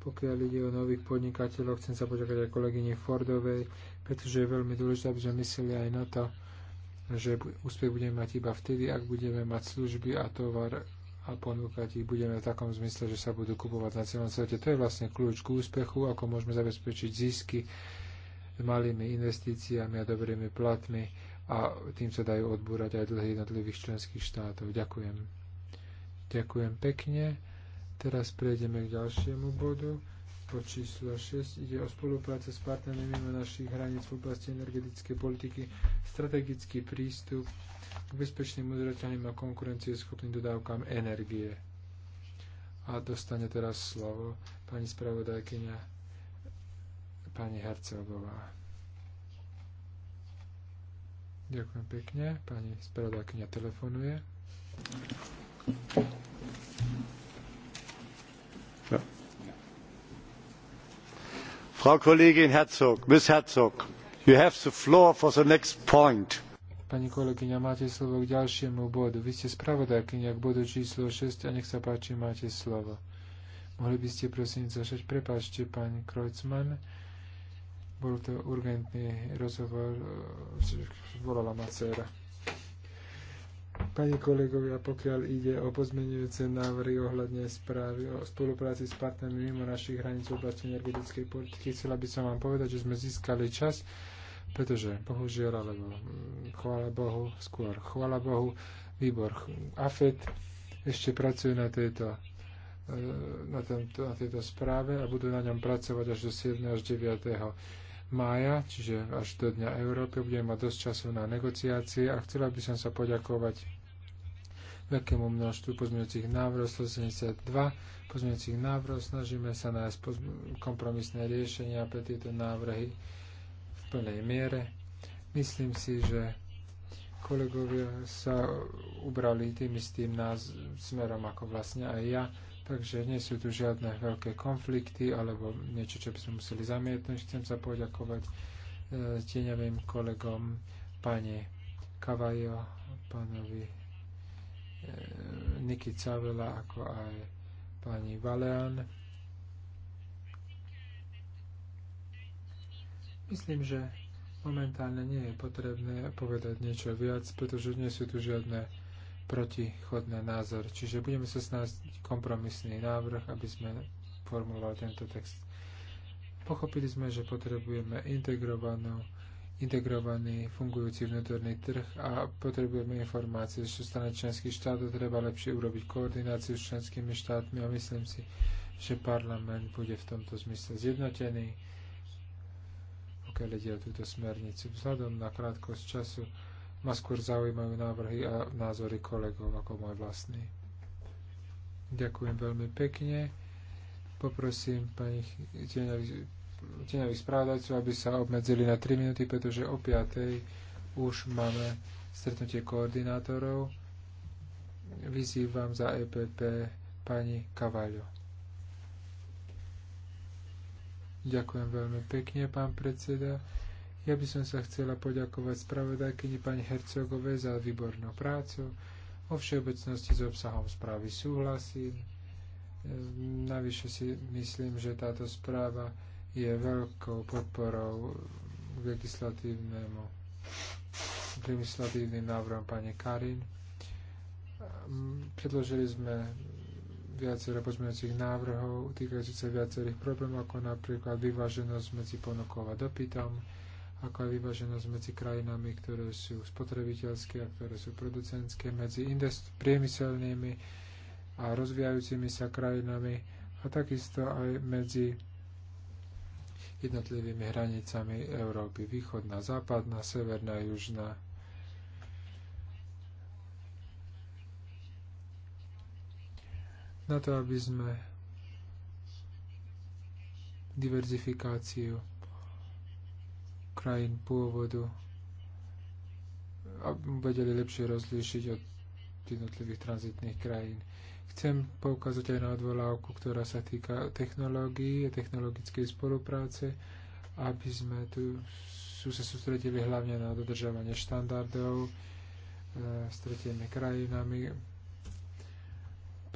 pokiaľ ide o nových podnikateľov, chcem sa poďakovať aj kolegyni Fordovej, pretože je veľmi dôležité, aby sme mysleli aj na to, že úspech budeme mať iba vtedy, ak budeme mať služby a tovar a ponúkať ich budeme v takom zmysle, že sa budú kupovať na celom svete. To je vlastne kľúč k úspechu, ako môžeme zabezpečiť zisky malými investíciami a dobrými platmi a tým sa dajú odbúrať aj dlhy jednotlivých členských štátov. Ďakujem. Ďakujem pekne. Teraz prejdeme k ďalšiemu bodu pod číslo 6 ide o spolupráce s partnermi mimo našich hraníc v oblasti energetickej politiky, strategický prístup k bezpečným, udržateľným a konkurencieschopným dodávkam energie. A dostane teraz slovo pani spravodajkyňa pani Hercegová. Ďakujem pekne. Pani spravodajkyňa telefonuje. No. Frau Kollegin you have the floor for the next point. Pani kolegyňa, máte slovo k ďalšiemu bodu. Vy ste spravodajkyňa k bodu číslo 6 a nech sa páči, máte slovo. Mohli by ste prosím začať? Prepáčte, Pani Kreutzmann. Bol to urgentný rozhovor, e, volala ma dcera. Pani kolegovia, pokiaľ ide o pozmenujúce návrhy ohľadne správy o spolupráci s partnermi mimo našich hraníc v oblasti energetickej politiky, chcela by som vám povedať, že sme získali čas, pretože bohužiaľ, alebo mm, chvála Bohu, skôr chvála Bohu, výbor AFET ešte pracuje na tejto e, na, tento, na tejto správe a budú na ňom pracovať až do 7. až 9. mája, čiže až do Dňa Európy. Budeme mať dosť času na negociácie a chcela by som sa poďakovať veľkému množstvu pozmeňujúcich návrhov, 172 pozmeňujúcich návrhov. Snažíme sa nájsť kompromisné riešenia pre tieto návrhy v plnej miere. Myslím si, že kolegovia sa ubrali tým istým nás smerom ako vlastne aj ja, takže nie sú tu žiadne veľké konflikty alebo niečo, čo by sme museli zamietnúť. Chcem sa poďakovať e, tieňovým kolegom pani Kavajo, pánovi E, Niky Cavela, ako aj pani Valean. Myslím, že momentálne nie je potrebné povedať niečo viac, pretože nie sú tu žiadne protichodné názory. Čiže budeme sa snažiť kompromisný návrh, aby sme formulovali tento text. Pochopili sme, že potrebujeme integrovanú integrovaný fungujúci vnútorný trh a potrebujeme informácie zo strany členských štátov, treba lepšie urobiť koordináciu s členskými štátmi a myslím si, že parlament bude v tomto zmysle zjednotený, pokiaľ ide o túto smernicu. Vzhľadom na krátkosť času ma skôr zaujímajú návrhy a názory kolegov ako môj vlastný. Ďakujem veľmi pekne. Poprosím pani tieňových tieňových správodajcov, aby sa obmedzili na 3 minúty, pretože o 5. už máme stretnutie koordinátorov. Vyzývam za EPP pani Kavaľo. Ďakujem veľmi pekne, pán predseda. Ja by som sa chcela poďakovať spravodajkyni pani Hercogovej za výbornú prácu. O všeobecnosti s obsahom správy súhlasím. Navyše si myslím, že táto správa je veľkou podporou k legislatívnemu k legislatívnym návrhom pani Karin. Predložili sme viacero pozmeňujúcich návrhov týkajúcich sa viacerých problémov, ako napríklad vyváženosť medzi ponukou a dopytom, ako aj vyváženosť medzi krajinami, ktoré sú spotrebiteľské a ktoré sú producentské, medzi priemyselnými a rozvíjajúcimi sa krajinami a takisto aj medzi jednotlivými hranicami Európy. Východná, západná, severná, južná. Na to, aby sme diverzifikáciu krajín pôvodu aby vedeli lepšie rozlíšiť od jednotlivých tranzitných krajín. Chcem poukázať aj na odvolávku, ktorá sa týka technológií a technologickej spolupráce, aby sme tu sú sa sústredili hlavne na dodržávanie štandardov e, s tretiemi krajinami,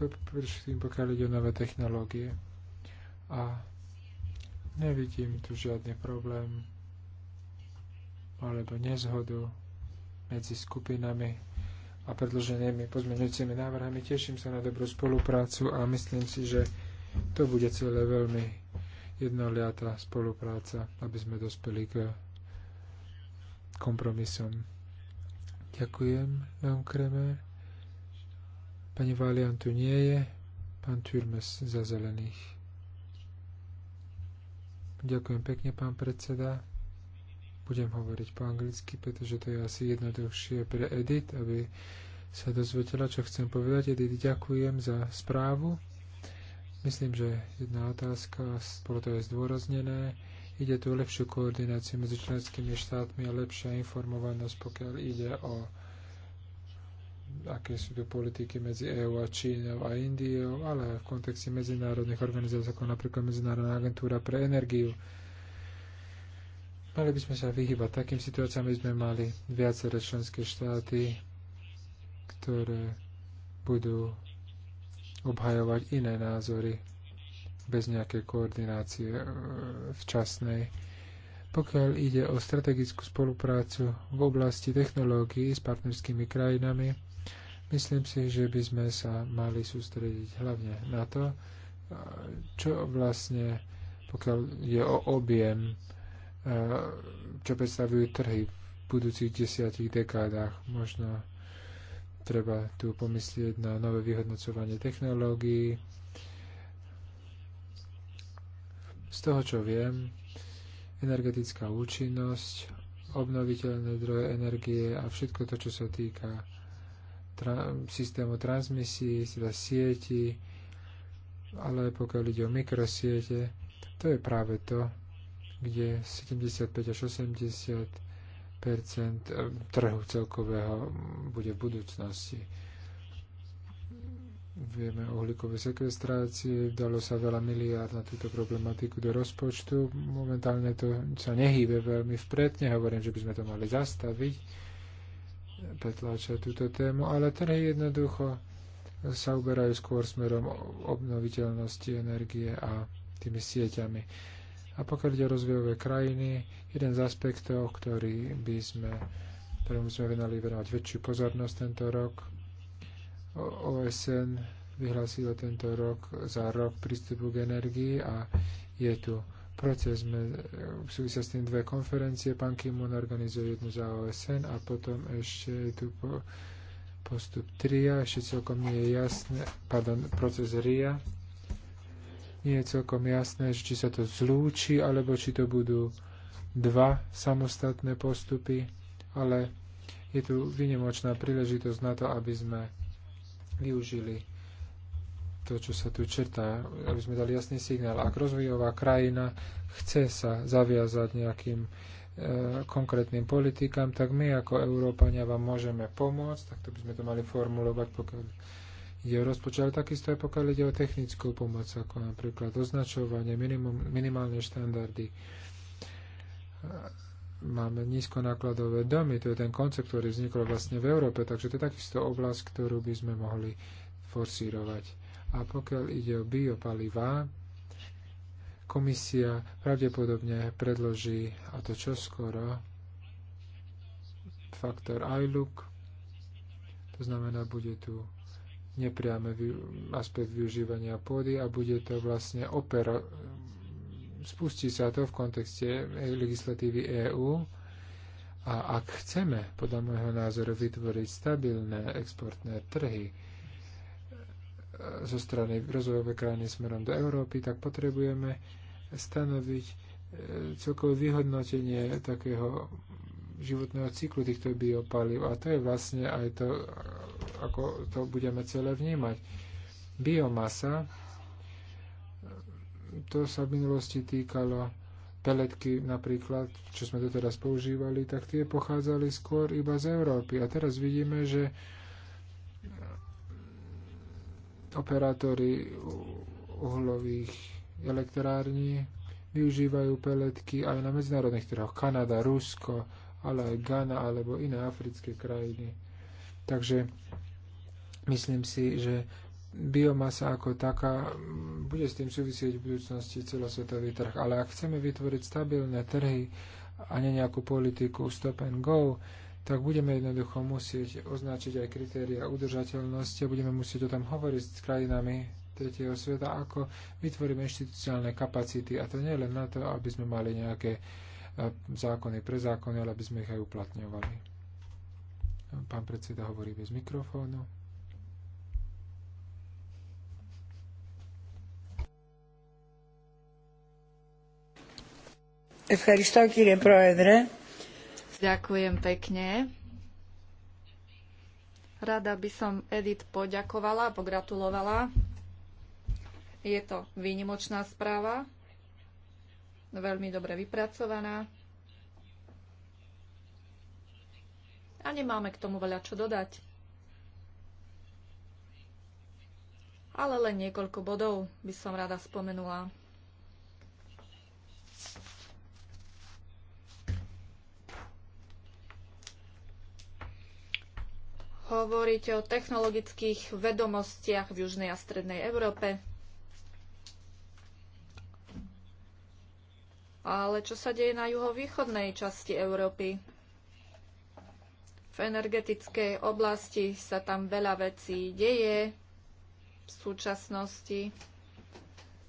predovšetkým pokiaľ ide o nové technológie. A nevidím tu žiadny problém alebo nezhodu medzi skupinami a predloženými pozmeňujúcimi návrhami. Teším sa na dobrú spoluprácu a myslím si, že to bude celé veľmi jednoliatá spolupráca, aby sme dospeli k kompromisom. Ďakujem, Leon Kremer. Pani Valian tu nie je, pán Turmes za zelených. Ďakujem pekne, pán predseda. Budem hovoriť po anglicky, pretože to je asi jednoduchšie pre Edith, aby sa dozvedela, čo chcem povedať. Edith, ďakujem za správu. Myslím, že jedna otázka, bolo to aj zdôraznené. Ide tu o lepšiu koordináciu medzi členskými štátmi a lepšia informovanosť, pokiaľ ide o aké sú tu politiky medzi EÚ a Čínou a Indiou, ale v kontexte medzinárodných organizácií, ako napríklad Medzinárodná agentúra pre energiu. Mali by sme sa vyhybať takým situáciám, aby sme mali viaceré členské štáty, ktoré budú obhajovať iné názory bez nejakej koordinácie e, včasnej. Pokiaľ ide o strategickú spoluprácu v oblasti technológií s partnerskými krajinami, myslím si, že by sme sa mali sústrediť hlavne na to, e, čo vlastne, pokiaľ je o objem E, čo predstavujú trhy v budúcich desiatich dekádach. Možno treba tu pomyslieť na nové vyhodnocovanie technológií. Z toho, čo viem, energetická účinnosť, obnoviteľné zdroje energie a všetko to, čo sa týka tra- systému transmisí, teda sieti, ale pokiaľ ide o mikrosiete, to je práve to, kde 75 až 80 eh, trhu celkového bude v budúcnosti. Vieme o uhlíkovej sekvestrácii, dalo sa veľa miliárd na túto problematiku do rozpočtu. Momentálne to sa nehýbe veľmi vpred, nehovorím, že by sme to mali zastaviť, pretláčať túto tému, ale trhy jednoducho sa uberajú skôr smerom obnoviteľnosti energie a tými sieťami a pokiaľ ide o rozvojové krajiny, jeden z aspektov, ktorý by sme, ktorému sme venali venovať väčšiu pozornosť tento rok, OSN vyhlásila tento rok za rok prístupu k energii a je tu proces. Sme, súvisia s tým dve konferencie. Pán Kimon organizuje jednu za OSN a potom ešte je tu po, postup TRIA. Ešte celkom nie je jasné. Pardon, proces RIA nie je celkom jasné, či sa to zlúči, alebo či to budú dva samostatné postupy, ale je tu vynimočná príležitosť na to, aby sme využili to, čo sa tu črtá, aby sme dali jasný signál. Ak rozvojová krajina chce sa zaviazať nejakým e, konkrétnym politikám, tak my ako Európania vám môžeme pomôcť, tak to by sme to mali formulovať, pokiaľ ide o rozpočet, ale takisto aj pokiaľ ide o technickú pomoc, ako napríklad označovanie, minimum, minimálne štandardy. Máme nízkonákladové domy, to je ten koncept, ktorý vznikol vlastne v Európe, takže to je takisto oblasť, ktorú by sme mohli forsírovať. A pokiaľ ide o biopalivá, komisia pravdepodobne predloží, a to čoskoro, faktor ILUK, to znamená, bude tu nepriame aspekt využívania pôdy a bude to vlastne opera, spustí sa to v kontexte legislatívy EÚ a ak chceme, podľa môjho názoru, vytvoriť stabilné exportné trhy e, zo strany rozvojové krajiny smerom do Európy, tak potrebujeme stanoviť e, celkové vyhodnotenie takého životného cyklu týchto biopalív. A to je vlastne aj to, ako to budeme celé vnímať. Biomasa, to sa v minulosti týkalo peletky napríklad, čo sme doteraz používali, tak tie pochádzali skôr iba z Európy. A teraz vidíme, že operátori uhlových elektrární využívajú peletky aj na medzinárodných trhoch. Kanada, Rusko, ale aj Ghana alebo iné africké krajiny. Takže Myslím si, že biomasa ako taká bude s tým súvisieť v budúcnosti celosvetový trh. Ale ak chceme vytvoriť stabilné trhy a ne nejakú politiku stop and go, tak budeme jednoducho musieť označiť aj kritéria udržateľnosti a budeme musieť o tom hovoriť s krajinami tretieho sveta, ako vytvoríme inštitucionálne kapacity. A to nie len na to, aby sme mali nejaké e, zákony pre zákony, ale aby sme ich aj uplatňovali. Pán predseda hovorí bez mikrofónu. Ďakujem pekne. Rada by som Edith poďakovala, a pogratulovala. Je to výnimočná správa, veľmi dobre vypracovaná. A nemáme k tomu veľa čo dodať. Ale len niekoľko bodov by som rada spomenula. Hovoríte o technologických vedomostiach v Južnej a Strednej Európe. Ale čo sa deje na juhovýchodnej časti Európy? V energetickej oblasti sa tam veľa vecí deje v súčasnosti.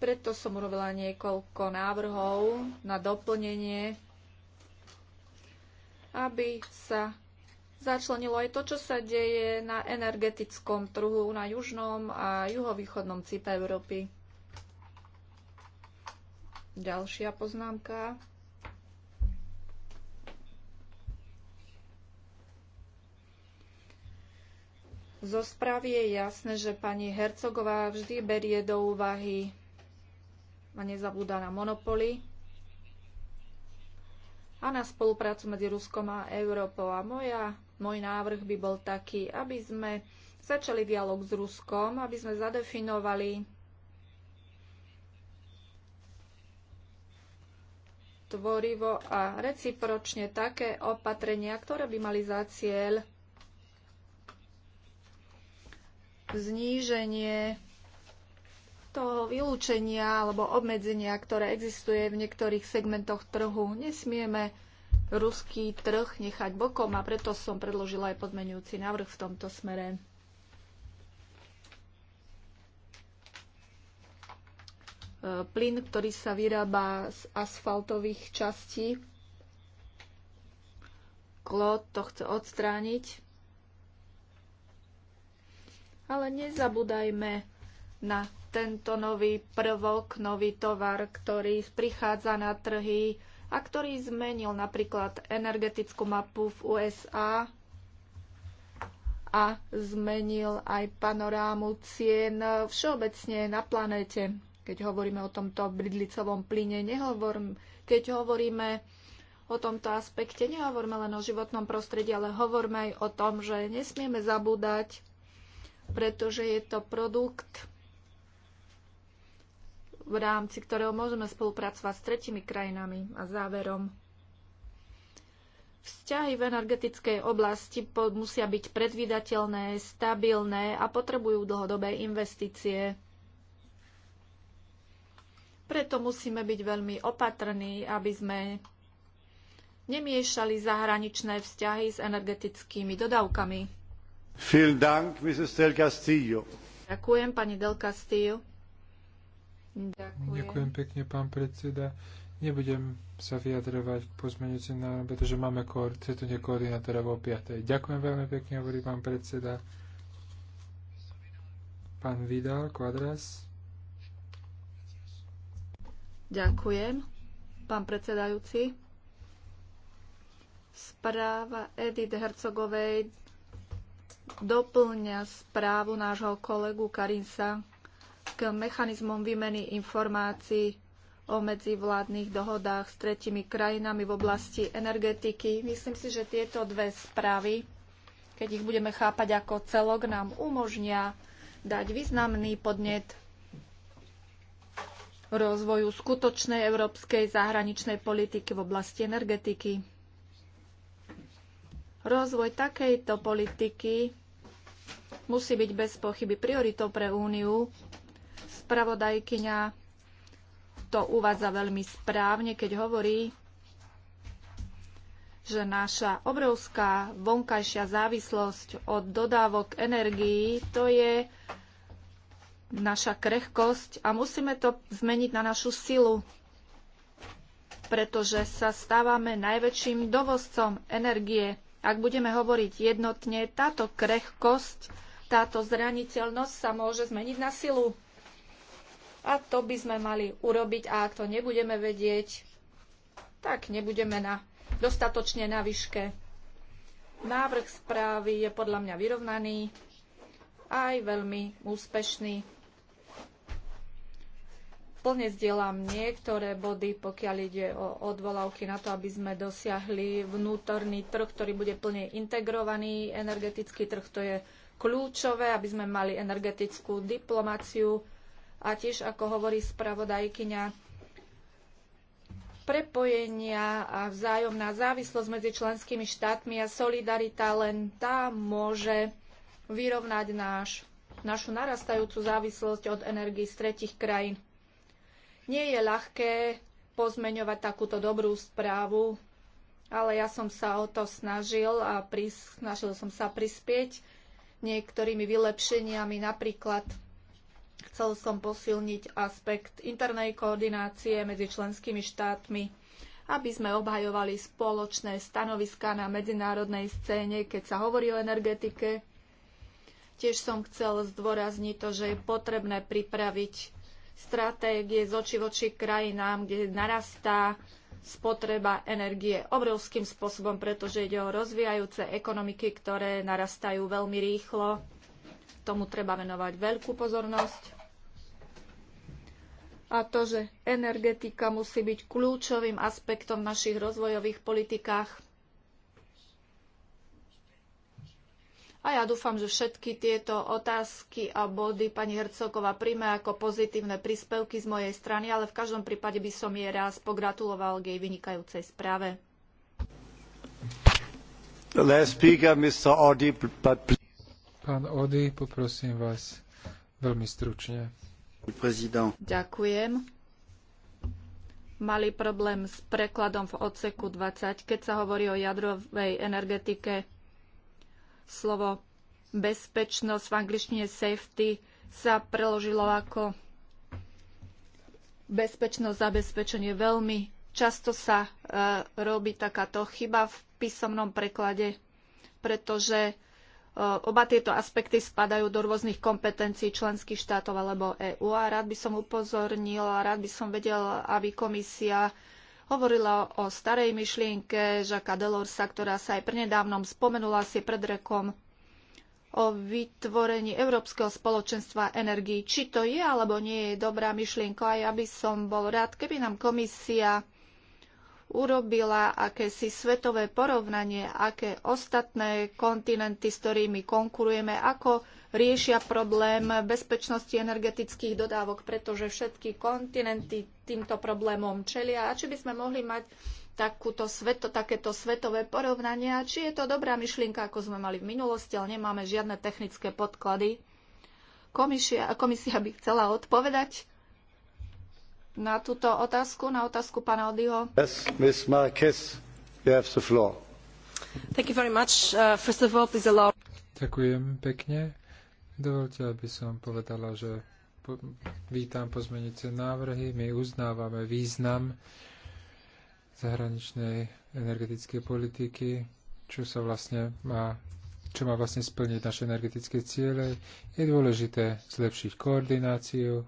Preto som urobila niekoľko návrhov na doplnenie, aby sa začlenilo aj to, čo sa deje na energetickom trhu na južnom a juhovýchodnom cipe Európy. Ďalšia poznámka. Zo správy je jasné, že pani Hercogová vždy berie do úvahy a nezabúda na monopoly a na spoluprácu medzi Ruskom a Európou. A moja môj návrh by bol taký, aby sme začali dialog s Ruskom, aby sme zadefinovali tvorivo a recipročne také opatrenia, ktoré by mali za cieľ zníženie toho vylúčenia alebo obmedzenia, ktoré existuje v niektorých segmentoch trhu. Nesmieme ruský trh nechať bokom a preto som predložila aj podmenujúci návrh v tomto smere. E, plyn, ktorý sa vyrába z asfaltových častí, Klód to chce odstrániť. Ale nezabúdajme na tento nový prvok, nový tovar, ktorý prichádza na trhy a ktorý zmenil napríklad energetickú mapu v USA a zmenil aj panorámu cien všeobecne na planéte. Keď hovoríme o tomto bridlicovom plyne, nehovorím, keď hovoríme o tomto aspekte, nehovoríme len o životnom prostredí, ale hovoríme aj o tom, že nesmieme zabúdať, pretože je to produkt v rámci ktorého môžeme spolupracovať s tretimi krajinami. A záverom, vzťahy v energetickej oblasti musia byť predvídateľné, stabilné a potrebujú dlhodobé investície. Preto musíme byť veľmi opatrní, aby sme nemiešali zahraničné vzťahy s energetickými dodávkami. Dank, Ďakujem, pani Del Castillo. Ďakujem. Ďakujem pekne, pán predseda. Nebudem sa vyjadrovať k pozmeňujúcim návrhom, pretože máme stretnutie koordinátora vo 5. Ďakujem veľmi pekne, hovorí pán predseda. Pán Vidal, Kvadras. Ďakujem, pán predsedajúci. Správa Edith Hercogovej doplňa správu nášho kolegu Karinsa k mechanizmom výmeny informácií o medzivládnych dohodách s tretimi krajinami v oblasti energetiky. Myslím si, že tieto dve správy, keď ich budeme chápať ako celok, nám umožnia dať významný podnet rozvoju skutočnej európskej zahraničnej politiky v oblasti energetiky. Rozvoj takejto politiky musí byť bez pochyby prioritou pre Úniu Spravodajkyňa to uvádza veľmi správne, keď hovorí, že naša obrovská vonkajšia závislosť od dodávok energií to je naša krehkosť a musíme to zmeniť na našu silu, pretože sa stávame najväčším dovozcom energie. Ak budeme hovoriť jednotne, táto krehkosť, táto zraniteľnosť sa môže zmeniť na silu. A to by sme mali urobiť a ak to nebudeme vedieť, tak nebudeme na, dostatočne na výške. Návrh správy je podľa mňa vyrovnaný a aj veľmi úspešný plne zdieľam niektoré body, pokiaľ ide o odvolávky na to, aby sme dosiahli vnútorný trh, ktorý bude plne integrovaný. Energetický trh to je kľúčové, aby sme mali energetickú diplomáciu a tiež, ako hovorí spravodajkyňa, prepojenia a vzájomná závislosť medzi členskými štátmi a solidarita len tá môže vyrovnať náš, našu narastajúcu závislosť od energií z tretich krajín. Nie je ľahké pozmeňovať takúto dobrú správu, ale ja som sa o to snažil a snažil som sa prispieť niektorými vylepšeniami, napríklad Chcel som posilniť aspekt internej koordinácie medzi členskými štátmi, aby sme obhajovali spoločné stanoviská na medzinárodnej scéne, keď sa hovorí o energetike. Tiež som chcel zdôrazniť to, že je potrebné pripraviť stratégie z oči voči krajinám, kde narastá spotreba energie obrovským spôsobom, pretože ide o rozvíjajúce ekonomiky, ktoré narastajú veľmi rýchlo tomu treba venovať veľkú pozornosť. A to, že energetika musí byť kľúčovým aspektom v našich rozvojových politikách. A ja dúfam, že všetky tieto otázky a body pani Hercoková príjme ako pozitívne príspevky z mojej strany, ale v každom prípade by som jej raz pogratuloval k jej vynikajúcej správe. Speaker, Audi, but... Pán Ody, poprosím vás veľmi stručne. Prezident. Ďakujem. Mali problém s prekladom v odseku 20, keď sa hovorí o jadrovej energetike. Slovo bezpečnosť v angličtine safety sa preložilo ako bezpečnosť, zabezpečenie. Veľmi často sa e, robí takáto chyba v písomnom preklade, pretože Oba tieto aspekty spadajú do rôznych kompetencií členských štátov alebo EÚ a rád by som upozornila, rád by som vedel, aby komisia hovorila o starej myšlienke Žaka Delorsa, ktorá sa aj prednedávnom spomenula si pred rekom o vytvorení Európskeho spoločenstva energií. Či to je alebo nie je dobrá myšlienka, aj aby som bol rád, keby nám komisia urobila akési svetové porovnanie, aké ostatné kontinenty, s ktorými konkurujeme, ako riešia problém bezpečnosti energetických dodávok, pretože všetky kontinenty týmto problémom čelia. A či by sme mohli mať takúto sveto, takéto svetové porovnanie a či je to dobrá myšlienka, ako sme mali v minulosti, ale nemáme žiadne technické podklady. Komisia, komisia by chcela odpovedať na túto otázku, na otázku pána Odyho? Yes, Ms. Marquez, you have the floor. Thank you very much. Uh, first of all, please allow... Ďakujem pekne. Dovolte, aby som povedala, že po, vítam pozmenice návrhy. My uznávame význam zahraničnej energetickej politiky, čo sa vlastne má čo má vlastne splniť naše energetické ciele, je dôležité zlepšiť koordináciu,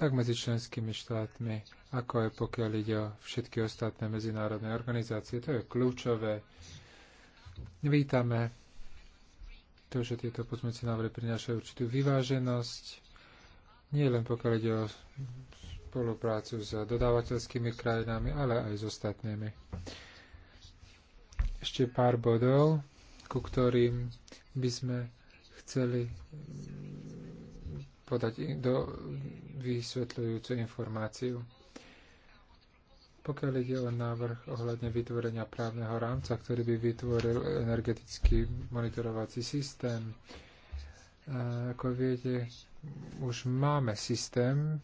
tak medzi členskými štátmi, ako aj pokiaľ ide o všetky ostatné medzinárodné organizácie. To je kľúčové. Vítame to, že tieto pozmeci návrhy prinášajú určitú vyváženosť, nie len pokiaľ ide o spoluprácu s dodávateľskými krajinami, ale aj s ostatnými. Ešte pár bodov, ku ktorým by sme chceli podať do vysvetľujúcu informáciu. Pokiaľ ide o návrh ohľadne vytvorenia právneho rámca, ktorý by vytvoril energetický monitorovací systém, ako viete, už máme systém,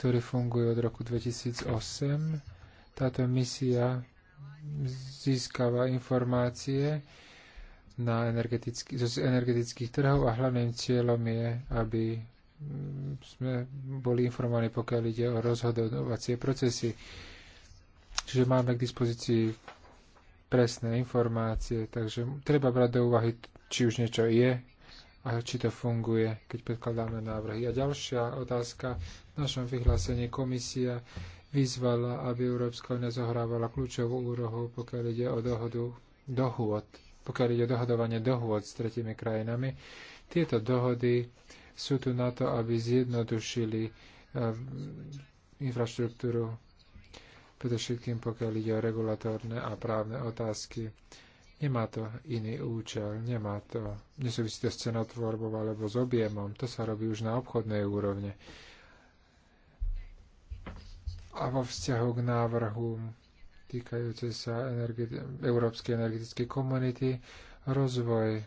ktorý funguje od roku 2008. Táto misia získava informácie, na energetický, z energetických trhov a hlavným cieľom je, aby mm, sme boli informovaní, pokiaľ ide o rozhodovacie procesy. Čiže máme k dispozícii presné informácie, takže treba brať do úvahy, či už niečo je a či to funguje, keď predkladáme návrhy. A ďalšia otázka. V našom vyhlásení komisia vyzvala, aby Európska únia zohrávala kľúčovú úrohu, pokiaľ ide o dohodu dohôd pokiaľ ide o dohodovanie dohôd s tretimi krajinami. Tieto dohody sú tu na to, aby zjednodušili eh, infraštruktúru, predovšetkým pokiaľ ide o regulatórne a právne otázky. Nemá to iný účel, nemá to, nesúvisí to s cenotvorbou alebo s objemom, to sa robí už na obchodnej úrovne. A vo vzťahu k návrhu týkajúce sa energeti- európskej energetickej komunity. Rozvoj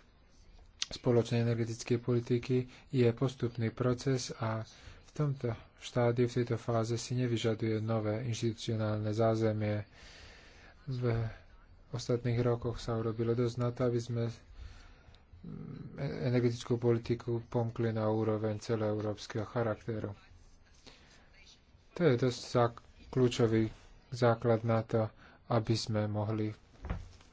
spoločnej energetickej politiky je postupný proces a v tomto štádiu, v tejto fáze si nevyžaduje nové inštitucionálne zázemie. V ostatných rokoch sa urobilo dosť na to, aby sme energetickú politiku pomkli na úroveň celoeurópskeho charakteru. To je dosť kľúčový základ na to, aby sme mohli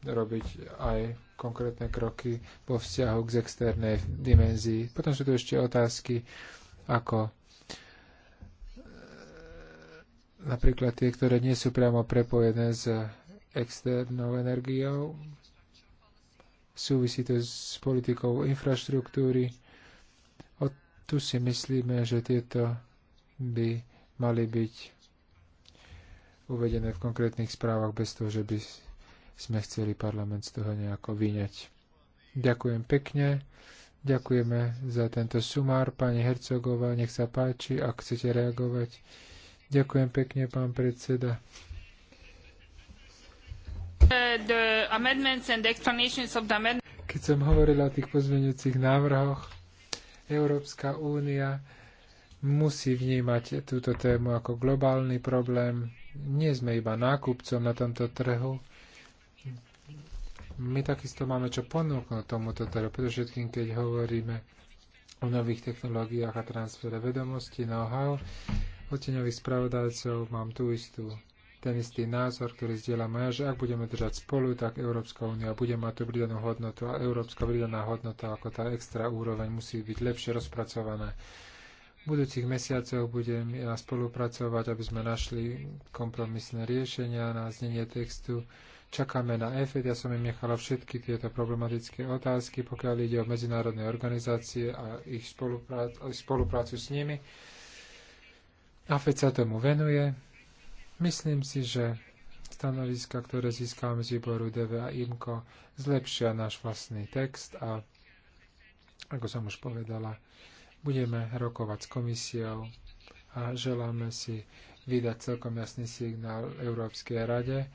robiť aj konkrétne kroky vo vzťahu k externej dimenzii. Potom sú tu ešte otázky, ako eh, napríklad tie, ktoré nie sú priamo prepojené s externou energiou. Súvisí to s politikou infraštruktúry. O, tu si myslíme, že tieto by mali byť uvedené v konkrétnych správach bez toho, že by sme chceli parlament z toho nejako vyňať. Ďakujem pekne. Ďakujeme za tento sumár. Pani Hercogová, nech sa páči, ak chcete reagovať. Ďakujem pekne, pán predseda. Keď som hovorila o tých pozmeňujúcich návrhoch, Európska únia musí vnímať túto tému ako globálny problém nie sme iba nákupcom na tomto trhu, my takisto máme čo ponúknuť tomuto trhu, tým, keď hovoríme o nových technológiách a transfere vedomostí, know-how. o teňových spravodajcov mám tú istú ten istý názor, ktorý zdieľa moja, že ak budeme držať spolu, tak Európska únia bude mať tú pridanú hodnotu a európska pridaná hodnota ako tá extra úroveň musí byť lepšie rozpracovaná budúcich mesiacoch ja spolupracovať, aby sme našli kompromisné riešenia na znenie textu. Čakáme na EFED, ja som im nechala všetky tieto problematické otázky, pokiaľ ide o medzinárodné organizácie a ich spoluprácu, spoluprácu s nimi. AFED sa tomu venuje. Myslím si, že stanoviska, ktoré získame z výboru DV a IMCO, zlepšia náš vlastný text a, ako som už povedala, Budeme rokovať s komisiou a želáme si vydať celkom jasný signál Európskej rade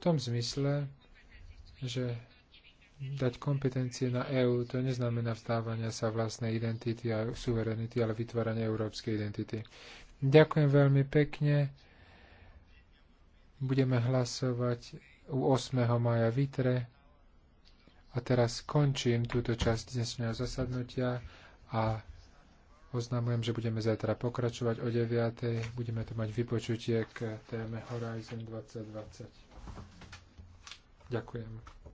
v tom zmysle, že dať kompetencie na EÚ to neznamená vzdávania sa vlastnej identity a suverenity, ale vytváranie európskej identity. Ďakujem veľmi pekne. Budeme hlasovať u 8. maja Vitre. A teraz skončím túto časť dnešného zasadnutia a Oznamujem, že budeme zajtra pokračovať o 9. Budeme tu mať vypočutie k téme Horizon 2020. Ďakujem.